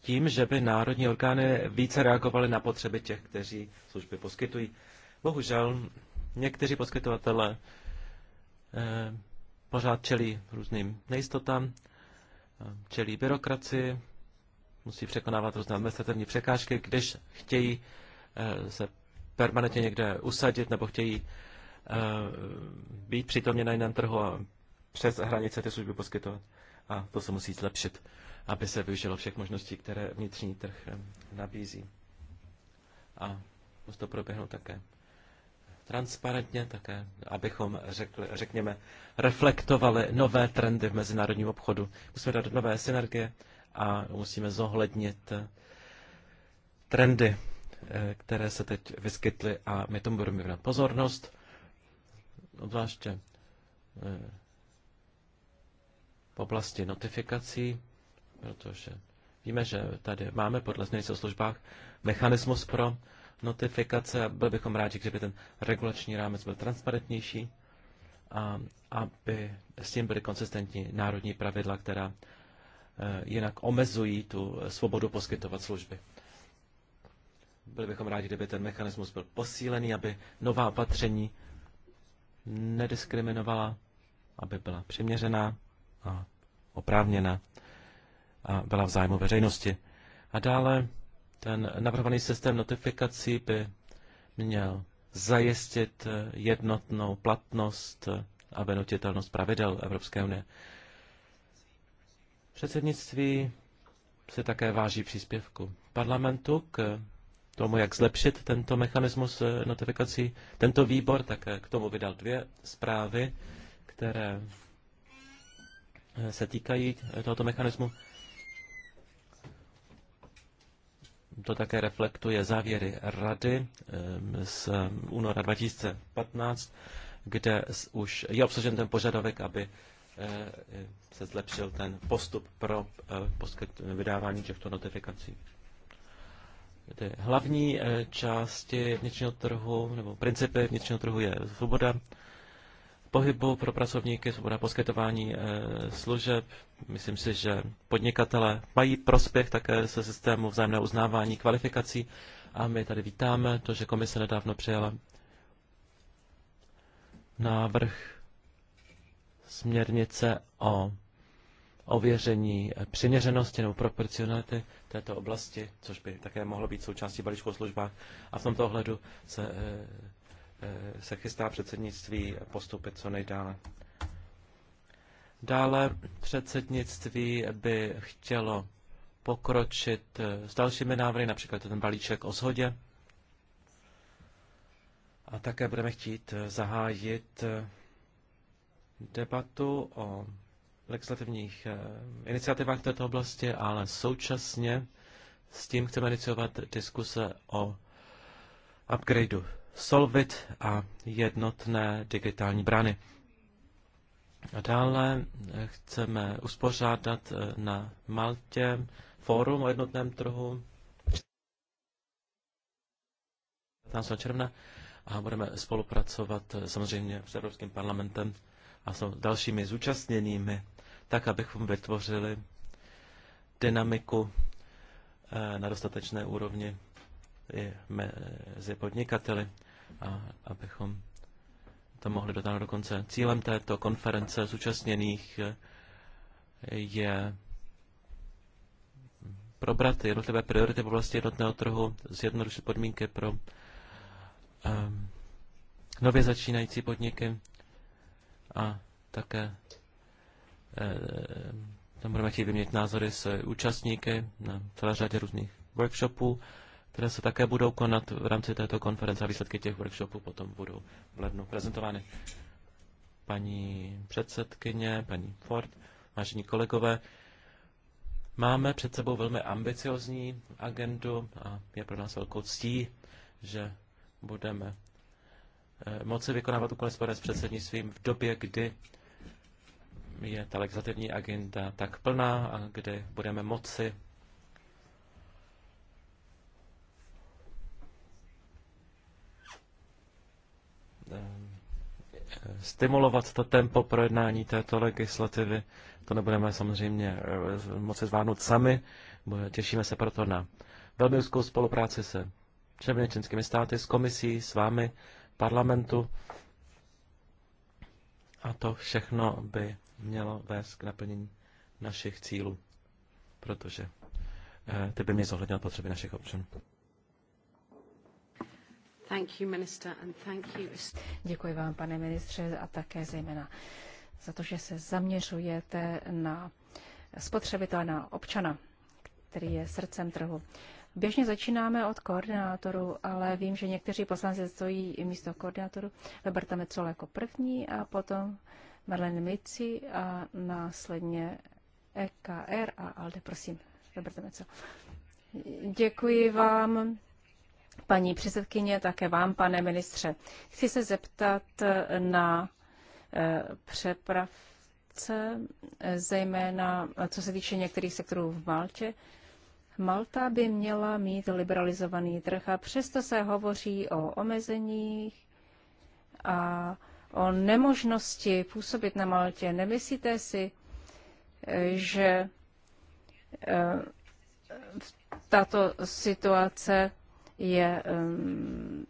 tím, že by národní orgány více reagovaly na potřeby těch, kteří služby poskytují. Bohužel někteří poskytovatelé eh, pořád čelí různým nejistotám, čelí byrokracii, musí překonávat různé administrativní překážky, když chtějí eh, se permanentně někde usadit nebo chtějí eh, být přítomně na jiném trhu a přes hranice ty služby poskytovat. A to se musí zlepšit, aby se využilo všech možností, které vnitřní trh eh, nabízí. A musí to proběhnout také transparentně také, abychom, řekli, řekněme, reflektovali nové trendy v mezinárodním obchodu. Musíme dát nové synergie a musíme zohlednit eh, trendy, eh, které se teď vyskytly a my tomu budeme věnovat pozornost, obzvláště eh, v oblasti notifikací, protože víme, že tady máme podle směrnice o službách mechanismus pro notifikace. Byl bychom rádi, kdyby ten regulační rámec byl transparentnější a aby s tím byly konsistentní národní pravidla, která eh, jinak omezují tu svobodu poskytovat služby. Byli bychom rádi, kdyby ten mechanismus byl posílený, aby nová opatření nediskriminovala, aby byla přiměřená a oprávněná a byla v zájmu veřejnosti. A dále ten navrhovaný systém notifikací by měl zajistit eh, jednotnou platnost eh, a venutitelnost pravidel Evropské unie. Předsednictví se také váží příspěvku parlamentu k tomu, jak zlepšit tento mechanismus eh, notifikací. Tento výbor také k tomu vydal dvě zprávy, které se týkají tohoto mechanismu. to také reflektuje závěry rady z února 2015, kde už je obsažen ten požadavek, aby eh, se zlepšil ten postup pro eh, vydávání těchto notifikací. Ty hlavní eh, části vnitřního trhu, nebo principy vnitřního trhu je svoboda, pohybu pro pracovníky, svoboda poskytování eh, služeb. Myslím si, že podnikatele mají prospěch také se systému vzájemného uznávání kvalifikací a my tady vítáme to, že komise nedávno přijala návrh směrnice o ověření přiměřenosti nebo proporcionality této oblasti, což by také mohlo být součástí balíčku službách. A v tomto ohledu se eh, Eh, se chystá předsednictví postupit co nejdále. Dále předsednictví by chtělo pokročit eh, s dalšími návrhy, například ten balíček o shodě. A také budeme chtít eh, zahájit debatu o legislativních iniciativách v této oblasti, ale současně s tím chceme iniciovat diskuse o upgradeu Solvit a jednotné digitální brány. A dále eh, chceme uspořádat eh, na Maltě fórum o jednotném trhu 15. června a budeme spolupracovat eh, samozřejmě s Evropským parlamentem a s dalšími zúčastněnými, tak abychom vytvořili dynamiku na dostatečné úrovni i mezi podnikateli, a abychom to mohli dotáhnout do konce. Cílem této konference zúčastněných je probrat jednotlivé priority v oblasti jednotného trhu, zjednodušit podmínky pro um, nově začínající podniky a také um, tam budeme chtít vyměnit názory s účastníky na celé řadě různých workshopů které se také budou konat v rámci této konference a výsledky těch workshopů potom budou v lednu prezentovány. Paní předsedkyně, paní Ford, vážení kolegové, máme před sebou velmi ambiciozní agendu a je pro nás velkou ctí, že budeme eh, moci vykonávat úkoly spojené s předsednictvím v době, kdy je ta legislativní agenda tak plná a kdy budeme moci Eh, stimulovat to tempo projednání této legislativy. To nebudeme samozřejmě eh, moci zvládnout sami. Těšíme se proto na velmi úzkou spolupráci se všemi členskými státy, s komisí, s vámi, parlamentu. A to všechno by mělo vést k naplnění našich cílů, protože eh, ty by mě zohlednil potřeby našich občanů. Děkuji vám, pane ministře, a také zejména za to, že se zaměřujete na spotřebitele, na občana, který je srdcem trhu. Běžně začínáme od koordinátoru, ale vím, že někteří poslanci stojí i místo koordinátoru. Roberta Metzola jako první a potom Marlene Mici a následně EKR a ALDE. Prosím, Roberta Metzola. Děkuji vám paní předsedkyně, také vám, pane ministře. Chci se zeptat na eh, přepravce, eh, zejména eh, co se týče některých sektorů v Maltě. Malta by měla mít liberalizovaný trh a přesto se hovoří o omezeních a o nemožnosti působit na Maltě. Nemyslíte si, že tato situace je um,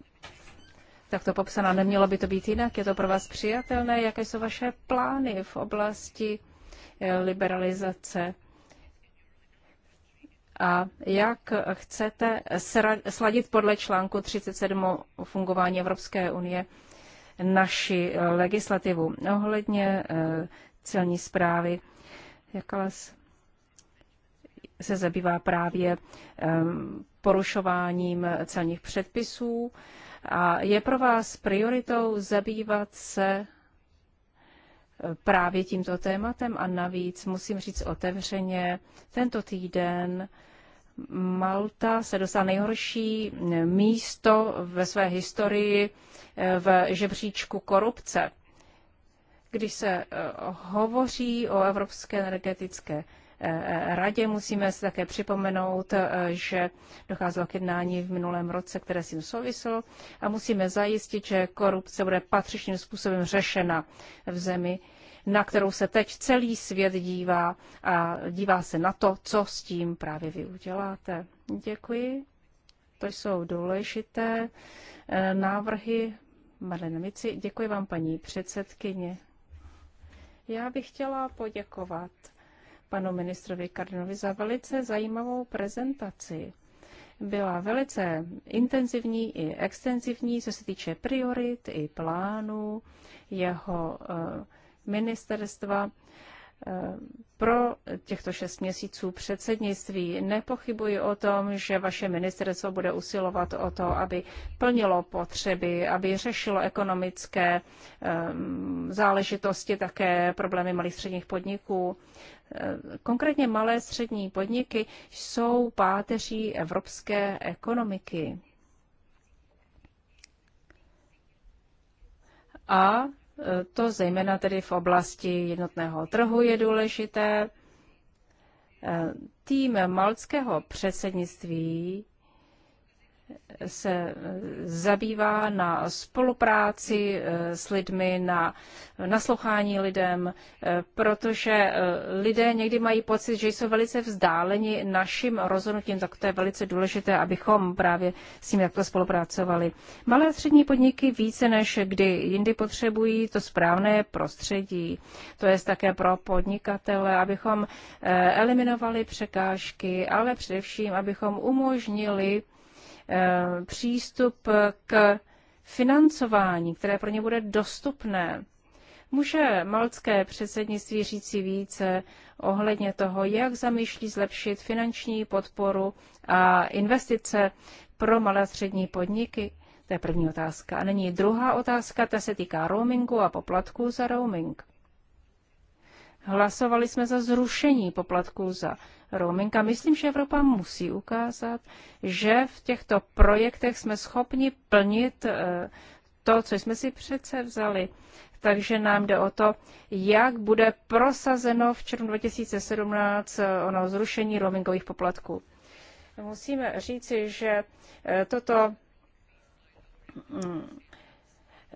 takto popsaná. Nemělo by to být jinak? Je to pro vás přijatelné? Jaké jsou vaše plány v oblasti eh, liberalizace? A jak chcete sladit podle článku 37 fungování Evropské unie naši eh, legislativu ohledně eh, celní zprávy? Jak se zabývá právě um, porušováním celních předpisů. A je pro vás prioritou zabývat se eh, právě tímto tématem a navíc musím říct otevřeně, tento týden Malta se dostala nejhorší eh, místo ve své historii eh, v žebříčku korupce. Když se hovoří o evropské energetické Eh, radě. Musíme se také připomenout, eh, že docházelo k jednání v minulém roce, které s tím souviselo a musíme zajistit, že korupce bude patřičným způsobem řešena v zemi, na kterou se teď celý svět dívá a dívá se na to, co s tím právě vy uděláte. Děkuji. To jsou důležité eh, návrhy. Marlene Mici, děkuji vám, paní předsedkyně. Já bych chtěla poděkovat panu ministrovi Kardinovi za velice zajímavou prezentaci. Byla velice intenzivní i extenzivní, co se týče priorit i plánů jeho eh, ministerstva eh, pro těchto šest měsíců předsednictví. Nepochybuji o tom, že vaše ministerstvo bude usilovat o to, aby plnilo potřeby, aby řešilo ekonomické um, záležitosti, také problémy malých středních podniků. Eh, konkrétně malé střední podniky jsou páteří evropské ekonomiky. A eh, to zejména tedy v oblasti jednotného trhu je důležité. Eh, tým malckého předsednictví se eh, zabývá na spolupráci eh, s lidmi, na naslouchání lidem, eh, protože lidé někdy mají pocit, že jsou velice vzdáleni našim rozhodnutím, tak to je velice důležité, abychom právě s tím takto spolupracovali. Malé a střední podniky více než kdy jindy potřebují to správné prostředí, to je také pro podnikatele, abychom eliminovali překážky, ale především, abychom umožnili Eh, přístup k financování, které pro ně bude dostupné. Může maltské předsednictví říci více ohledně toho, jak zamýšlí zlepšit finanční podporu a investice pro malé a střední podniky? To je první otázka. A není druhá otázka, ta se týká roamingu a poplatků za roaming. Hlasovali jsme za zrušení poplatku za roaming a myslím, že Evropa musí ukázat, že v těchto projektech jsme schopni plnit eh, to, co jsme si přece vzali. Takže nám jde o to, jak bude prosazeno v červnu 2017 eh, ono zrušení roamingových poplatků. Musíme říci, že eh, toto mm,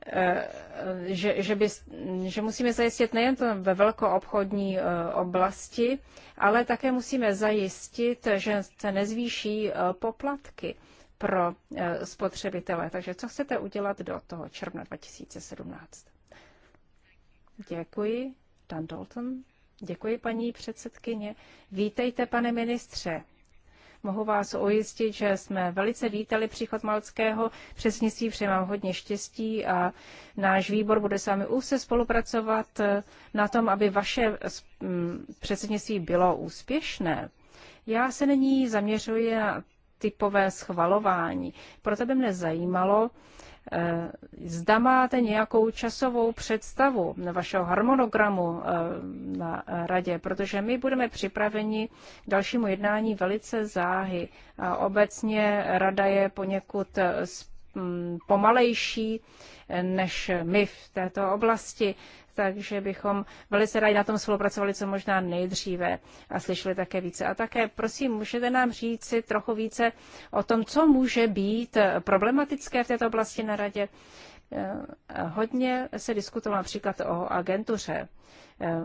Eh, že, že, by, že musíme zajistit nejen to ve velkoobchodní eh, oblasti, ale také musíme zajistit, že se nezvýší eh, poplatky pro spotřebitele. Takže co chcete udělat do toho června 2017? Děkuji. Dan Dalton. Děkuji, paní předsedkyně. Vítejte, pane ministře. Mohu vás ujistit, že jsme velice vítali příchod malckého si přeji vám hodně štěstí a náš výbor bude s vámi úzce spolupracovat na tom, aby vaše předsednictví bylo úspěšné. Já se nyní zaměřuji na typové schvalování. Proto by mě zajímalo, Eh, zda máte nějakou časovou představu vašeho harmonogramu eh, na radě, protože my budeme připraveni k dalšímu jednání velice záhy. A obecně rada je poněkud eh, mm, pomalejší než my v této oblasti takže bychom velice rádi na tom spolupracovali co možná nejdříve a slyšeli také více. A také, prosím, můžete nám říct si trochu více o tom, co může být problematické v této oblasti na radě. Eh, hodně se diskutovalo například o agentuře. Eh,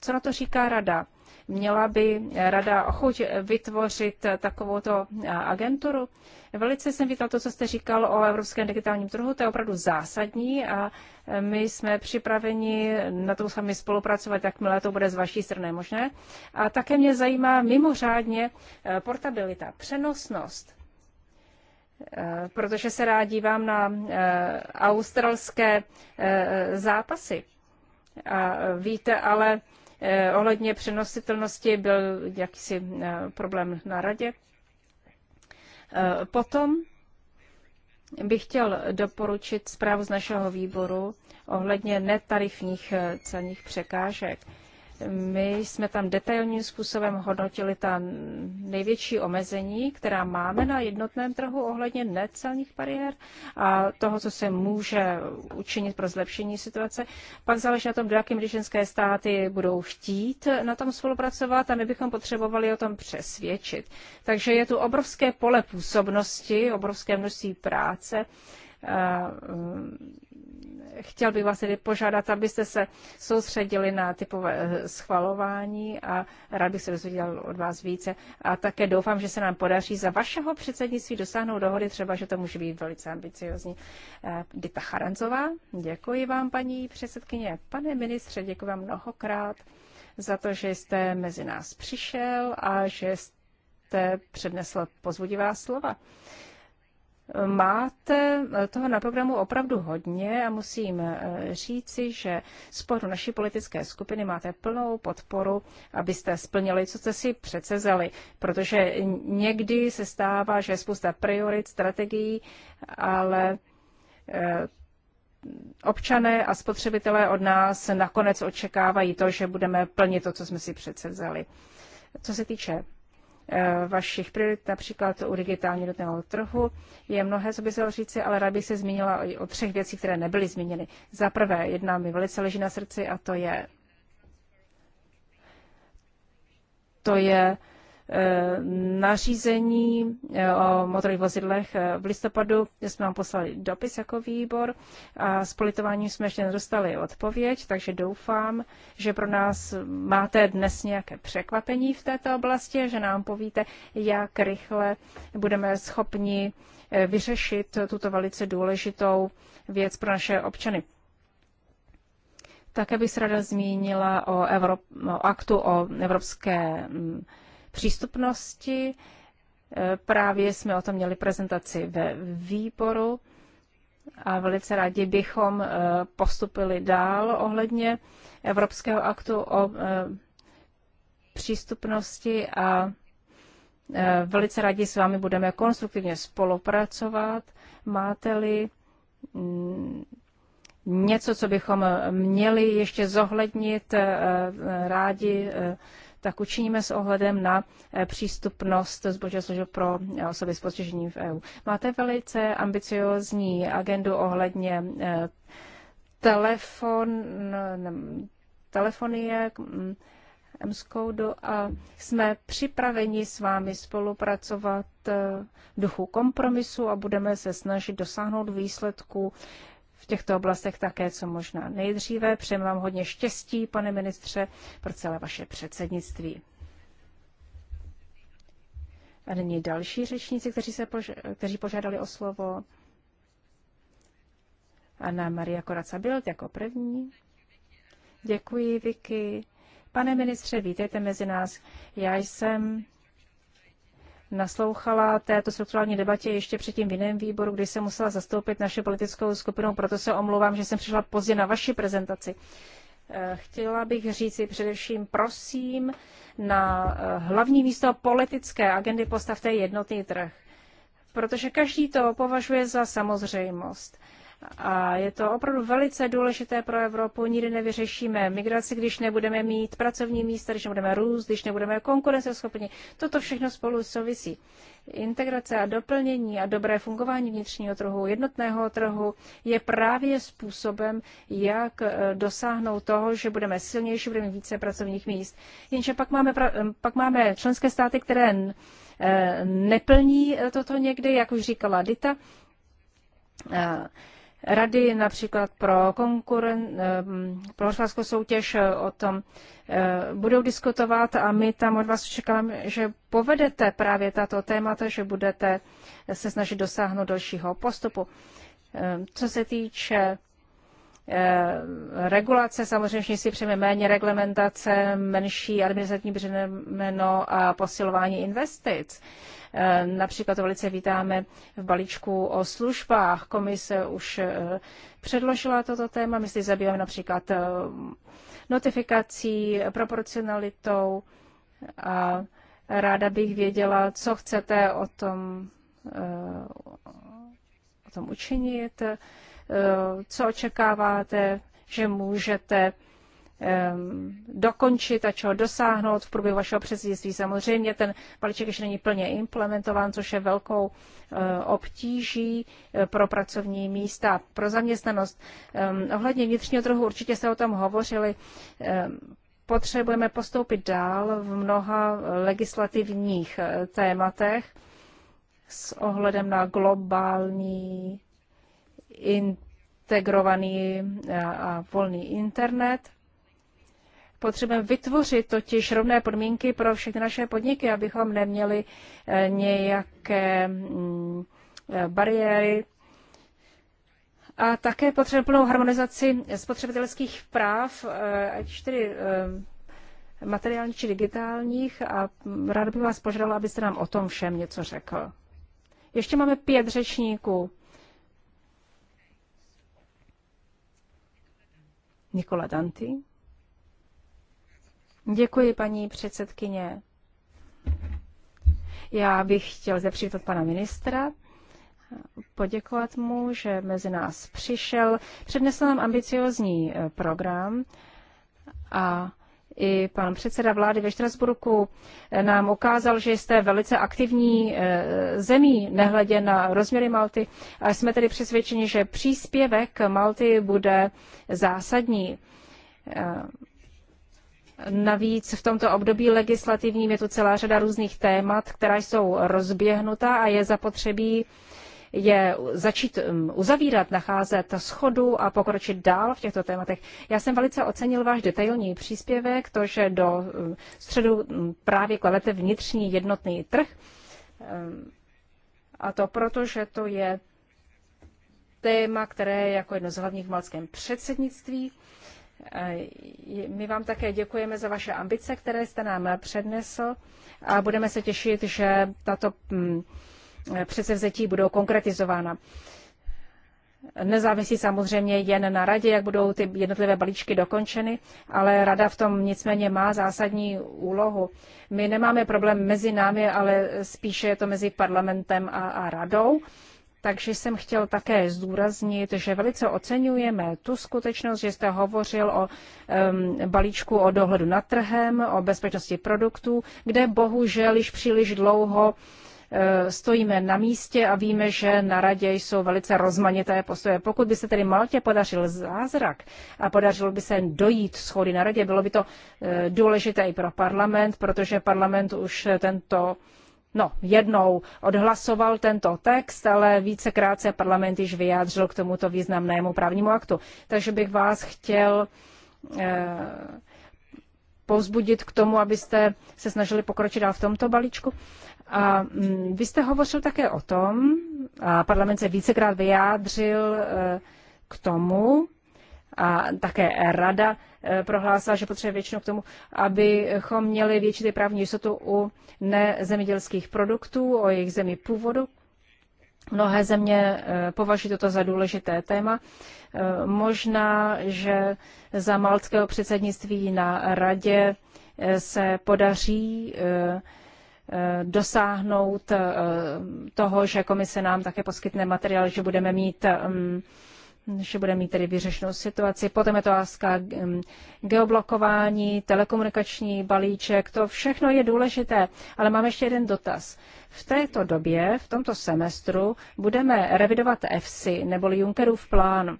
co na to říká rada? Měla by rada chuť vytvořit takovouto agenturu? Velice jsem vítal to, co jste říkal o evropském digitálním trhu, to je opravdu zásadní a my jsme připraveni na tom s vámi spolupracovat, jakmile to bude z vaší strany možné. A také mě zajímá mimořádně eh, portabilita, přenosnost eh, protože se rád dívám na eh, australské zápasy. A víte ale, Eh, ohledně přenositelnosti byl jakýsi eh, problém na radě. Eh, potom bych chtěl doporučit zprávu z našeho výboru ohledně netarifních celních překážek. My jsme tam detailním způsobem hodnotili ta největší omezení, která máme na jednotném trhu ohledně necelních bariér a toho, co se může učinit pro zlepšení situace. Pak záleží na tom, do jaké ženské státy budou chtít na tom spolupracovat a my bychom potřebovali o tom přesvědčit. Takže je tu obrovské pole působnosti, obrovské množství práce chtěl bych vás tedy požádat, abyste se soustředili na typové eh, schvalování a rád bych se dozvěděl od vás více. A také doufám, že se nám podaří za vašeho předsednictví dosáhnout dohody, třeba, že to může být velice ambiciozní. Eh, Dita Charanzová, děkuji vám, paní předsedkyně. Pane ministře, děkuji vám mnohokrát za to, že jste mezi nás přišel a že jste přednesl pozvodivá slova. Máte eh, toho na programu opravdu hodně a musím eh, říci, že z pohledu naší politické skupiny máte plnou podporu, abyste splnili, co jste si přecezali, protože někdy se stává, že je spousta priorit, strategií, ale eh, občané a spotřebitelé od nás nakonec očekávají to, že budeme plnit to, co jsme si přece Co se týče Eh, vašich priorit, například u digitální jednotného trhu. Je mnohé, co by se říci, ale rád bych se zmínila i o třech věcích, které nebyly zmíněny. Za prvé, jedna mi velice leží na srdci a to je to je nařízení eh, o motorových vozidlech eh, v listopadu jsme vám poslali dopis jako výbor a s politováním jsme ještě nedostali odpověď, takže doufám, že pro nás máte dnes nějaké překvapení v této oblasti, že nám povíte, jak rychle budeme schopni eh, vyřešit tuto velice důležitou věc pro naše občany. Také bych se ráda zmínila o, Evrop, o aktu o evropské mm, přístupnosti. E, právě jsme o tom měli prezentaci ve výboru a velice rádi bychom e, postupili dál ohledně Evropského aktu o e, přístupnosti a velice rádi s vámi budeme konstruktivně spolupracovat. Máte-li mm, něco, co bychom měli ještě zohlednit, rádi tak učiníme s ohledem na eh, přístupnost zboží služeb pro eh, osoby s postižením v EU. Máte velice ambiciozní agendu ohledně eh, telefon, telefonie, m mm, skoudu a jsme připraveni s vámi spolupracovat v duchu kompromisu a budeme se snažit dosáhnout výsledků, v těchto oblastech také co možná nejdříve. Přejeme vám hodně štěstí, pane ministře, pro celé vaše předsednictví. A nyní další řečníci, kteří, se pož- kteří požádali o slovo. Anna Maria Koraca byl jako první. Děkuji, Vicky. Pane ministře, vítejte mezi nás. Já jsem naslouchala této strukturální debatě ještě předtím v jiném výboru, kdy jsem musela zastoupit naše politickou skupinu, proto se omlouvám, že jsem přišla pozdě na vaši prezentaci. Eh, chtěla bych říci především prosím na eh, hlavní místo politické agendy postavte jednotný trh, protože každý to považuje za samozřejmost. A je to opravdu velice důležité pro Evropu. Nikdy nevyřešíme migraci, když nebudeme mít pracovní místa, když nebudeme růst, když nebudeme konkurenceschopní. Toto všechno spolu souvisí. Integrace a doplnění a dobré fungování vnitřního trhu, jednotného trhu je právě způsobem, jak eh, dosáhnout toho, že budeme silnější, budeme více pracovních míst. Jenže pak máme, eh, pak máme členské státy, které eh, neplní toto někdy, jak už říkala Dita rady například pro, konkuren, ehm, pro hospodářskou soutěž eh, o tom eh, budou diskutovat a my tam od vás očekáváme, že povedete právě tato témata, že budete se snažit dosáhnout dalšího postupu. Ehm, co se týče Eh, regulace, samozřejmě všichni si přejeme méně reglementace, menší administrativní břemeno a posilování investic. Eh, například to velice vítáme v balíčku o službách. Komise už eh, předložila toto téma, my si zabýváme například notifikací, proporcionalitou a ráda bych věděla, co chcete o tom, o tom učinit Eh, co očekáváte, že můžete dokončit a čeho dosáhnout v průběhu vašeho předsednictví. Samozřejmě ten balíček ještě není plně implementován, což je velkou eh, obtíží eh, pro pracovní místa, pro zaměstnanost. Ohledně vnitřního trhu určitě se o tom hovořili. Potřebujeme postoupit dál v mnoha legislativních tématech s ohledem na globální integrovaný eh, a volný internet. Potřebujeme vytvořit totiž rovné podmínky pro všechny naše podniky, abychom neměli eh, nějaké mm, bariéry. A také potřebujeme plnou harmonizaci spotřebitelských práv, eh, ať tedy materiálních či digitálních a mm, ráda bych vás požádala, abyste nám o tom všem něco řekl. Ještě máme pět řečníků. Nikola Danti. Děkuji, paní předsedkyně. Já bych chtěl zde přivítat pana ministra, poděkovat mu, že mezi nás přišel. Přednesl nám ambiciozní eh, program a i pan předseda vlády ve Štrasburku eh, nám ukázal, že jste velice aktivní eh, zemí, nehledě na rozměry Malty. A jsme tedy přesvědčeni, že příspěvek Malty bude zásadní. Eh, navíc v tomto období legislativním je tu celá řada různých témat, která jsou rozběhnutá a je zapotřebí je začít um, uzavírat, nacházet schodu a pokročit dál v těchto tématech. Já jsem velice ocenil váš detailní příspěvek, to, že do um, středu um, právě kladete vnitřní jednotný trh. A to proto, že to je téma, které je jako jedno z hlavních v malském předsednictví. E, my vám také děkujeme za vaše ambice, které jste nám přednesl a budeme se těšit, že tato mm, Eh, předsevzetí budou konkretizována. Nezávisí samozřejmě jen na radě, jak budou ty jednotlivé balíčky dokončeny, ale rada v tom nicméně má zásadní úlohu. My nemáme problém mezi námi, ale spíše je to mezi parlamentem a, a radou. Takže jsem chtěl také zdůraznit, že velice oceňujeme tu skutečnost, že jste hovořil o um, balíčku o dohledu nad trhem, o bezpečnosti produktů, kde bohužel již příliš dlouho uh, Eh, stojíme na místě a víme, že na radě jsou velice rozmanité postoje. Pokud by se tedy Maltě podařil zázrak a podařilo by se dojít schody na radě, bylo by to eh, důležité i pro parlament, protože parlament už tento No, jednou odhlasoval tento text, ale vícekrát se parlament již vyjádřil k tomuto významnému právnímu aktu. Takže bych vás chtěl eh, povzbudit k tomu, abyste se snažili pokročit dál v tomto balíčku. A mm, vy jste hovořil také o tom, a parlament se vícekrát vyjádřil e, k tomu, a také rada e, prohlásila, že potřebuje většinu k tomu, abychom měli větší ty právní jistotu u nezemědělských produktů, o jejich zemi původu. Mnohé země e, považují toto za důležité téma. Možná, že za maltského předsednictví na radě se podaří Eh, dosáhnout eh, toho, že komise nám také poskytne materiál, že budeme mít mm, že bude mít tedy vyřešenou situaci. Potom je to láska mm, geoblokování, telekomunikační balíček, to všechno je důležité. Ale mám ještě jeden dotaz. V této době, v tomto semestru, budeme revidovat EFSI, neboli Junckerův plán.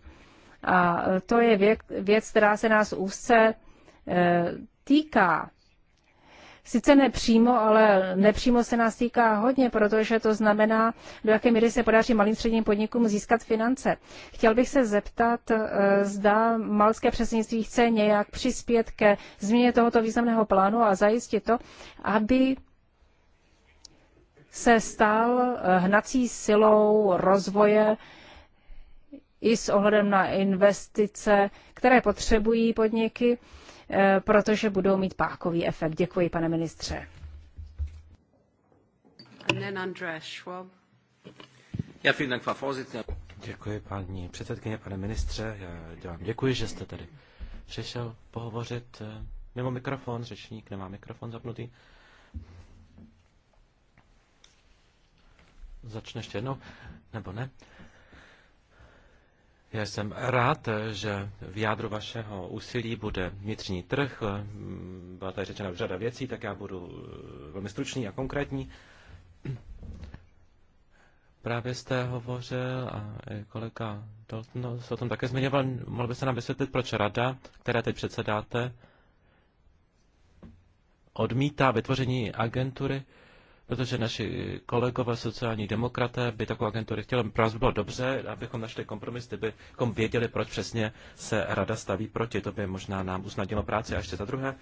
A to je věc, která se nás úzce eh, týká. Sice nepřímo, ale nepřímo se nás týká hodně, protože to znamená, do jaké míry se podaří malým středním podnikům získat finance. Chtěl bych se zeptat, eh, zda malské předsednictví chce nějak přispět ke změně tohoto významného plánu a zajistit to, aby se stal eh, hnací silou rozvoje i s ohledem na investice, které potřebují podniky Eh, protože budou mít pákový efekt. Děkuji, pane ministře. Děkuji, paní předsedkyně, pane ministře. Já vám děkuji, že jste tady přišel pohovořit eh, mimo mikrofon. Řečník nemá mikrofon zapnutý. Začne ještě jednou, nebo ne? Já jsem rád, že v jádru vašeho úsilí bude vnitřní trh. Byla tady řečena řada věcí, tak já budu eh, velmi stručný a konkrétní. Právě jste hovořil a kolega Dalton se o tom také zmiňoval. Mohl byste nám vysvětlit, proč rada, která teď předsedáte, odmítá vytvoření agentury protože naši kolegové sociální demokraté by takovou agentury chtěli. Pro nás by bylo dobře, abychom našli kompromis, kdybychom věděli, proč přesně se rada staví proti. To by možná nám usnadnilo práci. A ještě za druhé,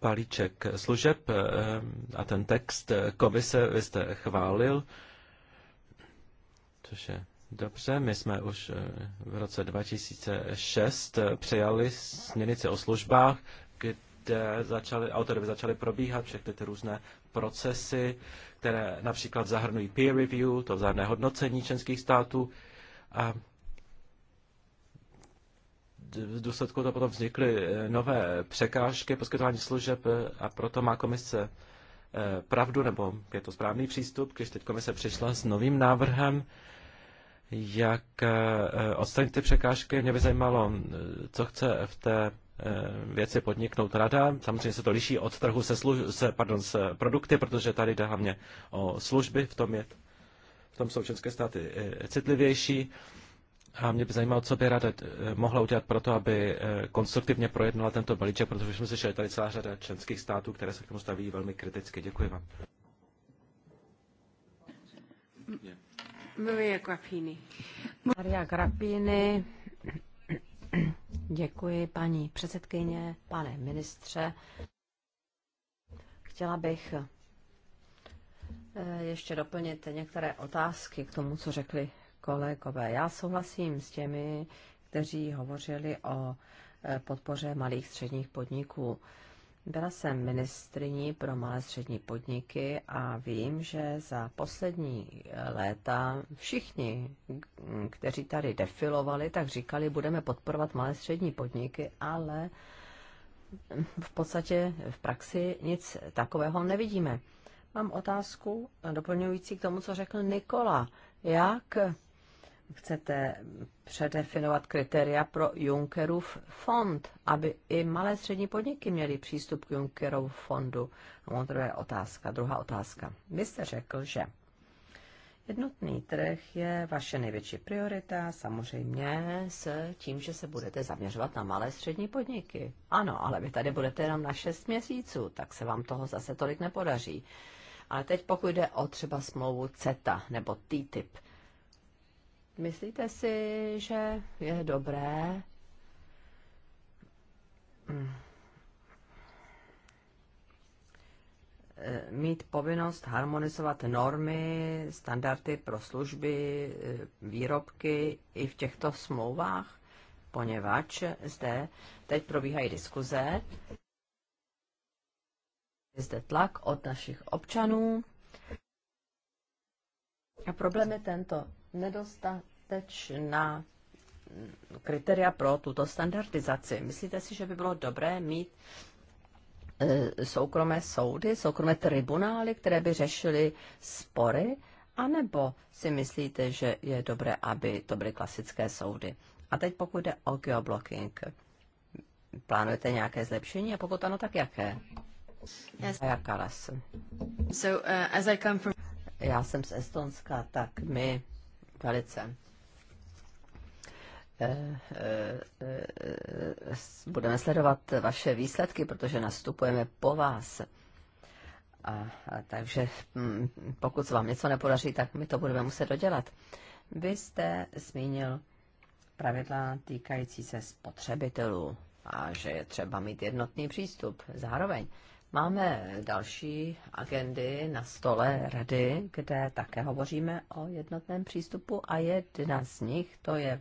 palíček služeb eh, a ten text komise vy jste chválil, což je dobře. My jsme už eh, v roce 2006 eh, přijali směrnici o službách, kde začaly, autory začaly probíhat všechny ty různé procesy, které například zahrnují peer review, to vzájemné hodnocení členských států. A v důsledku to potom vznikly eh, nové překážky poskytování služeb eh, a proto má komise eh, pravdu, nebo je to správný přístup, když teď komise přišla s novým návrhem, jak odstranit ty překážky. Mě by zajímalo, co chce v té Eh, věci podniknout rada. Samozřejmě se to liší od trhu se, služ, se, pardon, se produkty, protože tady jde hlavně o služby, v tom, je, v tom jsou české státy eh, citlivější. A mě by zajímalo, co by rada eh, mohla udělat pro to, aby konstruktivně projednala tento balíček, protože jsme slyšeli tady celá řada členských států, které se k tomu staví velmi kriticky. Děkuji vám. Maria Grappini. Maria Grappini. Děkuji, paní předsedkyně, pane ministře. Chtěla bych eh, ještě doplnit některé otázky k tomu, co řekli kolegové. Já souhlasím s těmi, kteří hovořili o eh, podpoře malých středních podniků. Byla jsem ministriní pro malé střední podniky a vím, že za poslední léta všichni, kteří tady defilovali, tak říkali, budeme podporovat malé střední podniky, ale v podstatě v praxi nic takového nevidíme. Mám otázku doplňující k tomu, co řekl Nikola. Jak chcete předefinovat kritéria pro Junckerův fond, aby i malé střední podniky měly přístup k Junckerovu fondu. No, to je otázka, druhá otázka. Vy jste řekl, že jednotný trh je vaše největší priorita, samozřejmě s tím, že se budete zaměřovat na malé střední podniky. Ano, ale vy tady budete jenom na 6 měsíců, tak se vám toho zase tolik nepodaří. Ale teď pokud jde o třeba smlouvu CETA nebo TTIP, Myslíte si, že je dobré mm, eh, mít povinnost harmonizovat normy, standardy pro služby, eh, výrobky i v těchto smlouvách, poněvadž zde teď probíhají diskuze. Je zde tlak od našich občanů. A problém je tento nedostatečná kritéria pro tuto standardizaci. Myslíte si, že by bylo dobré mít e, soukromé soudy, soukromé tribunály, které by řešily spory, anebo si myslíte, že je dobré, aby to byly klasické soudy? A teď pokud jde o geoblocking, plánujete nějaké zlepšení a pokud ano, tak jaké? Yes. A jaká les? So, uh, as I come from... Já jsem z Estonska, tak my velice eh, eh, eh, budeme sledovat vaše výsledky, protože nastupujeme po vás. A, a takže hm, pokud se vám něco nepodaří, tak my to budeme muset dodělat. Vy jste zmínil pravidla týkající se spotřebitelů a že je třeba mít jednotný přístup zároveň. Máme další agendy na stole rady, kde také hovoříme o jednotném přístupu a jedna z nich to je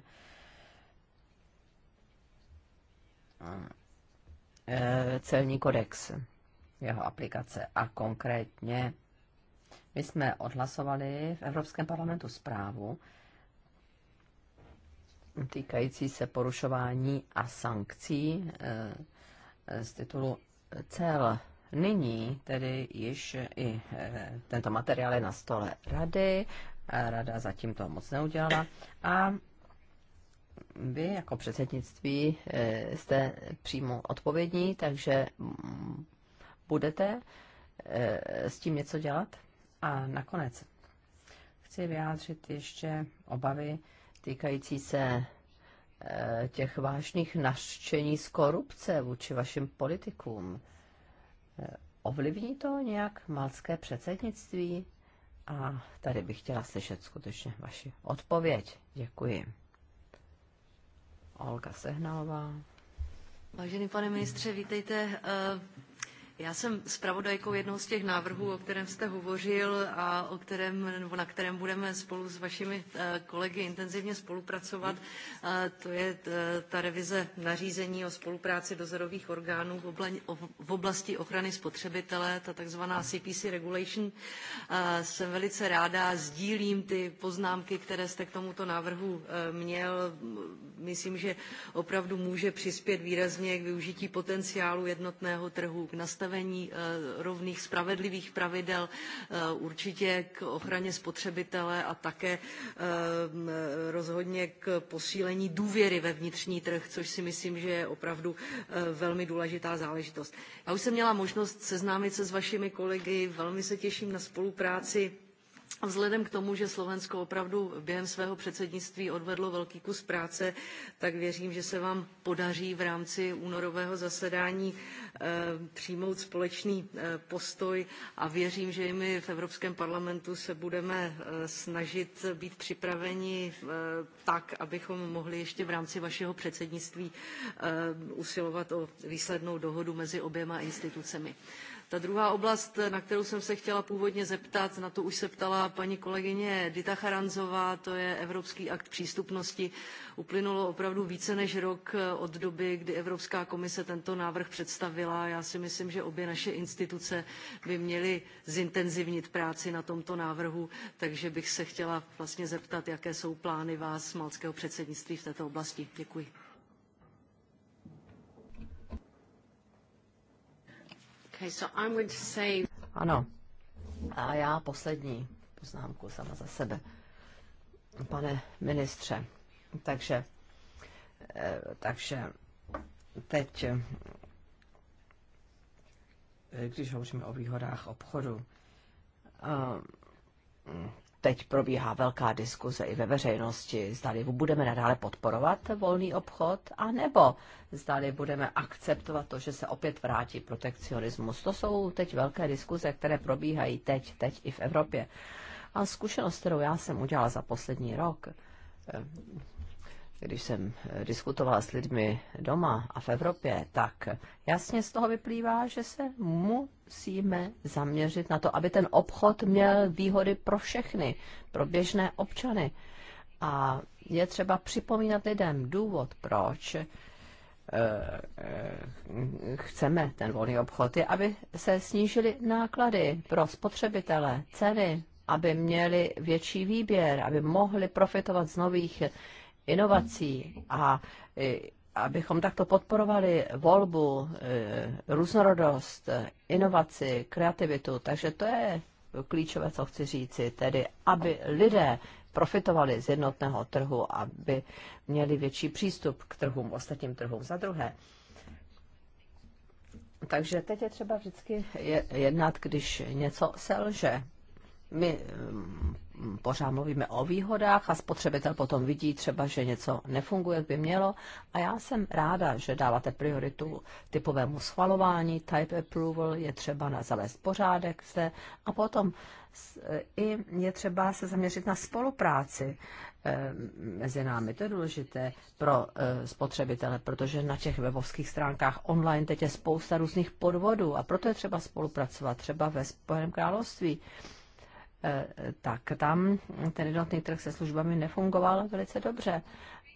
eh, celní kodex, jeho aplikace a konkrétně my jsme odhlasovali v Evropském parlamentu zprávu týkající se porušování a sankcí eh, z titulu cel Nyní tedy již i e, tento materiál je na stole rady, rada zatím to moc neudělala a vy jako předsednictví e, jste přímo odpovědní, takže budete e, s tím něco dělat? A nakonec chci vyjádřit ještě obavy týkající se těch vážných naštění z korupce vůči vašim politikům. Ovlivní to nějak malské předsednictví? A tady bych chtěla slyšet skutečně vaši odpověď. Děkuji. Olga Sehnalová. Vážený pane ministře, vítejte eh, já jsem zpravodajkou jednoho z těch návrhů, o kterém jste hovořil a o kterém, nebo na kterém budeme spolu s vašimi eh, kolegy intenzivně spolupracovat. Eh, to je eh, ta revize nařízení o spolupráci dozorových orgánů v oblasti ochrany spotřebitele, ta takzvaná CPC regulation. Jsem velice ráda, sdílím ty poznámky, které jste k tomuto návrhu měl. Myslím, že opravdu může přispět výrazně k využití potenciálu jednotného trhu, k nastavení nastavení eh, rovných spravedlivých pravidel eh, určitě k ochraně spotřebitele a také eh, rozhodně k posílení důvěry ve vnitřní trh, což si myslím, že je opravdu velmi důležitá záležitost. Já už jsem měla možnost seznámit se s vašimi kolegy, velmi se těším na spolupráci Vzhledem k tomu, že Slovensko opravdu během svého předsednictví odvedlo velký kus práce, tak věřím, že se vám podaří v rámci únorového zasedání eh, přijmout společný eh, postoj a věřím, že i my v Evropském parlamentu se budeme eh, snažit být připraveni tak, abychom mohli ještě v rámci vašeho předsednictví usilovat o výslednou dohodu mezi oběma institucemi. Ta druhá oblast, na kterou jsem se chtěla původně zeptat, na to už se ptala paní kolegyně Dita Charanzová, to je Evropský akt přístupnosti. Uplynulo opravdu více než rok od doby, kdy Evropská komise tento návrh představila. Já si myslím, že obě naše instituce by měly zintenzivnit práci na tomto návrhu, takže bych se chtěla vlastně zeptat, jaké jsou plány vás, malckého předsednictví v této oblasti. Děkuji. Okay, so I'm going to say... Ano. A já poslední poznámku sama za sebe. Pane ministře, takže, eh, takže teď, eh, když hovoříme o výhodách obchodu, eh, teď probíhá velká diskuze i ve veřejnosti, zdali budeme nadále podporovat volný obchod, anebo zdali budeme akceptovat to, že se opět vrátí protekcionismus. To jsou teď velké diskuze, které probíhají teď, teď i v Evropě. A zkušenost, kterou já jsem udělala za poslední rok, když jsem eh, diskutovala s lidmi doma a v Evropě, tak jasně z toho vyplývá, že se musíme zaměřit na to, aby ten obchod měl výhody pro všechny, pro běžné občany. A je třeba připomínat lidem důvod, proč eh, eh, chceme ten volný obchod, je, aby se snížily náklady pro spotřebitele, ceny, aby měli větší výběr, aby mohli profitovat z nových inovací a e, abychom takto podporovali volbu, e, různorodost, e, inovaci, kreativitu. Takže to je klíčové, co chci říci, tedy aby lidé profitovali z jednotného trhu, aby měli větší přístup k trhům, ostatním trhům za druhé. Takže teď je třeba vždycky jednat, když něco selže. My pořád mluvíme o výhodách a spotřebitel potom vidí třeba, že něco nefunguje, jak by mělo. A já jsem ráda, že dáváte prioritu typovému schvalování, type approval, je třeba na zavést pořádek se a potom i je třeba se zaměřit na spolupráci eh, mezi námi. To je důležité pro eh, spotřebitele, protože na těch webovských stránkách online teď je spousta různých podvodů a proto je třeba spolupracovat třeba ve Spojeném království Eh, tak tam ten jednotný trh se službami nefungoval velice dobře.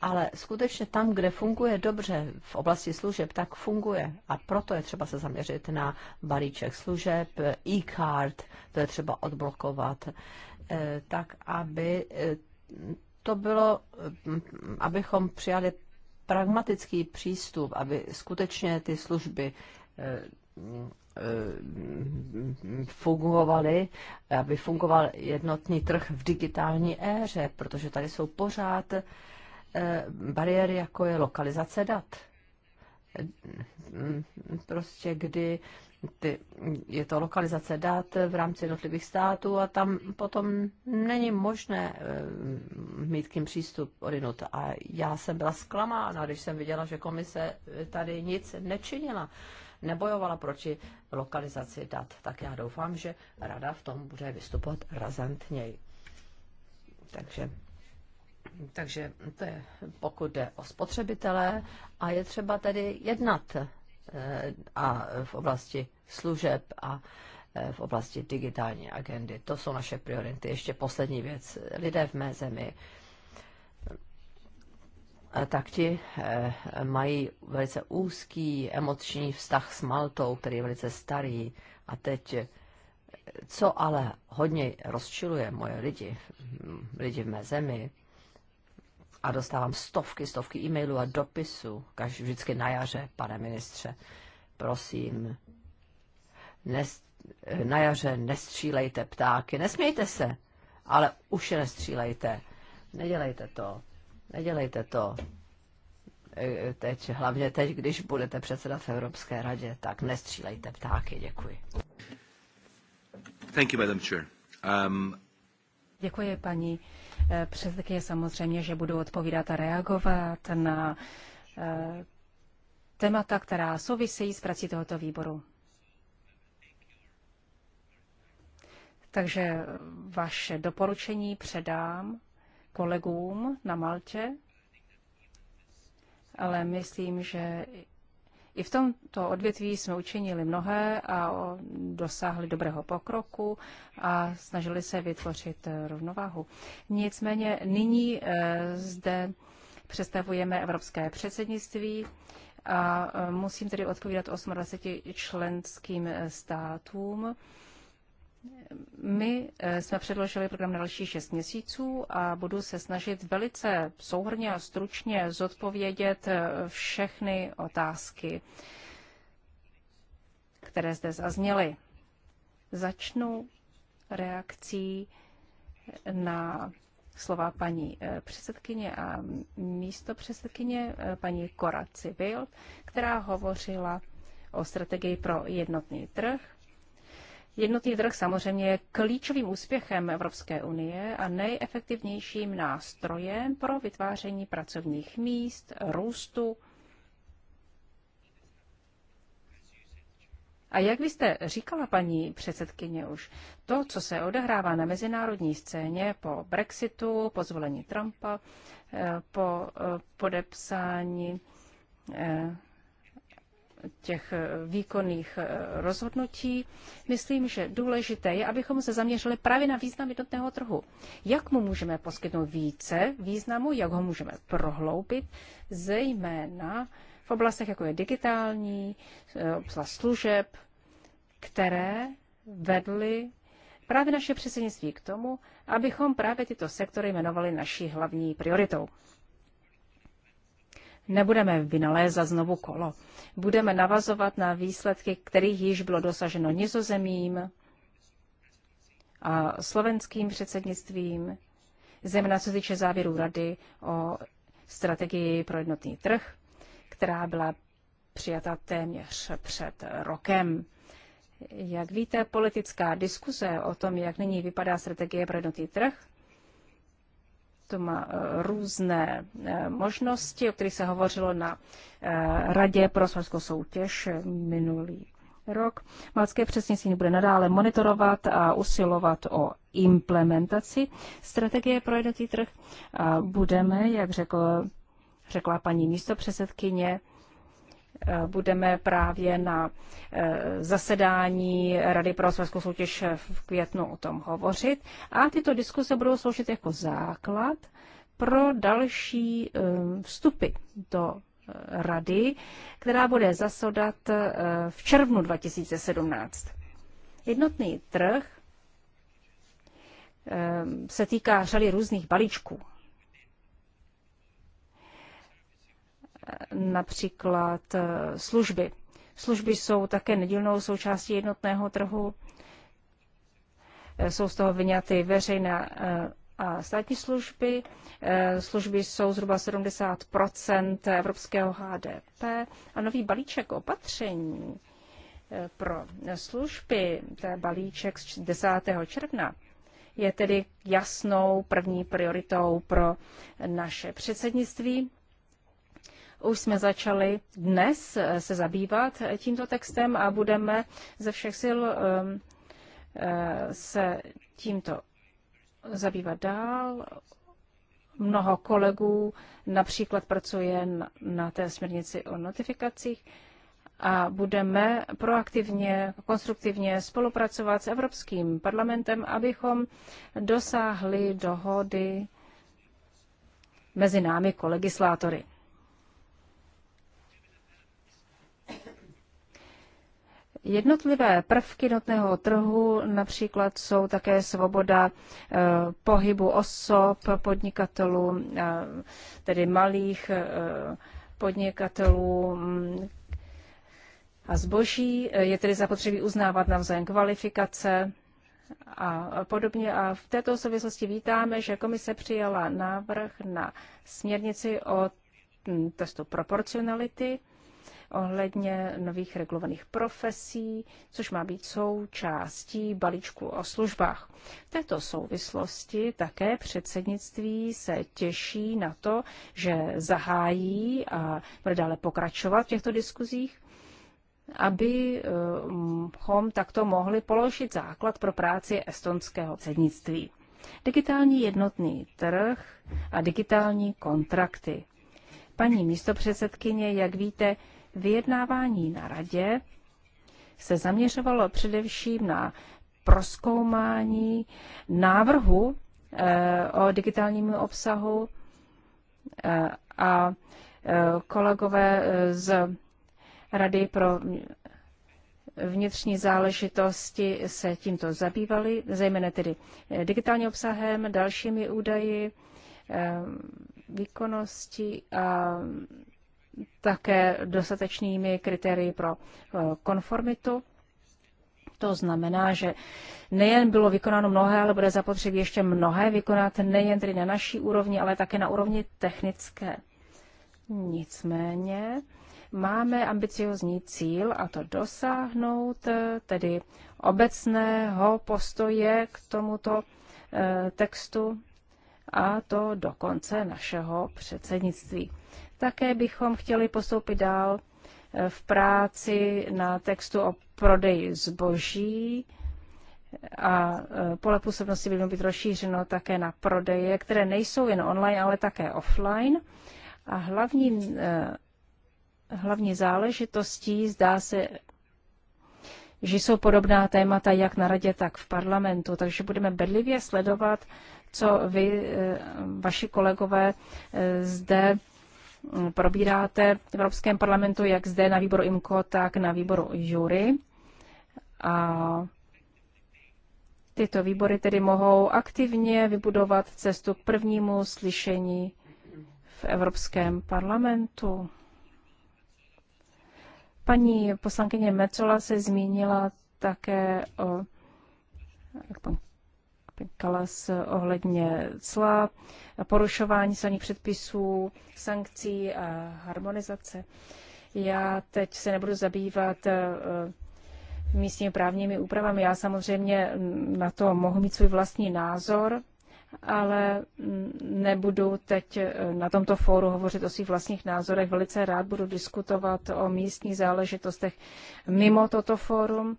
Ale skutečně tam, kde funguje dobře v oblasti služeb, tak funguje. A proto je třeba se zaměřit na balíček služeb, e-card, to je třeba odblokovat, eh, tak aby eh, to bylo, hm, abychom přijali pragmatický přístup, aby skutečně ty služby Eh, fungovaly, aby fungoval jednotný trh v digitální éře, protože tady jsou pořád eh, bariéry, jako je lokalizace dat. Prostě kdy ty, je to lokalizace dat v rámci jednotlivých států a tam potom není možné eh, mít kým přístup odinut. A já jsem byla zklamána, když jsem viděla, že komise tady nic nečinila nebojovala proti lokalizaci dat. Tak já doufám, že rada v tom bude vystupovat razantněji. Takže takže to je, pokud jde o spotřebitelé, a je třeba tedy jednat eh, a v oblasti služeb a eh, v oblasti digitální agendy. To jsou naše priority. Ještě poslední věc. Lidé v mé zemi tak ti eh, mají velice úzký emoční vztah s Maltou, který je velice starý. A teď, eh, co ale hodně rozčiluje moje lidi, hm, lidi v mé zemi, a dostávám stovky, stovky e-mailů a dopisů, každý vždycky na jaře, pane ministře, prosím, nes, eh, na jaře nestřílejte ptáky, nesmějte se, ale už je nestřílejte, nedělejte to Nedělejte to e, e, teď, hlavně teď, když budete předsedat v Evropské radě, tak nestřílejte ptáky. Děkuji. Thank you, Madam Chair. Um... Děkuji, paní e, předsedkyně. Samozřejmě, že budu odpovídat a reagovat na témata, která souvisejí s prací tohoto výboru. Takže vaše doporučení předám kolegům na Maltě, ale myslím, že i v tomto odvětví jsme učinili mnohé a dosáhli dobrého pokroku a snažili se vytvořit rovnováhu. Nicméně nyní eh, zde představujeme evropské předsednictví a eh, musím tedy odpovídat 28 členským eh, státům my eh, jsme předložili program na další 6 měsíců a budu se snažit velice souhrně a stručně zodpovědět eh, všechny otázky, které zde zazněly. Začnu reakcí eh, na slova paní předsedkyně a místo předsedkyně paní Cora Civil, která hovořila o strategii pro jednotný trh Jednotný trh samozřejmě je klíčovým úspěchem Evropské unie a nejefektivnějším nástrojem pro vytváření pracovních míst, růstu. A jak vy jste říkala, paní předsedkyně, už to, co se odehrává na mezinárodní scéně po Brexitu, po zvolení Trumpa, eh, po eh, podepsání eh, těch eh, výkonných eh, rozhodnutí. Myslím, že důležité je, abychom se zaměřili právě na význam jednotného trhu. Jak mu můžeme poskytnout více významu, jak ho můžeme prohloubit, zejména v oblastech, jako je digitální, eh, oblast služeb, které vedly právě naše předsednictví k tomu, abychom právě tyto sektory jmenovali naší hlavní prioritou. Nebudeme vynalézat znovu kolo. Budeme navazovat na výsledky, kterých již bylo dosaženo nizozemím a slovenským předsednictvím, zejména co týče závěrů rady o strategii pro jednotný trh, která byla přijata téměř před rokem. Jak víte, politická diskuze o tom, jak nyní vypadá strategie pro jednotný trh, to má e, různé e, možnosti, o kterých se hovořilo na e, Radě pro hospodářskou soutěž minulý rok. Malské předsednictví bude nadále monitorovat a usilovat o implementaci strategie pro jednotý trh. A budeme, jak řekl, řekla paní místopředsedkyně, Eh, budeme právě na eh, zasedání Rady pro svazkou soutěž v květnu o tom hovořit. A tyto diskuse budou sloužit jako základ pro další eh, vstupy do rady, která bude zasodat v červnu 2017. Jednotný trh se týká řady různých balíčků. například eh, služby. Služby jsou také nedílnou součástí jednotného trhu. Eh, jsou z toho vyňaty veřejné eh, a státní služby. Služby jsou zhruba 70 evropského HDP a nový balíček opatření pro služby, to je balíček z 10. června, je tedy jasnou první prioritou pro naše předsednictví. Už jsme začali dnes eh, se zabývat eh, tímto textem a budeme ze všech sil eh, se tímto zabývat dál. Mnoho kolegů například pracuje na té směrnici o notifikacích a budeme proaktivně, konstruktivně spolupracovat s Evropským parlamentem, abychom dosáhli dohody mezi námi kolegislátory. Jednotlivé prvky notného trhu například jsou také svoboda eh, pohybu osob, podnikatelů, eh, tedy malých eh, podnikatelů mm, a zboží. Je tedy zapotřebí uznávat navzájem kvalifikace a podobně. A v této souvislosti vítáme, že komise přijala návrh na směrnici o mm, testu proporcionality ohledně nových regulovaných profesí, což má být součástí balíčku o službách. V této souvislosti také předsednictví se těší na to, že zahájí a bude dále pokračovat v těchto diskuzích abychom takto mohli položit základ pro práci estonského předsednictví. Digitální jednotný trh a digitální kontrakty. Paní místopředsedkyně, jak víte, Vyjednávání na radě se zaměřovalo především na proskoumání návrhu eh, o digitálním obsahu eh, a eh, kolegové z Rady pro vnitřní záležitosti se tímto zabývali, zejména tedy digitálním obsahem, dalšími údaji, výkonnosti a také dostatečnými kritérii pro eh, konformitu. To znamená, že nejen bylo vykonáno mnohé, ale bude zapotřebí ještě mnohé vykonat nejen tedy na naší úrovni, ale také na úrovni technické. Nicméně máme ambiciozní cíl a to dosáhnout eh, tedy obecného postoje k tomuto eh, textu a to do konce našeho předsednictví. Také bychom chtěli postoupit dál eh, v práci na textu o prodeji zboží a eh, pole působnosti by mělo být rozšířeno také na prodeje, které nejsou jen online, ale také offline. A hlavní, eh, hlavní záležitostí zdá se, že jsou podobná témata jak na radě, tak v parlamentu, takže budeme bedlivě sledovat, co vy, vaši kolegové zde probíráte v Evropském parlamentu, jak zde na výboru IMCO, tak na výboru Jury. A tyto výbory tedy mohou aktivně vybudovat cestu k prvnímu slyšení v Evropském parlamentu. Paní poslankyně Mecola se zmínila také o jak pan Kalas ohledně cla, porušování saních předpisů, sankcí a harmonizace. Já teď se nebudu zabývat eh, místními právními úpravami. Já samozřejmě na to mohu mít svůj vlastní názor, ale nebudu teď eh, na tomto fóru hovořit o svých vlastních názorech. Velice rád budu diskutovat o místních záležitostech mimo toto fórum.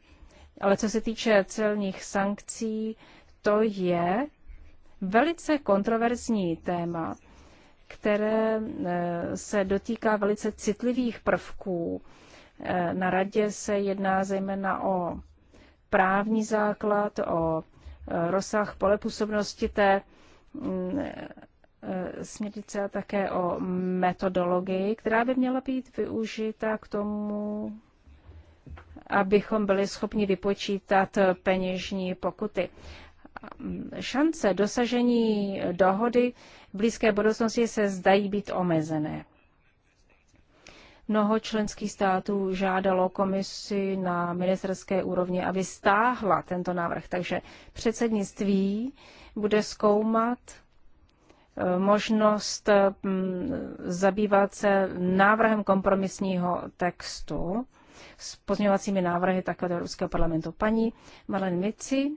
Ale co se týče celních sankcí, to je velice kontroverzní téma, které e, se dotýká velice citlivých prvků. E, na radě se jedná zejména o právní základ, o e, rozsah pole působnosti té mm, směrnice a také o metodologii, která by měla být využita k tomu, abychom byli schopni vypočítat peněžní pokuty šance dosažení dohody v blízké budoucnosti se zdají být omezené. Mnoho členských států žádalo komisi na ministerské úrovni, aby stáhla tento návrh. Takže předsednictví bude zkoumat eh, možnost mm, zabývat se návrhem kompromisního textu s pozměňovacími návrhy takového ruského Evropského parlamentu. Paní Marlen Mici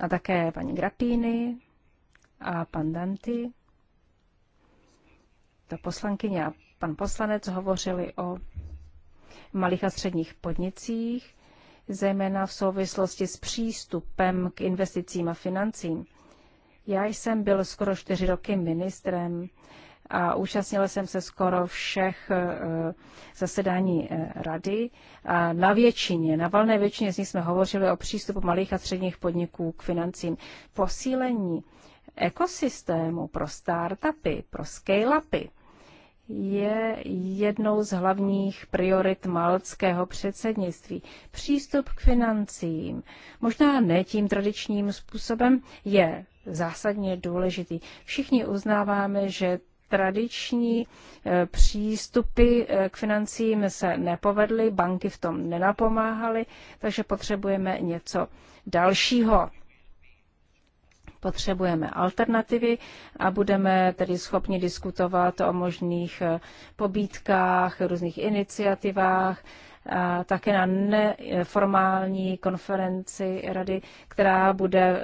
a také paní Grapíny a pan Danty. Ta poslankyně a pan poslanec hovořili o malých a středních podnicích, zejména v souvislosti s přístupem k investicím a financím. Já jsem byl skoro čtyři roky ministrem a účastnila jsem se skoro všech eh, zasedání eh, rady. A na většině, na valné většině z nich jsme hovořili o přístupu malých a středních podniků k financím. Posílení ekosystému pro startupy, pro scale-upy je jednou z hlavních priorit malckého předsednictví. Přístup k financím, možná ne tím tradičním způsobem, je zásadně důležitý. Všichni uznáváme, že tradiční eh, přístupy eh, k financím se nepovedly, banky v tom nenapomáhaly, takže potřebujeme něco dalšího. Potřebujeme alternativy a budeme tedy schopni diskutovat o možných eh, pobídkách, různých iniciativách, a také na neformální konferenci rady, která bude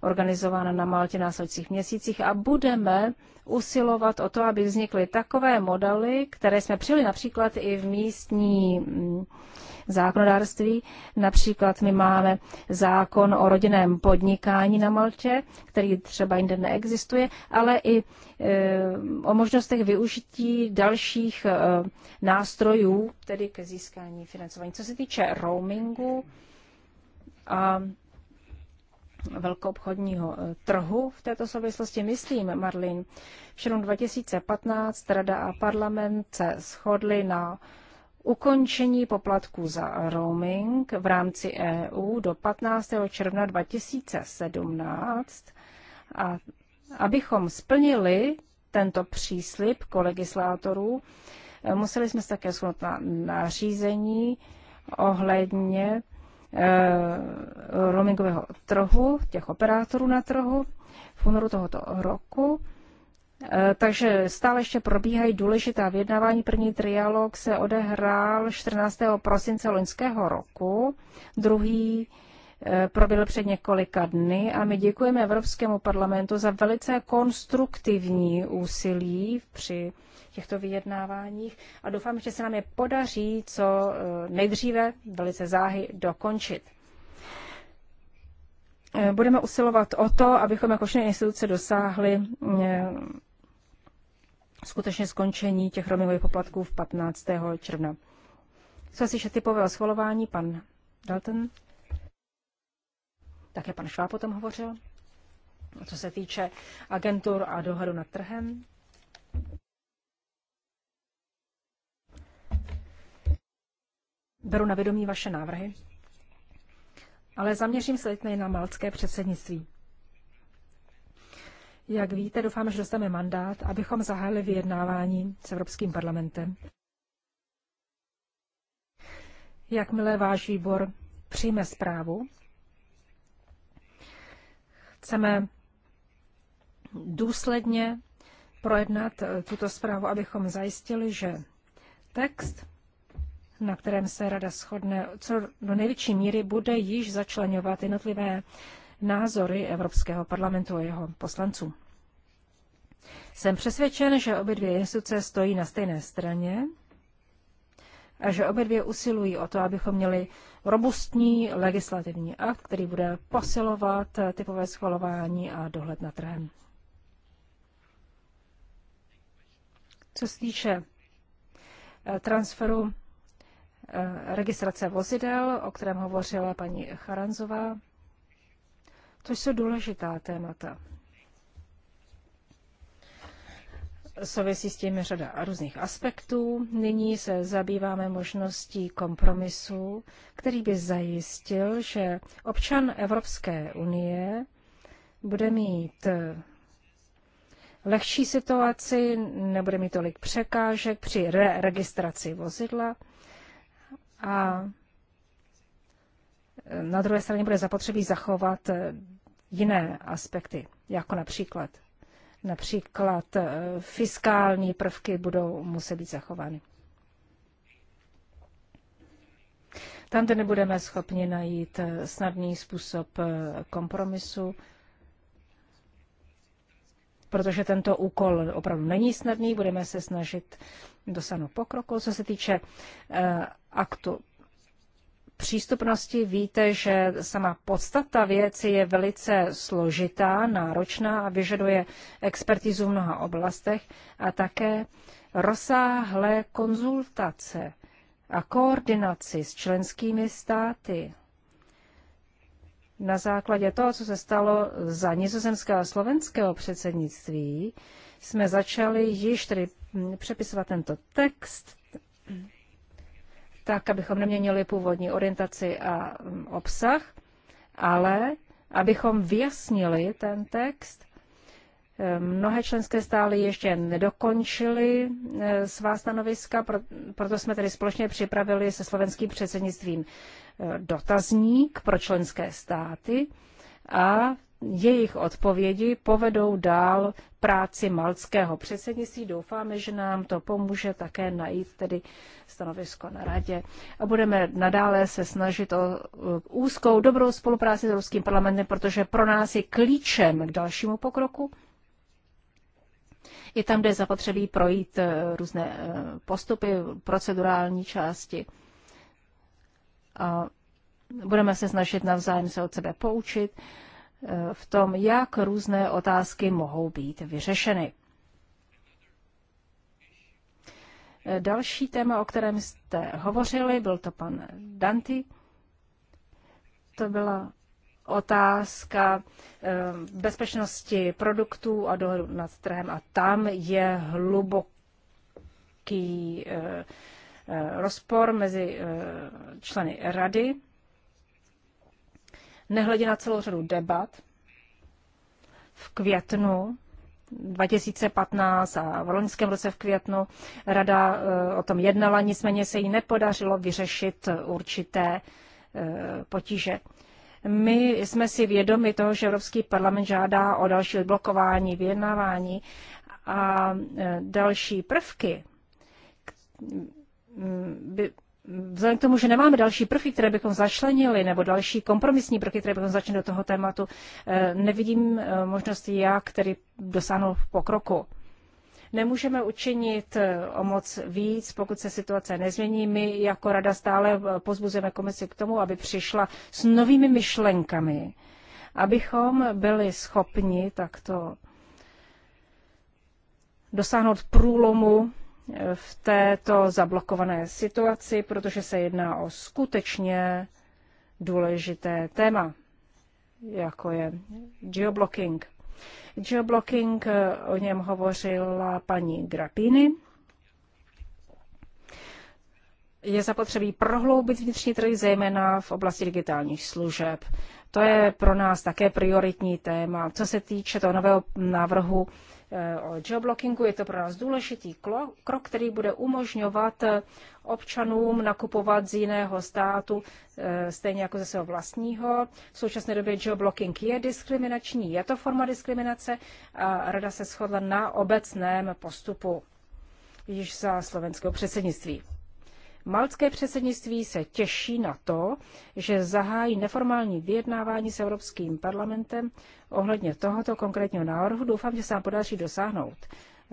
organizována na Maltě v následujících měsících a budeme usilovat o to, aby vznikly takové modely, které jsme přijeli například i v místní zákonodárství. Například my máme zákon o rodinném podnikání na Malče, který třeba jinde neexistuje, ale i e, o možnostech využití dalších e, nástrojů, tedy ke získání financování. Co se týče roamingu a velkoobchodního e, trhu. V této souvislosti myslím, Marlin, v 2015 Rada a parlament se shodli na ukončení poplatků za roaming v rámci EU do 15. června 2017 a abychom splnili tento příslip legislátorů, museli jsme se také shodnout na nařízení ohledně e, roamingového trhu, těch operátorů na trhu v únoru tohoto roku Eh, takže stále ještě probíhají důležitá vyjednávání. První trialog se odehrál 14. prosince loňského roku, druhý eh, proběhl před několika dny a my děkujeme Evropskému parlamentu za velice konstruktivní úsilí při těchto vyjednáváních a doufám, že se nám je podaří co eh, nejdříve velice záhy dokončit. Budeme usilovat o to, abychom jako všechny instituce dosáhli skutečně skončení těch roamingových poplatků v 15. června. Co se typové schvalování, pan Dalton, také pan Šváb potom hovořil. hovořil, co se týče agentur a dohledu nad trhem. Beru na vědomí vaše návrhy, ale zaměřím se teď na malcké předsednictví. Jak víte, doufáme, že dostaneme mandát, abychom zahájili vyjednávání s Evropským parlamentem. Jakmile váš výbor přijme zprávu, chceme důsledně projednat eh, tuto zprávu, abychom zajistili, že text, na kterém se rada shodne, co do největší míry bude již začlenovat jednotlivé názory Evropského parlamentu a jeho poslanců. Jsem přesvědčen, že obě dvě instituce stojí na stejné straně a že obě dvě usilují o to, abychom měli robustní legislativní akt, který bude posilovat typové schvalování a dohled na trhem. Co se týče eh, transferu eh, registrace vozidel, o kterém hovořila paní Charanzová, to jsou důležitá témata. Souvisí s tím řada různých aspektů. Nyní se zabýváme možností kompromisu, který by zajistil, že občan Evropské unie bude mít lehčí situaci, nebude mít tolik překážek při re- registraci vozidla a na druhé straně bude zapotřebí zachovat jiné aspekty, jako například například eh, fiskální prvky budou muset být zachovány. Tam, kde nebudeme schopni najít eh, snadný způsob eh, kompromisu, protože tento úkol opravdu není snadný, budeme se snažit dosáhnout pokroku. Co se týče aktu přístupnosti víte, že sama podstata věci je velice složitá, náročná a vyžaduje expertizu v mnoha oblastech a také rozsáhlé konzultace a koordinaci s členskými státy. Na základě toho, co se stalo za nizozemského a slovenského předsednictví, jsme začali již tedy přepisovat tento text tak, abychom neměnili původní orientaci a mm, obsah, ale abychom vyjasnili ten text. Ehm, mnohé členské stály ještě nedokončily e, svá stanoviska, proto jsme tedy společně připravili se slovenským předsednictvím e, dotazník pro členské státy a jejich odpovědi povedou dál práci malckého předsednictví. Doufáme, že nám to pomůže také najít tedy stanovisko na radě. A budeme nadále se snažit o uh, úzkou, dobrou spolupráci s Ruským parlamentem, protože pro nás je klíčem k dalšímu pokroku. Je tam, kde je zapotřebí projít uh, různé uh, postupy, procedurální části. A budeme se snažit navzájem se od sebe poučit v tom, jak různé otázky mohou být vyřešeny. Další téma, o kterém jste hovořili, byl to pan Danti. To byla otázka eh, bezpečnosti produktů a dohledu nad trhem. A tam je hluboký eh, eh, rozpor mezi členy rady nehledě na celou řadu debat v květnu 2015 a v loňském roce v květnu rada eh, o tom jednala, nicméně se jí nepodařilo vyřešit určité eh, potíže. My jsme si vědomi toho, že Evropský parlament žádá o další odblokování, vyjednávání a eh, další prvky by vzhledem k tomu, že nemáme další prvky, které bychom začlenili, nebo další kompromisní prvky, které bychom začlenili do toho tématu, eh, nevidím eh, možnosti, jak který dosáhnout pokroku. Nemůžeme učinit eh, o moc víc, pokud se situace nezmění. My jako rada stále pozbuzujeme komisi k tomu, aby přišla s novými myšlenkami, abychom byli schopni takto dosáhnout průlomu v této zablokované situaci, protože se jedná o skutečně důležité téma, jako je geoblocking. Geoblocking, o něm hovořila paní Grapini. Je zapotřebí prohloubit vnitřní trhy, zejména v oblasti digitálních služeb. To je pro nás také prioritní téma. Co se týče toho nového návrhu Eh, o geoblockingu. Je to pro nás důležitý krok, který bude umožňovat eh, občanům nakupovat z jiného státu, eh, stejně jako ze svého vlastního. V současné době geoblocking je diskriminační, je to forma diskriminace a Rada se shodla na obecném postupu již za slovenského předsednictví. Malcké předsednictví se těší na to, že zahájí neformální vyjednávání s Evropským parlamentem ohledně tohoto konkrétního návrhu. Doufám, že se nám podaří dosáhnout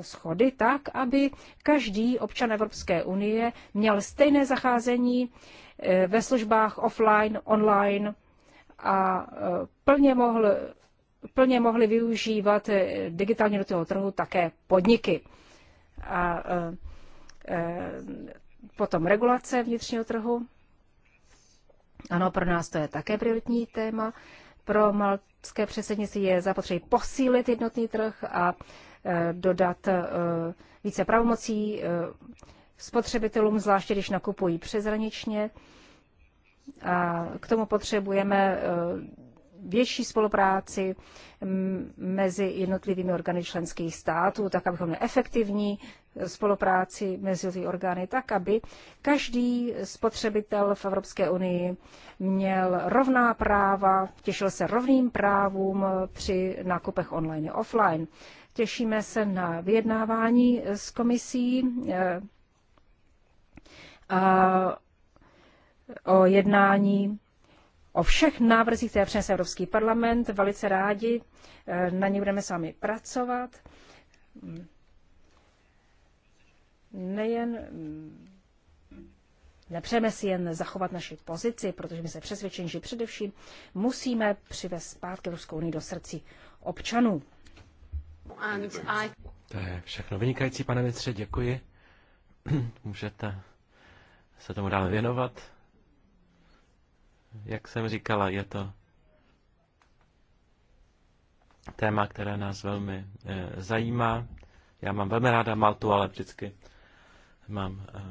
schody tak, aby každý občan Evropské unie měl stejné zacházení eh, ve službách offline, online a eh, plně, mohl, plně mohli využívat eh, digitálně do toho trhu také podniky. A potom regulace vnitřního trhu. Ano, pro nás to je také prioritní téma. Pro Mal- evropské předsednictví je zapotřebí posílit jednotný trh a e, dodat e, více pravomocí e, spotřebitelům, zvláště když nakupují přezraničně. A k tomu potřebujeme větší spolupráci mezi jednotlivými orgány členských států, tak abychom měli efektivní spolupráci mezi orgány tak, aby každý spotřebitel v Evropské unii měl rovná práva, těšil se rovným právům při nákupech online i offline. Těšíme se na vyjednávání s komisí eh, a o jednání o všech návrzích, které přinese Evropský parlament. Velice rádi eh, na ně budeme sami pracovat nejen mm, Nepřejeme si jen zachovat naši pozici, protože my se přesvědčení, že především musíme přivést zpátky Ruskou unii do srdcí občanů. To je všechno vynikající, pane ministře, děkuji. Můžete se tomu dále věnovat. Jak jsem říkala, je to téma, které nás velmi e, zajímá. Já mám velmi ráda Maltu, ale vždycky mám eh,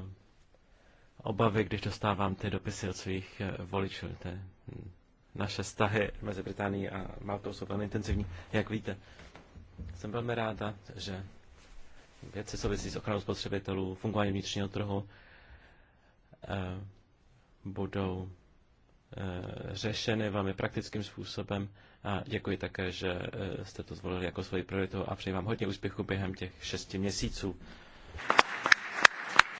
obavy, když dostávám ty dopisy od svých eh, voličů. Ty hm, naše vztahy mezi Británií a Maltou jsou velmi intenzivní, jak víte. Jsem velmi ráda, že věci souvisí s ochranou spotřebitelů, fungování vnitřního trhu eh, budou řešeny velmi praktickým způsobem. A děkuji také, že jste to zvolili jako svoji prioritu a přeji vám hodně úspěchu během těch šesti měsíců.